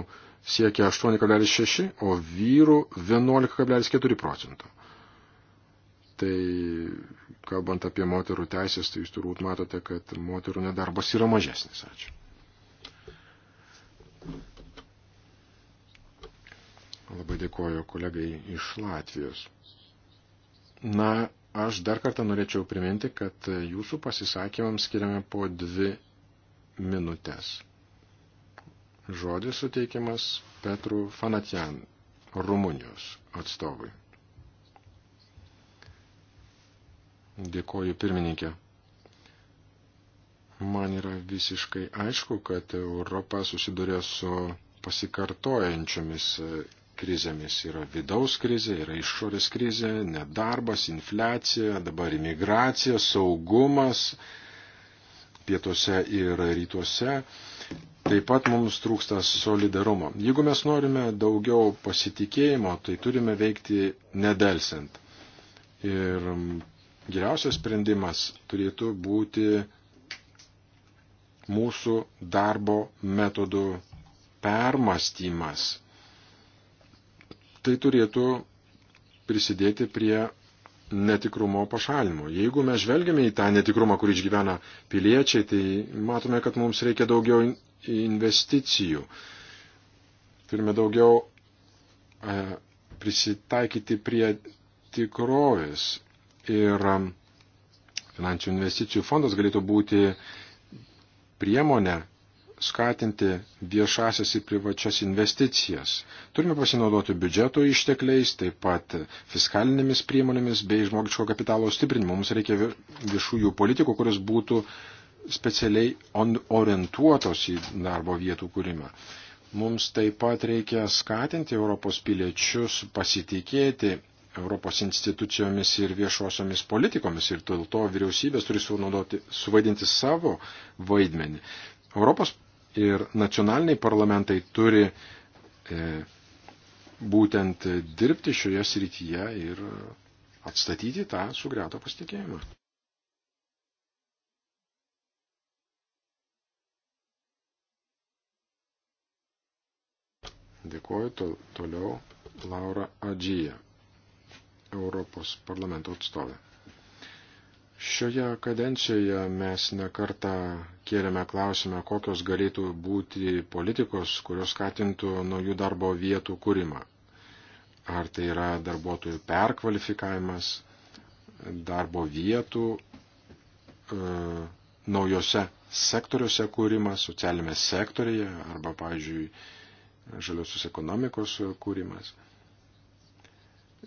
Speaker 2: siekia 8,6, o vyrų 11,4 procentų. Tai kalbant apie moterų teisės, tai jūs turbūt matote, kad moterų nedarbas yra mažesnis. Ačiū. Labai dėkoju kolegai iš Latvijos. Na, Aš dar kartą norėčiau priminti, kad jūsų pasisakymams skiriame po dvi minutės. Žodis suteikiamas Petru Fanatjan, Rumunijos atstovui. Dėkoju pirmininkė. Man yra visiškai aišku, kad Europa susiduria su pasikartojančiomis krizėmis. Yra vidaus krizė, yra išorės krizė, nedarbas, infliacija, dabar imigracija, saugumas pietuose ir rytuose. Taip pat mums trūksta solidarumo. Jeigu mes norime daugiau pasitikėjimo, tai turime veikti nedelsiant. Ir geriausias sprendimas turėtų būti mūsų darbo metodų permastymas tai turėtų prisidėti prie netikrumo pašalinimo. Jeigu mes žvelgiame į tą netikrumą, kurį išgyvena piliečiai, tai matome, kad mums reikia daugiau investicijų. Turime daugiau e, prisitaikyti prie tikrovės. Ir e, finansinių investicijų fondas galėtų būti priemonė skatinti viešasias ir privačias investicijas. Turime pasinaudoti biudžeto ištekliais, taip pat fiskalinėmis priemonėmis bei žmogiško kapitalo stiprinimu. Mums reikia viešųjų politikų, kurios būtų specialiai orientuotos į darbo vietų kūrimą. Mums taip pat reikia skatinti Europos piliečius pasitikėti Europos institucijomis ir viešosiomis politikomis ir dėl to vyriausybės turi sunaudoti, suvaidinti savo vaidmenį. Europos ir nacionaliniai parlamentai turi e, būtent dirbti šioje srityje ir atstatyti tą sugriautą pasitikėjimą. Dėkuoju to, toliau Laura Adžija, Europos parlamento atstovė. Šioje kadencijoje mes nekartą kėlėme klausimą, kokios galėtų būti politikos, kurios skatintų naujų darbo vietų kūrimą. Ar tai yra darbuotojų perkvalifikavimas, darbo vietų e, naujose sektoriuose kūrimas, socialinėme sektorėje arba, pavyzdžiui, žaliosios ekonomikos kūrimas.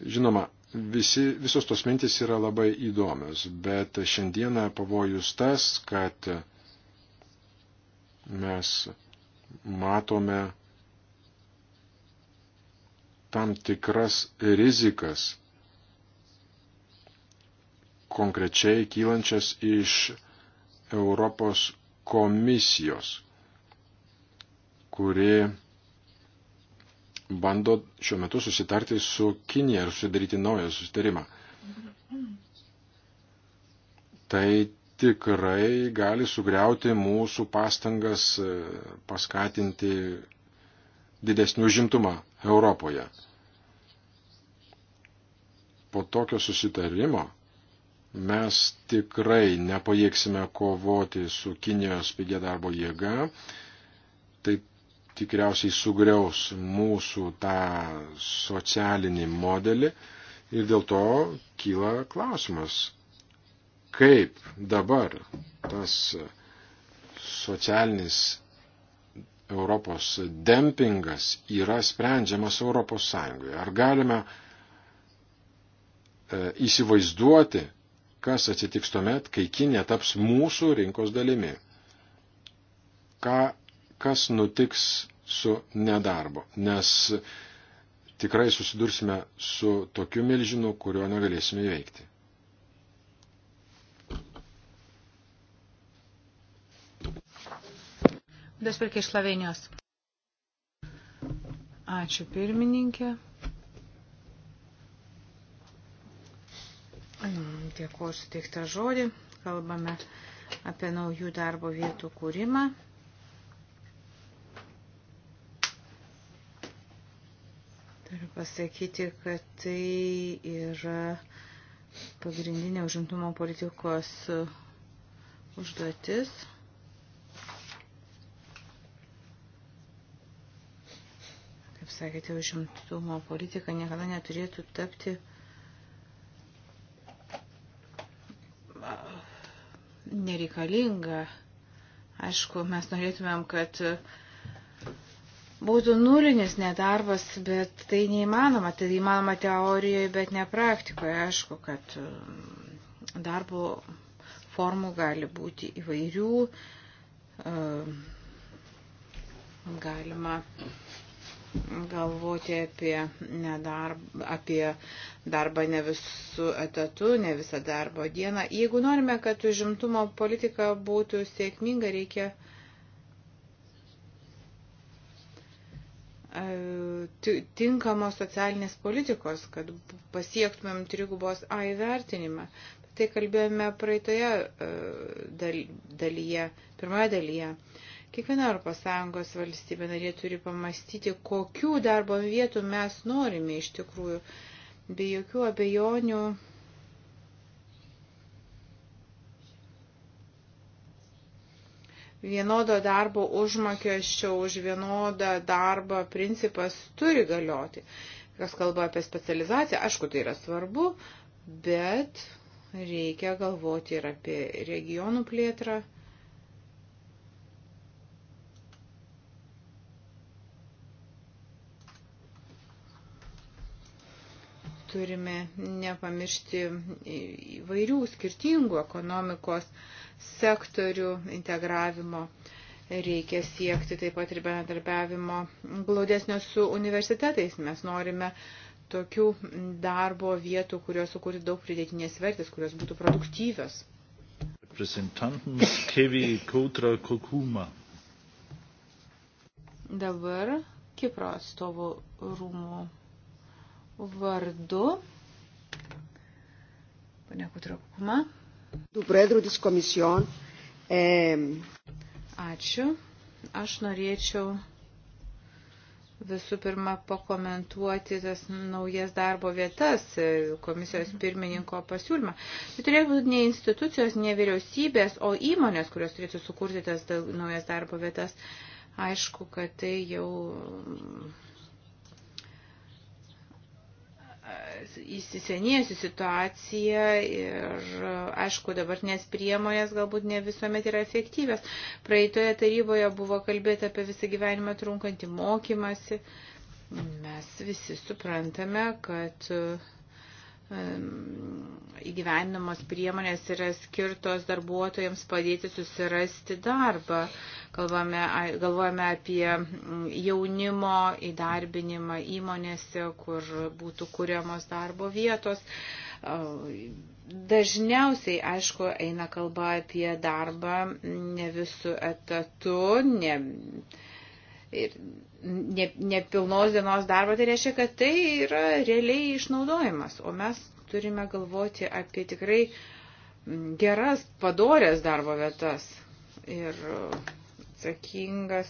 Speaker 2: Žinoma, visi, visos tos mintys yra labai įdomios, bet šiandieną pavojus tas, kad mes matome tam tikras rizikas konkrečiai kylančias iš Europos komisijos, kuri bando šiuo metu susitarti su Kinija ir sudaryti naują susitarimą. Tai tikrai gali sugriauti mūsų pastangas e, paskatinti didesnių žimtumą Europoje. Po tokio susitarimo mes tikrai nepajėgsime kovoti su Kinijos pigia darbo jėga, taip tikriausiai sugriaus mūsų tą socialinį modelį ir dėl to kyla klausimas, kaip dabar tas socialinis Europos dempingas yra sprendžiamas Europos Sąjungoje. Ar galime e, įsivaizduoti, kas atsitiks tuomet, kai Kinė taps mūsų rinkos dalimi. Ką kas nutiks su nedarbu, nes tikrai susidursime su tokiu milžinu, kurio negalėsime įveikti.
Speaker 1: Desprikė iš Slovenijos. Ačiū pirmininkė. Dėkuoju suteiktą žodį. Kalbame apie naujų darbo vietų kūrimą Turiu pasakyti, kad tai yra pagrindinė užimtumo politikos užduotis. Kaip sakėte, užimtumo politika niekada neturėtų tapti nereikalinga. Aišku, mes norėtumėm, kad uh, būtų nulinis nedarbas, bet tai neįmanoma. Tai įmanoma teorijoje, bet ne praktikoje. Aišku, kad um, darbo formų gali būti įvairių. Um, galima galvoti apie, nedarbą, apie darbą ne visų etatų, ne visą darbo dieną. Jeigu norime, kad užimtumo politika būtų sėkminga, reikia uh, E, tinkamos socialinės politikos, kad pasiektumėm trigubos A įvertinimą. Tai kalbėjome praeitoje e, dalyje, pirmoje dalyje. Kiekviena ES valstybė narė turi pamastyti, kokių darbo vietų mes norime iš tikrųjų. Be jokių abejonių vienodo darbo užmokesčio už vienodą darbą principas turi galioti. Kas kalba apie specializaciją, aišku, tai yra svarbu, bet reikia galvoti ir apie regionų plėtrą. turime nepamiršti įvairių skirtingų ekonomikos sektorių integravimo. Reikia siekti taip pat ir bendradarbiavimo glaudesnio su universitetais. Mes norime tokių darbo vietų, kurios sukurti daug pridėtinės vertės, kurios būtų produktyvios. Dabar Kipro atstovų rūmų vardu. Pane Kutrokuma. Ačiū. Aš norėčiau visų pirma pakomentuoti tas naujas darbo vietas komisijos pirmininko pasiūlymą. Tai turėtų būti ne institucijos, ne vyriausybės, o įmonės, kurios turėtų sukurti tas naujas darbo vietas. Aišku, kad tai jau įsisenėjusi situacija ir, aišku, dabartinės priemonės galbūt ne visuomet yra efektyvės. Praeitoje taryboje buvo kalbėta apie visą gyvenimą trunkantį mokymasi. Mes visi suprantame, kad uh, įgyvendinamos priemonės yra skirtos darbuotojams padėti susirasti darbą. Kalbame, galvojame apie jaunimo įdarbinimą įmonėse, kur būtų kuriamos darbo vietos. Dažniausiai, aišku, eina kalba apie darbą ne visų etatų, ne ir ne, nepilnos dienos darbo, tai reiškia, kad tai yra realiai išnaudojimas. O mes turime galvoti apie tikrai mm, geras, padorės darbo vietas ir uh, atsakingas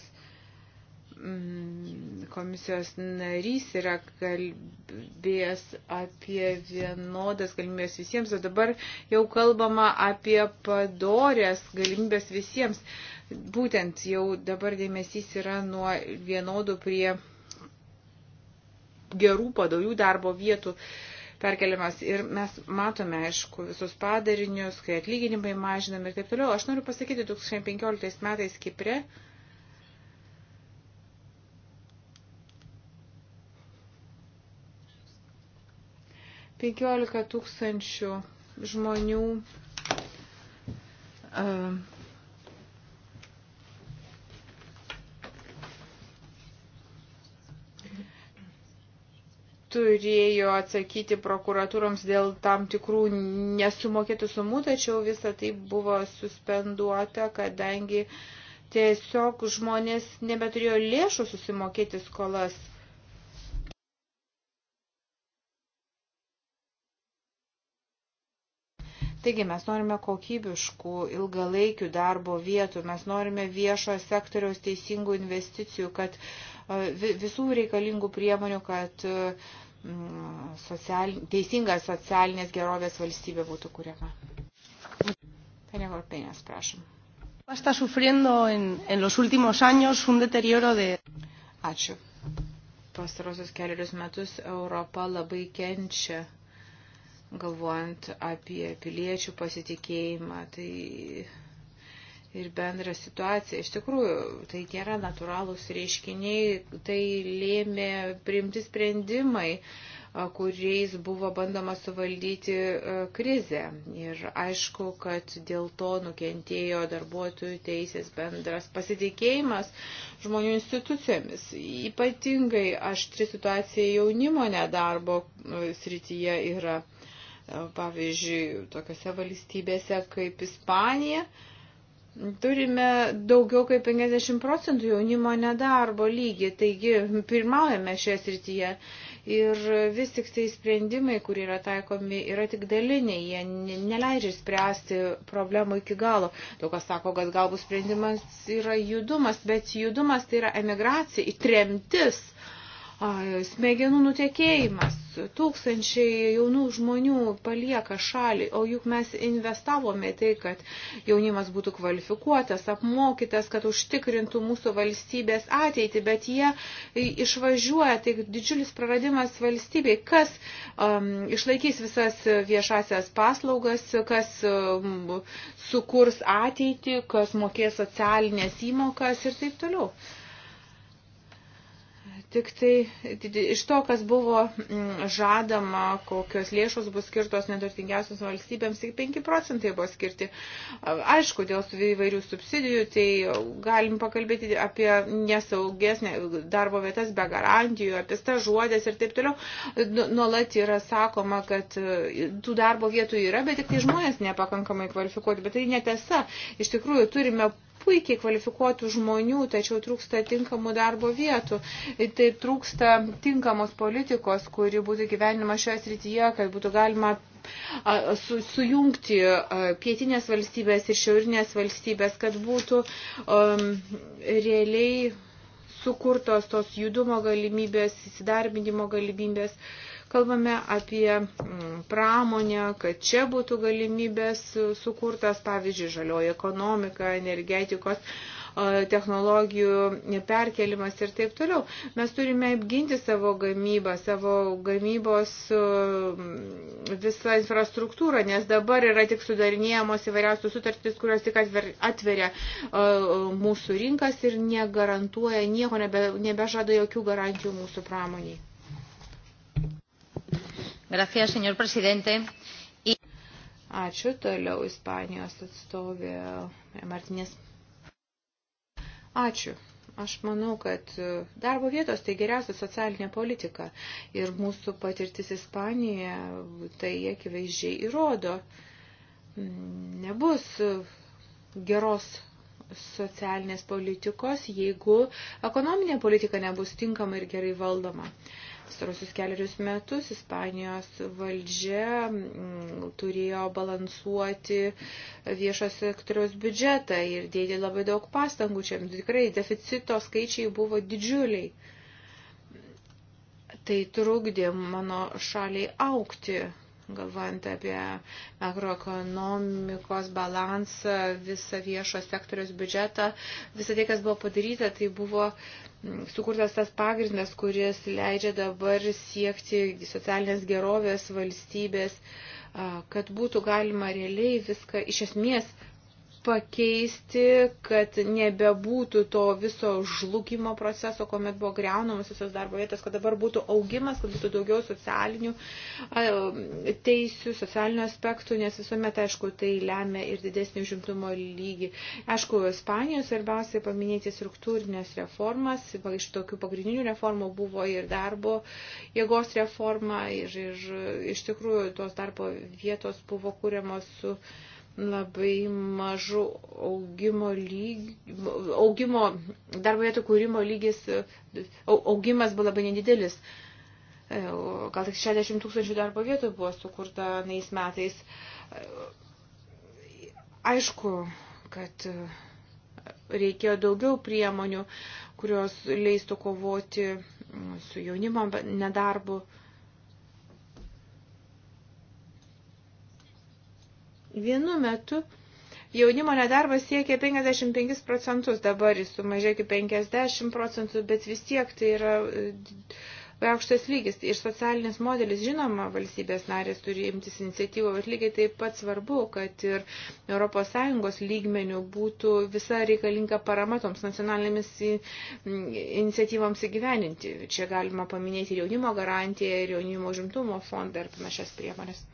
Speaker 1: mm, komisijos narys yra kalbėjęs apie vienodas galimybės visiems, o dabar jau kalbama apie padorės galimybės visiems. Uh, būtent jau dabar dėmesys yra nuo vienodų prie gerų padorių darbo vietų perkeliamas. Ir mes matome, aišku, visus padarinius, kai atlyginimai mažinami ir taip toliau. Aš noriu pasakyti, 2015 metais Kipre penkiolika tūkstančių žmonių uh, turėjo atsakyti prokuratūroms dėl tam tikrų nesumokėtų sumų, tačiau visa tai buvo suspenduota, kadangi tiesiog žmonės nebeturėjo lėšų susimokėti skolas. Taigi mes norime kokybiškų ilgalaikių darbo vietų, mes norime viešojo sektoriaus teisingų investicijų, kad uh, visų reikalingų priemonių, kad social, teisinga socialinės gerovės valstybė būtų kuriama. Tania Gorpinės, prašom. Está sufriendo en, en los últimos años un deterioro de. Ačiū. Pastarosius keliarius metus Europa labai kenčia, galvojant apie piliečių pasitikėjimą. Tai ir bendrą situaciją. Iš tikrųjų, tai nėra natūralūs reiškiniai, tai lėmė priimti sprendimai kuriais buvo bandoma suvaldyti krizę. Ir aišku, kad dėl to nukentėjo darbuotojų teisės bendras pasitikėjimas žmonių institucijomis. Ypatingai aštri situacija jaunimo nedarbo srityje yra, pavyzdžiui, tokiose valstybėse kaip Ispanija, Turime daugiau kaip 50 procentų jaunimo nedarbo lygį, taigi pirmaujame šioje srityje. Ir vis tik tai sprendimai, kurie yra taikomi, yra tik daliniai, jie neleidžia spręsti problemų iki galo. Daug kas sako, kad galbūt sprendimas yra judumas, bet judumas tai yra emigracija, įtremtis. Uh, smegenų nutekėjimas. Tūkstančiai jaunų žmonių palieka šalį, o juk mes investavome tai, kad jaunimas būtų kvalifikuotas, apmokytas, kad užtikrintų mūsų valstybės ateitį, bet jie išvažiuoja, tai didžiulis praradimas valstybei, kas um, išlaikys visas viešasias paslaugas, kas um, sukurs ateitį, kas mokės socialinės įmokas ir taip toliau. Tik tai, tai iš to, kas buvo mm, žadama, kokios lėšos bus skirtos neturtingiausios valstybėms, tik 5 procentai buvo skirti. Aišku, dėl įvairių subsidijų, tai galim pakalbėti apie nesaugias darbo vietas be garantijų, apie stažuodės ir taip toliau. Nu, nuolat yra sakoma, kad e, tų darbo vietų yra, bet tik tai žmonės nepakankamai kvalifikuoti. Bet tai netiesa. Iš tikrųjų, turime puikiai kvalifikuotų žmonių, tačiau trūksta tinkamų darbo vietų. Tai trūksta tinkamos politikos, kuri būtų gyvenima šioje srityje, kad būtų galima su, sujungti pietinės valstybės ir šiaurinės valstybės, kad būtų um, realiai sukurtos tos judumo galimybės, įsidarbinimo galimybės. Uh, Kalbame apie mm, pramonę, kad čia būtų galimybės sukurtas, pavyzdžiui, žalioji ekonomika, energetikos technologijų perkelimas ir taip toliau. Mes turime apginti savo gamybą, savo gamybos visą infrastruktūrą, nes dabar yra tik sudarinėjamos įvairiausios sutartys, kurios tik atveria mūsų rinkas ir negarantuoja nieko, nebe, nebežada jokių garantijų mūsų pramoniai. Gracias, señor presidente. Y... Ačiū toliau Ispanijos atstovė Martinės. Ačiū. Aš manau, kad darbo vietos tai geriausia socialinė politika ir mūsų patirtis Ispanijoje tai akivaizdžiai įrodo. Nebus geros socialinės politikos, jeigu ekonominė politika nebus tinkama ir gerai valdoma. Starusius keliarius metus Ispanijos valdžia mm, turėjo balansuoti viešo sektoriaus biudžetą ir dėdė labai daug pastangų čia. Tikrai deficito skaičiai buvo didžiuliai. Tai trukdė mano šaliai aukti galvojant apie makroekonomikos balansą, visą viešo sektoriaus biudžetą, visą tai, kas buvo padaryta, tai buvo mm, sukurtas tas pagrindas, kuris leidžia dabar siekti socialinės gerovės valstybės, kad būtų galima realiai viską iš esmės pakeisti, kad nebebūtų to viso žlugimo proceso, kuomet buvo greunamos visos darbo vietos, kad dabar būtų augimas, kad būtų daugiau socialinių teisių, socialinių aspektų, nes visuomet, aišku, tai lemia ir didesnį užimtumo lygį. Aišku, Ispanijoje svarbiausia paminėti struktūrinės reformas, iš tokių pagrindinių reformų buvo ir darbo jėgos reforma ir, ir iš tikrųjų tos darbo vietos buvo kūriamos su labai mažų augimo, lyg, augimo darbo vietų kūrimo lygis, augimas buvo labai nedidelis. E, gal tik 60 tūkstančių darbo vietų buvo sukurta nais metais. E, aišku, kad e, reikėjo daugiau priemonių, kurios leistų kovoti su jaunimo nedarbu. Vienu metu jaunimo nedarbas siekia 55 procentus, dabar jis sumažėjo iki 50 procentų, bet vis tiek tai yra e, aukštas lygis. Tai ir socialinis modelis, žinoma, valstybės narės turi imtis iniciatyvų, bet lygiai taip pat svarbu, kad ir ES lygmenių būtų visa reikalinga parama toms nacionalinėmis iniciatyvams įgyveninti. Čia galima paminėti ir jaunimo garantiją, ir jaunimo žimtumo fondą ir panašias priemonės.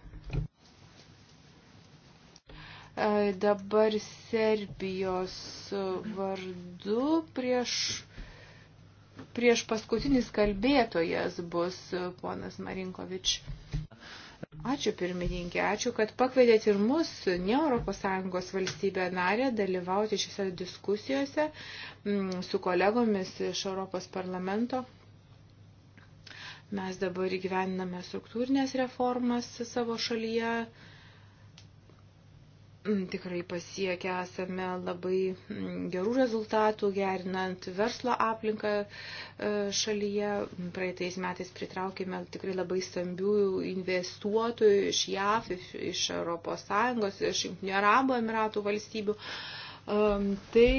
Speaker 1: E, dabar Serbijos vardu prieš, prieš paskutinis kalbėtojas bus ponas Marinkovič. Ačiū pirmininkė, ačiū, kad pakvietėt ir mus, ne ES valstybę narę, dalyvauti šiose diskusijose mm, su kolegomis iš Europos parlamento. Mes dabar įgyvendiname struktūrinės reformas savo šalyje Mm, tikrai pasiekę esame labai mm, gerų rezultatų, gerinant verslo aplinką e, šalyje. Praeitais metais pritraukėme tikrai labai stambių investuotojų iš JAF, iš ES, iš Junktinių Arabų Emiratų valstybių. Tai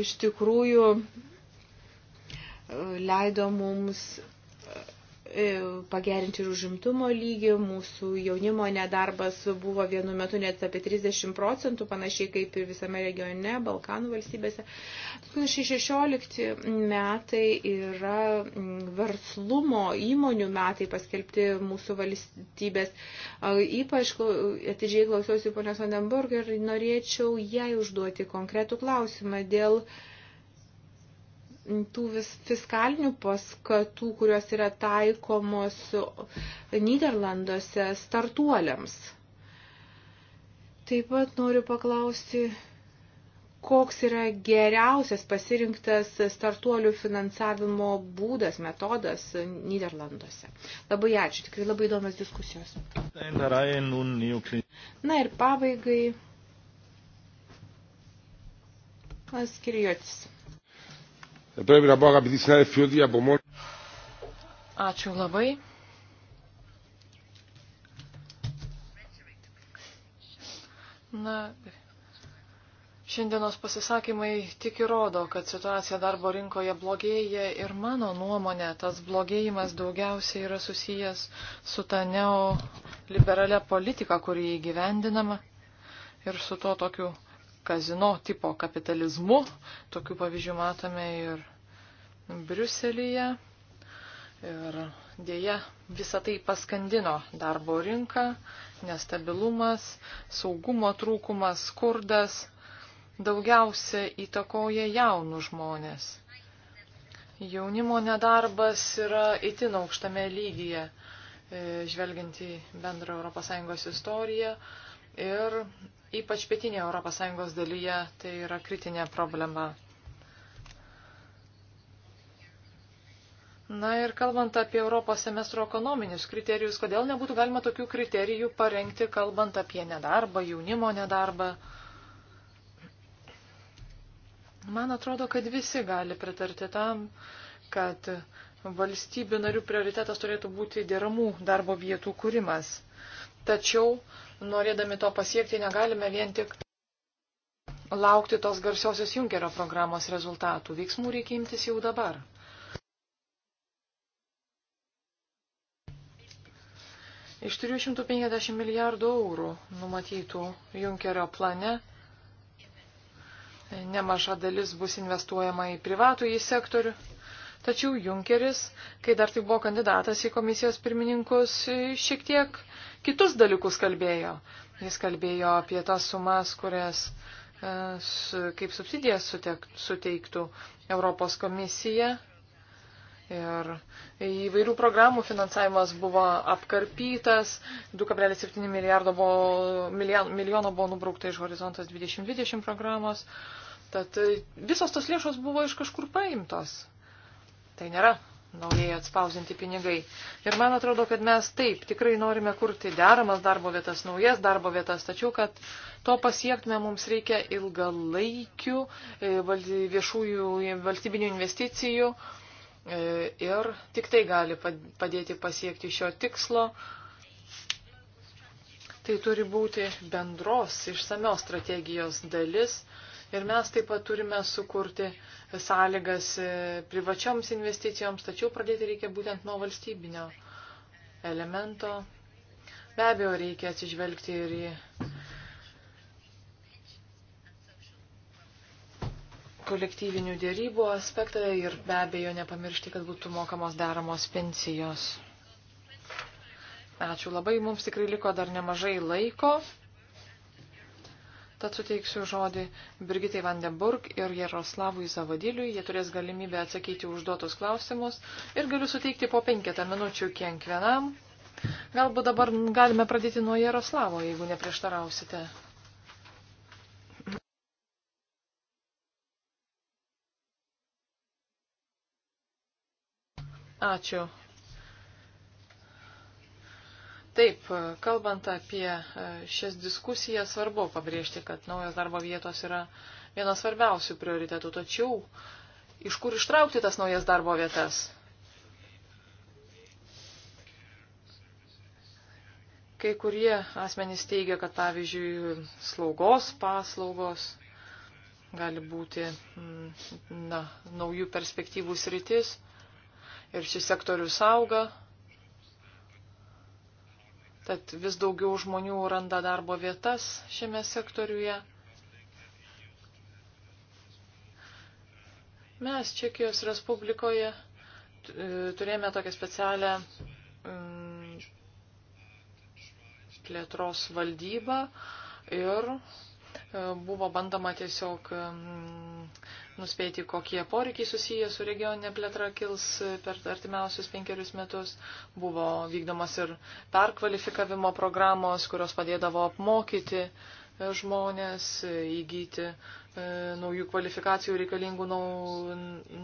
Speaker 1: iš tikrųjų e, leido mums E, pagerinti ir užimtumo lygį, mūsų jaunimo nedarbas buvo vienu metu net apie 30 procentų, panašiai kaip ir visame regione, Balkanų valstybėse. 2016 metai yra verslumo įmonių metai paskelbti mūsų valstybės. E, ypač atidžiai klausiausi ponios Vandenburg ir norėčiau jai užduoti konkretų klausimą dėl uh, tų vis fiskalinių paskatų, kurios yra taikomos Niderlanduose startuoliams. Taip pat noriu paklausti, koks yra geriausias pasirinktas startuolių finansavimo būdas, metodas Niderlanduose. Labai ačiū, tikrai labai įdomios diskusijos. Na ir pabaigai.
Speaker 3: Skiriotis.
Speaker 2: Πρέπει να πω αγαπητοί συνάδελφοι ότι από μόνο...
Speaker 3: Ačiū labai. Na, šiandienos pasisakymai tik įrodo, kad situacija darbo rinkoje blogėja ir mano nuomonė tas blogėjimas daugiausiai yra susijęs su ta neoliberalia politika, kuri įgyvendinama ir su to tokiu kazino tipo kapitalizmu. Tokių pavyzdžių matome ir Briuselyje. Ir dėja visą tai paskandino darbo rinką, nestabilumas, saugumo trūkumas, skurdas daugiausia įtakoja jaunų žmonės. Jaunimo nedarbas yra itin aukštame lygyje, e, žvelgiant į bendrą ES istoriją. Ir ypač pietinėje ES dalyje, tai yra kritinė problema. Na ir kalbant apie Europos semestro ekonominius kriterijus, kodėl nebūtų galima tokių kriterijų parengti, kalbant apie nedarbą, jaunimo nedarbą? Man atrodo, kad visi gali pritarti tam, kad valstybių narių prioritetas turėtų būti deramų darbo vietų kūrimas. Tačiau norėdami to pasiekti, negalime vien tik laukti tos garsiosios Junkerio programos rezultatų. Veiksmų reikia imtis jau dabar. Iš 350 milijardų eurų numatytų Junkerio plane nemaža dalis bus investuojama į privatų į sektorių. Tačiau Junkeris, kai dar tai buvo kandidatas į komisijos pirmininkus, šiek tiek kitus dalykus kalbėjo. Jis kalbėjo apie tas sumas, kurias e, kaip subsidijas suteiktų Europos komisija. Ir įvairių programų finansavimas buvo apkarpytas, 2,7 milijardo buvo, milijono buvo nubraukta iš Horizontas 2020 programos. Tad visos tos lėšos buvo iš kažkur paimtos tai nėra naujai atspausinti pinigai. Ir man atrodo, kad mes taip tikrai norime kurti deramas darbo vietas, naujas darbo vietas, tačiau, kad to pasiektume, mums reikia ilgalaikių e, viešųjų valstybinių investicijų e, ir tik tai gali padėti pasiekti šio tikslo. Tai turi būti bendros išsamios strategijos dalis Ir mes taip pat turime sukurti sąlygas e, privačioms investicijoms, tačiau pradėti reikia būtent nuo valstybinio elemento. Be abejo, reikia atsižvelgti ir į kolektyvinių dėrybų aspektą ir be abejo nepamiršti, kad būtų mokamos daromos pensijos. Ačiū labai, mums tikrai liko dar nemažai laiko. Tad suteiksiu žodį Brigitai Vandenburg ir Jaroslavui Zavadiliui. Jie turės galimybę atsakyti užduotus klausimus ir galiu suteikti po penketą minučių kiekvienam. Galbūt dabar galime pradėti nuo Jaroslavo, jeigu neprieštarausite. Ačiū, Taip, kalbant apie e, šias diskusijas, svarbu pabrėžti, kad naujos darbo vietos yra vienas svarbiausių prioritetų. Tačiau iš kur ištraukti tas naujas darbo vietas? Kai kurie asmenys teigia, kad pavyzdžiui slaugos paslaugos gali būti mm, na, naujų perspektyvų sritis ir šis sektorius auga. Tad vis daugiau žmonių randa darbo vietas šiame sektoriuje. Mes Čekijos Respublikoje e, turėjome tokią specialią mm, plėtros valdybą ir e, buvo bandama tiesiog mm, nuspėti, kokie poreikiai susiję su regioninė plėtra kils per artimiausius penkerius metus. Buvo vykdomas ir perkvalifikavimo programos, kurios padėdavo apmokyti e, žmonės, e, įgyti e, naujų kvalifikacijų reikalingų nau,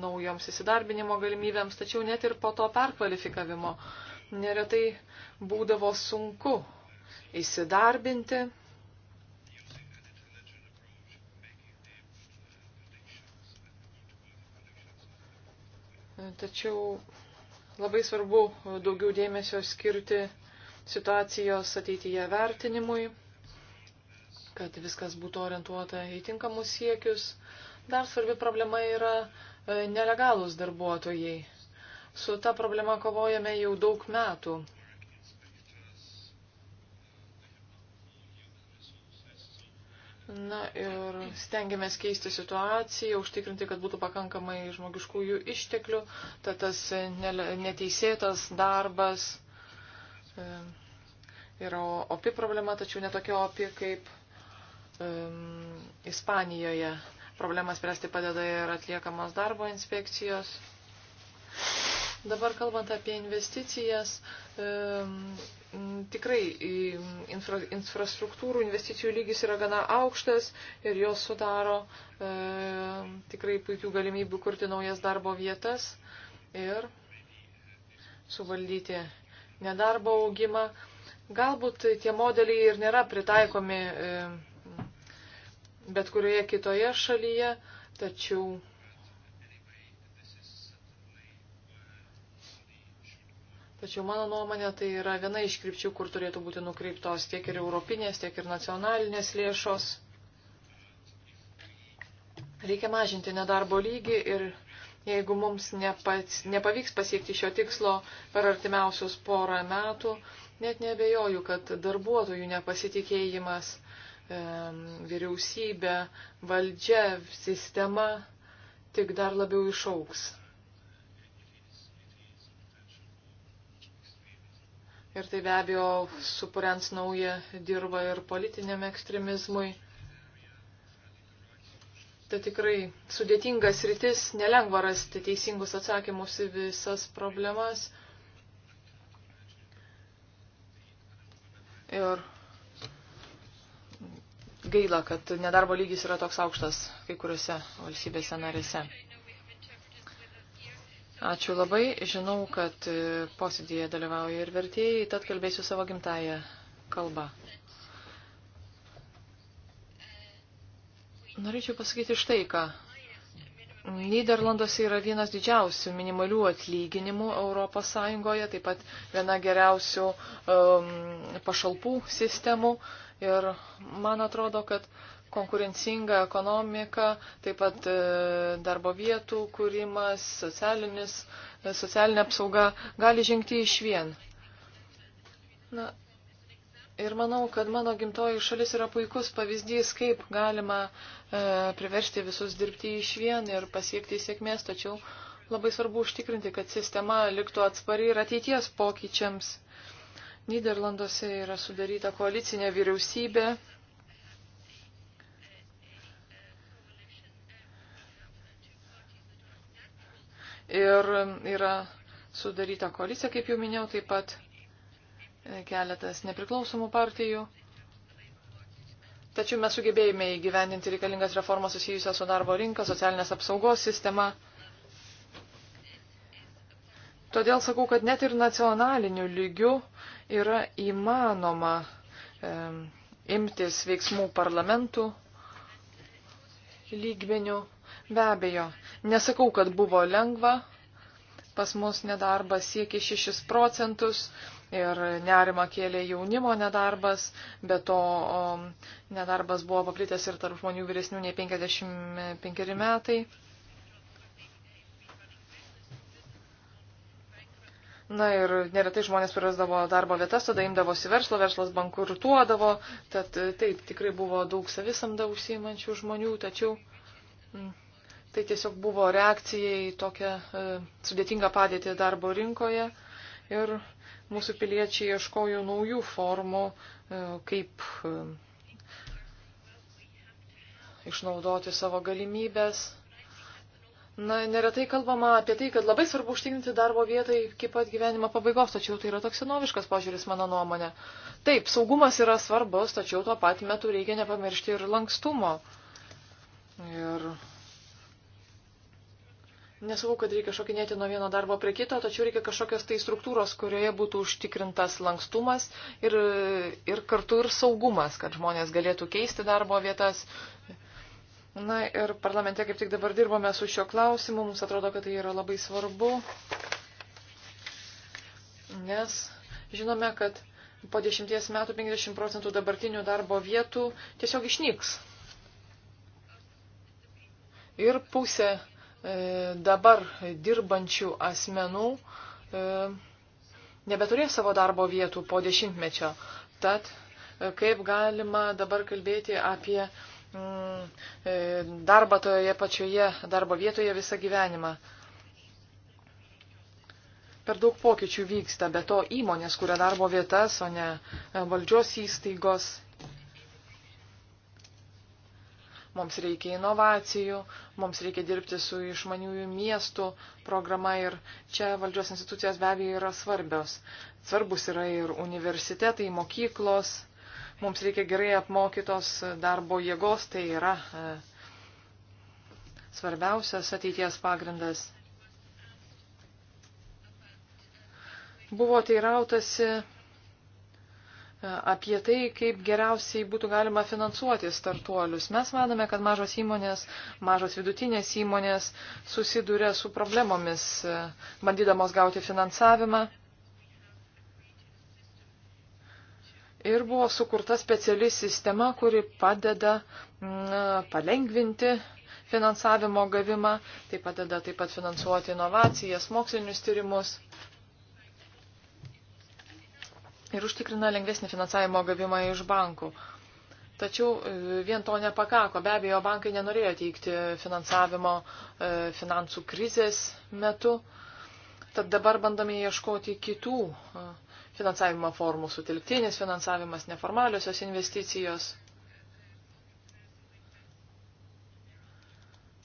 Speaker 3: naujoms įsidarbinimo galimybėms, tačiau net ir po to perkvalifikavimo neretai būdavo sunku įsidarbinti Tačiau labai svarbu daugiau dėmesio skirti situacijos ateityje vertinimui, kad viskas būtų orientuota į tinkamus siekius. Dar svarbi problema yra e, nelegalūs darbuotojai. Su ta problema kovojame jau daug metų. Na ir stengiamės keisti situaciją, užtikrinti, kad būtų pakankamai žmogiškųjų išteklių, tad tas neteisėtas darbas e, yra opi problema, tačiau netokia opi kaip um, Ispanijoje. Problemas spręsti padeda ir atliekamos darbo inspekcijos. Dabar kalbant apie investicijas, um, Mm, tikrai mm, infra, infrastruktūrų investicijų lygis yra gana aukštas ir jos sudaro e, tikrai puikių galimybių kurti naujas darbo vietas ir suvaldyti nedarbo augimą. Galbūt tie modeliai ir nėra pritaikomi e, bet kurioje kitoje šalyje, tačiau Tačiau mano nuomonė tai yra viena iš krypčių, kur turėtų būti nukreiptos tiek ir europinės, tiek ir nacionalinės lėšos. Reikia mažinti nedarbo lygį ir jeigu mums nepats, nepavyks pasiekti šio tikslo per artimiausius porą metų, net nebejoju, kad darbuotojų nepasitikėjimas e, vyriausybė, valdžia, sistema tik dar labiau išauks. Ir tai be abejo supurens naują dirbą ir politiniam ekstremizmui. Tai tikrai sudėtingas rytis, nelengva rasti teisingus atsakymus į visas problemas. Ir gaila, kad nedarbo lygis yra toks aukštas kai kuriuose valstybėse narėse. Ačiū labai. Žinau, kad e, posėdėje dalyvauja ir vertėjai, tad kalbėsiu savo gimtają kalbą. Norėčiau pasakyti štai ką. Niderlanduose yra vienas didžiausių minimalių atlyginimų Europos Sąjungoje, taip pat viena geriausių um, pašalpų sistemų. Ir man atrodo, kad uh, konkurencinga ekonomika, taip pat e, darbo vietų kūrimas, e, socialinė apsauga gali žengti iš vien. Na, ir manau, kad mano gimtoji šalis yra puikus pavyzdys, kaip galima e, priversti visus dirbti iš vien ir pasiekti sėkmės, tačiau labai svarbu užtikrinti, kad sistema liktų atspari ir ateities pokyčiams. Niderlanduose yra sudaryta koalicinė vyriausybė ir yra sudaryta koalicija, kaip jau minėjau, taip pat e, keletas nepriklausomų partijų. Tačiau mes sugebėjome įgyvendinti reikalingas reformas susijusias su darbo rinka, socialinės apsaugos sistema. Todėl sakau, kad net ir nacionaliniu lygiu yra įmanoma e, imtis veiksmų parlamentų lygmenių. Be abejo, nesakau, kad buvo lengva, pas mus nedarbas siekia 6 procentus ir nerima kėlė jaunimo nedarbas, bet to o, nedarbas buvo paplitęs ir tarp žmonių vyresnių nei 55 metai. Na ir neretai žmonės prarasdavo darbo vietas, tada imdavosi verslo, verslas bankrutuodavo, tad taip tikrai buvo daug savisamda užsiimančių žmonių, tačiau. Mm. Tai tiesiog buvo reakcija į tokią e, sudėtingą padėtį darbo rinkoje ir mūsų piliečiai ieškojo naujų formų, e, kaip e, išnaudoti savo galimybės. Na, neretai kalbama apie tai, kad labai svarbu užtikrinti darbo vietą iki pat gyvenimo pabaigos, tačiau tai yra toks senoviškas požiūris, mano nuomonė. Taip, saugumas yra svarbus, tačiau tuo pat metu reikia nepamiršti ir lankstumo. Ir Nesakau, kad reikia šokinėti nuo vieno darbo prie kito, tačiau reikia kažkokios tai struktūros, kurioje būtų užtikrintas lankstumas ir, ir kartu ir saugumas, kad žmonės galėtų keisti darbo vietas. Na ir parlamente kaip tik dabar dirbame su šio klausimu, mums atrodo, kad tai yra labai svarbu, nes žinome, kad po dešimties metų 50 procentų dabartinių darbo vietų tiesiog išnyks. Ir pusė E, dabar dirbančių asmenų e, nebeturės savo darbo vietų po dešimtmečio. Tad e, kaip galima dabar kalbėti apie mm, darbą toje pačioje darbo vietoje visą gyvenimą. Per daug pokyčių vyksta, be to įmonės kuria darbo vietas, o ne valdžios įstaigos mums reikia inovacijų, mums reikia dirbti su išmaniųjų miestų programa ir čia valdžios institucijos be abejo yra svarbios. Svarbus yra ir universitetai, mokyklos, mums reikia gerai apmokytos darbo jėgos, tai yra e, svarbiausias ateities pagrindas. Buvo teirautasi apie tai, kaip geriausiai būtų galima finansuoti startuolius. Mes manome, kad mažos įmonės, mažos vidutinės įmonės susiduria su problemomis, bandydamos gauti finansavimą. Ir buvo sukurta speciali sistema, kuri padeda mm, palengvinti finansavimo gavimą, tai padeda taip pat finansuoti inovacijas, mokslinius tyrimus ir užtikrina lengvesnį finansavimo gavimą iš bankų. Tačiau e, vien to nepakako. Be abejo, bankai nenorėjo teikti finansavimo e, finansų krizės metu. Tad dabar bandome ieškoti kitų e, finansavimo formų - sutelktinis finansavimas, neformaliosios investicijos.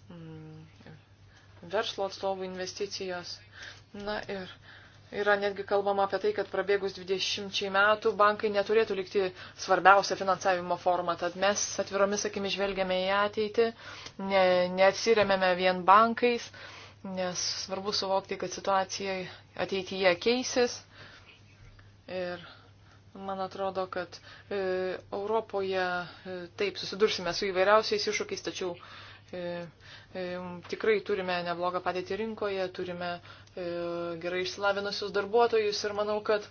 Speaker 3: Mm, verslo atstovų investicijos. Na ir Yra netgi kalbama apie tai, kad prabėgus 20 metų bankai neturėtų likti svarbiausia finansavimo forma. Tad mes atviromis akimis žvelgiame į ateitį, ne, neatsiriamėme vien bankais, nes svarbu suvokti, kad situacija ateityje keisis. Ir Man atrodo, kad e, Europoje e, taip susidursime su įvairiausiais iššūkiais, tačiau E, e, tikrai turime neblogą padėtį rinkoje, turime e, gerai išsilavinusius darbuotojus ir manau, kad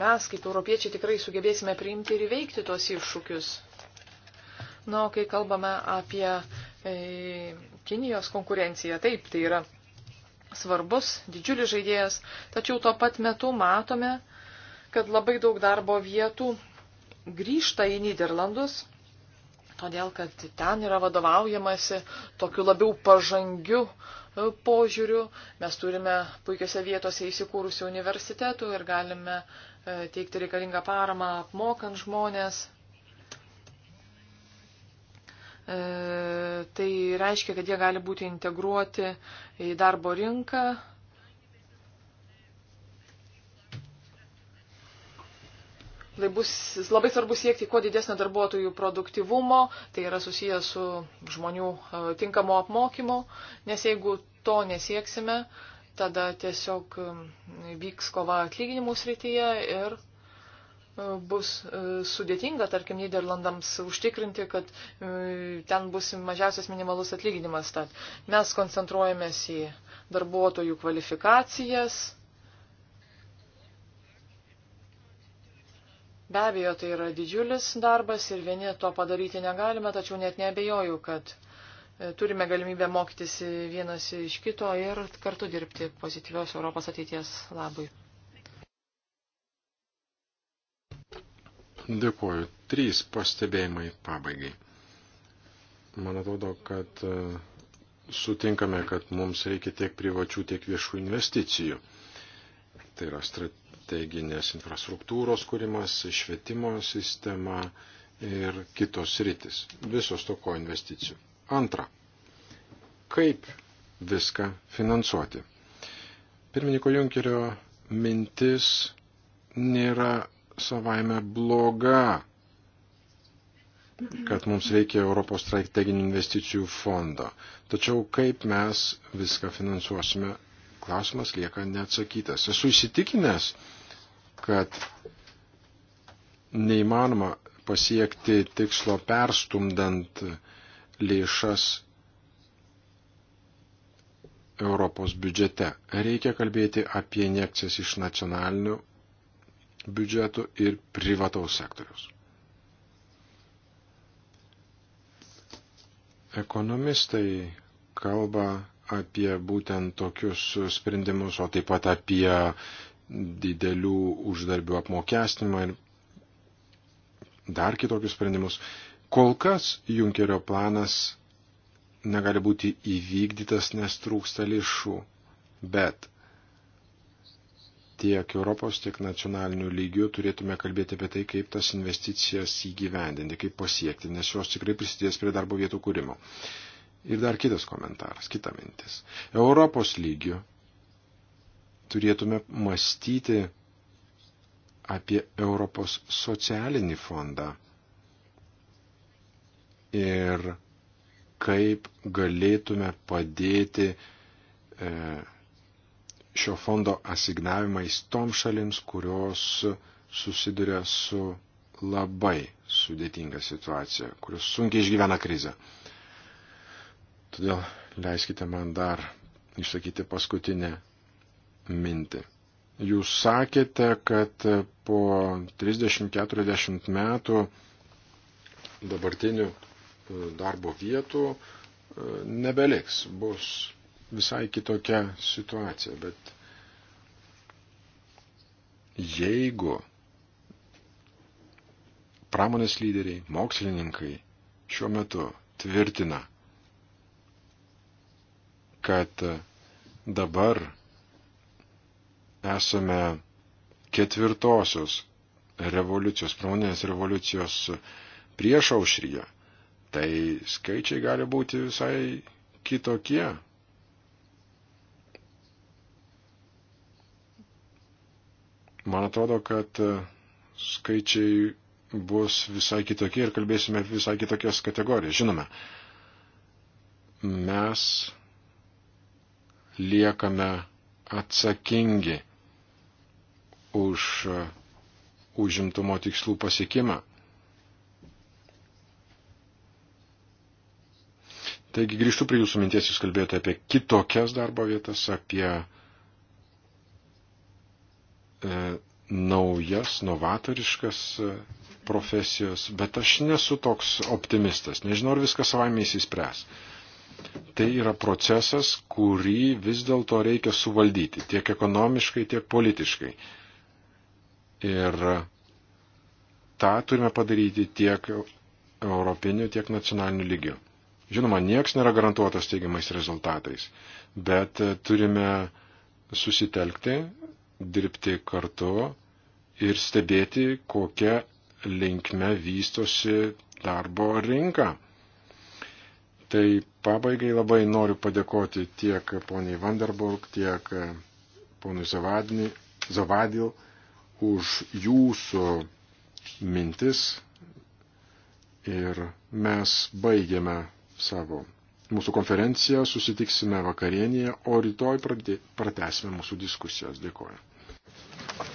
Speaker 3: mes kaip europiečiai tikrai sugebėsime priimti ir įveikti tuos iššūkius. Na, nu, kai kalbame apie Kinijos konkurenciją, taip, tai yra svarbus, didžiulis žaidėjas, tačiau tuo pat metu matome, kad labai daug darbo vietų grįžta į Niderlandus todėl kad ten yra vadovaujamasi tokiu labiau pažangiu e, požiūriu. Mes turime puikiose vietose įsikūrusių universitetų ir galime e, teikti reikalingą paramą apmokant žmonės. E, tai reiškia, kad jie gali būti integruoti į darbo rinką Laibus, labai svarbu siekti kuo didesnio darbuotojų produktivumo, tai yra susijęs su žmonių e, tinkamo apmokymu, nes jeigu to nesieksime, tada tiesiog e, vyks kova atlyginimų srityje ir e, bus sudėtinga, tarkim, Niderlandams užtikrinti, kad ten bus mažiausias minimalus atlyginimas. Tad mes koncentruojamės į darbuotojų kvalifikacijas, Be abejo, tai yra didžiulis darbas ir vieni to padaryti negalime, tačiau net nebejoju, kad e, turime galimybę mokytis vienas iš kito ir kartu dirbti pozityvios Europos ateities labui.
Speaker 2: Dėkuoju. Trys pastebėjimai pabaigai. Man atrodo, kad e, sutinkame, kad mums reikia tiek privačių, tiek viešų investicijų. Tai yra strat strateginės infrastruktūros kūrimas, švietimo sistema ir kitos rytis. Visos toko investicijų. Antra. Kaip viską finansuoti? Pirmininko Junkerio mintis nėra savaime bloga, kad mums reikia Europos strateginių investicijų fondo. Tačiau kaip mes viską finansuosime, klausimas lieka neatsakytas. Esu įsitikinęs, kad neįmanoma pasiekti tikslo perstumdant lėšas Europos biudžete. Reikia kalbėti apie injekcijas iš nacionalinių biudžetų ir privataus sektoriaus. Ekonomistai kalba apie būtent tokius sprendimus, o taip pat apie didelių uždarbių apmokestinimą ir dar kitokius sprendimus. Kol kas Junkerio planas negali būti įvykdytas, nes trūksta lėšų, bet tiek Europos, tiek nacionalinių lygių turėtume kalbėti apie tai, kaip tas investicijas įgyvendinti, kaip pasiekti, nes jos tikrai prisidės prie darbo vietų kūrimo. Ir dar kitas komentaras, kita mintis. Europos lygių turėtume mąstyti apie Europos socialinį fondą ir kaip galėtume padėti e, šio fondo asignavimais tom šalims, kurios susiduria su labai sudėtinga situacija, kurios sunkiai išgyvena krizę. Todėl leiskite man dar išsakyti paskutinę mintį. Jūs sakėte, kad po 30-40 metų dabartinių e, darbo vietų e, nebeliks, bus visai kitokia situacija, bet jeigu pramonės lyderiai, mokslininkai šiuo metu tvirtina, kad dabar esame ketvirtosios revoliucijos, pramoninės revoliucijos prieš aušryje, tai skaičiai gali būti visai kitokie. Man atrodo, kad skaičiai bus visai kitokie ir kalbėsime visai kitokias kategorijas. Žinome, mes liekame atsakingi už uh, užimtumo tikslų pasiekimą. Taigi grįžtu prie jūsų minties, jūs kalbėjote apie kitokias darbo vietas, apie e, naujas, novatoriškas e, profesijos, bet aš nesu toks optimistas, nežinau, ar viskas savaime įsispręs. Tai yra procesas, kurį vis dėlto reikia suvaldyti tiek ekonomiškai, tiek politiškai. E, Ir tą turime padaryti tiek europiniu, tiek nacionaliniu lygiu. Žinoma, nieks nėra garantuotas teigiamais rezultatais, bet turime susitelkti, dirbti kartu ir stebėti, kokia linkme vystosi darbo rinka. Tai pabaigai labai noriu padėkoti tiek poniai Vanderburg, tiek ponui Zavadil už jūsų mintis ir mes baigiame savo mūsų konferenciją, susitiksime vakarienėje, o rytoj pratesime mūsų diskusijas. Dėkuoju.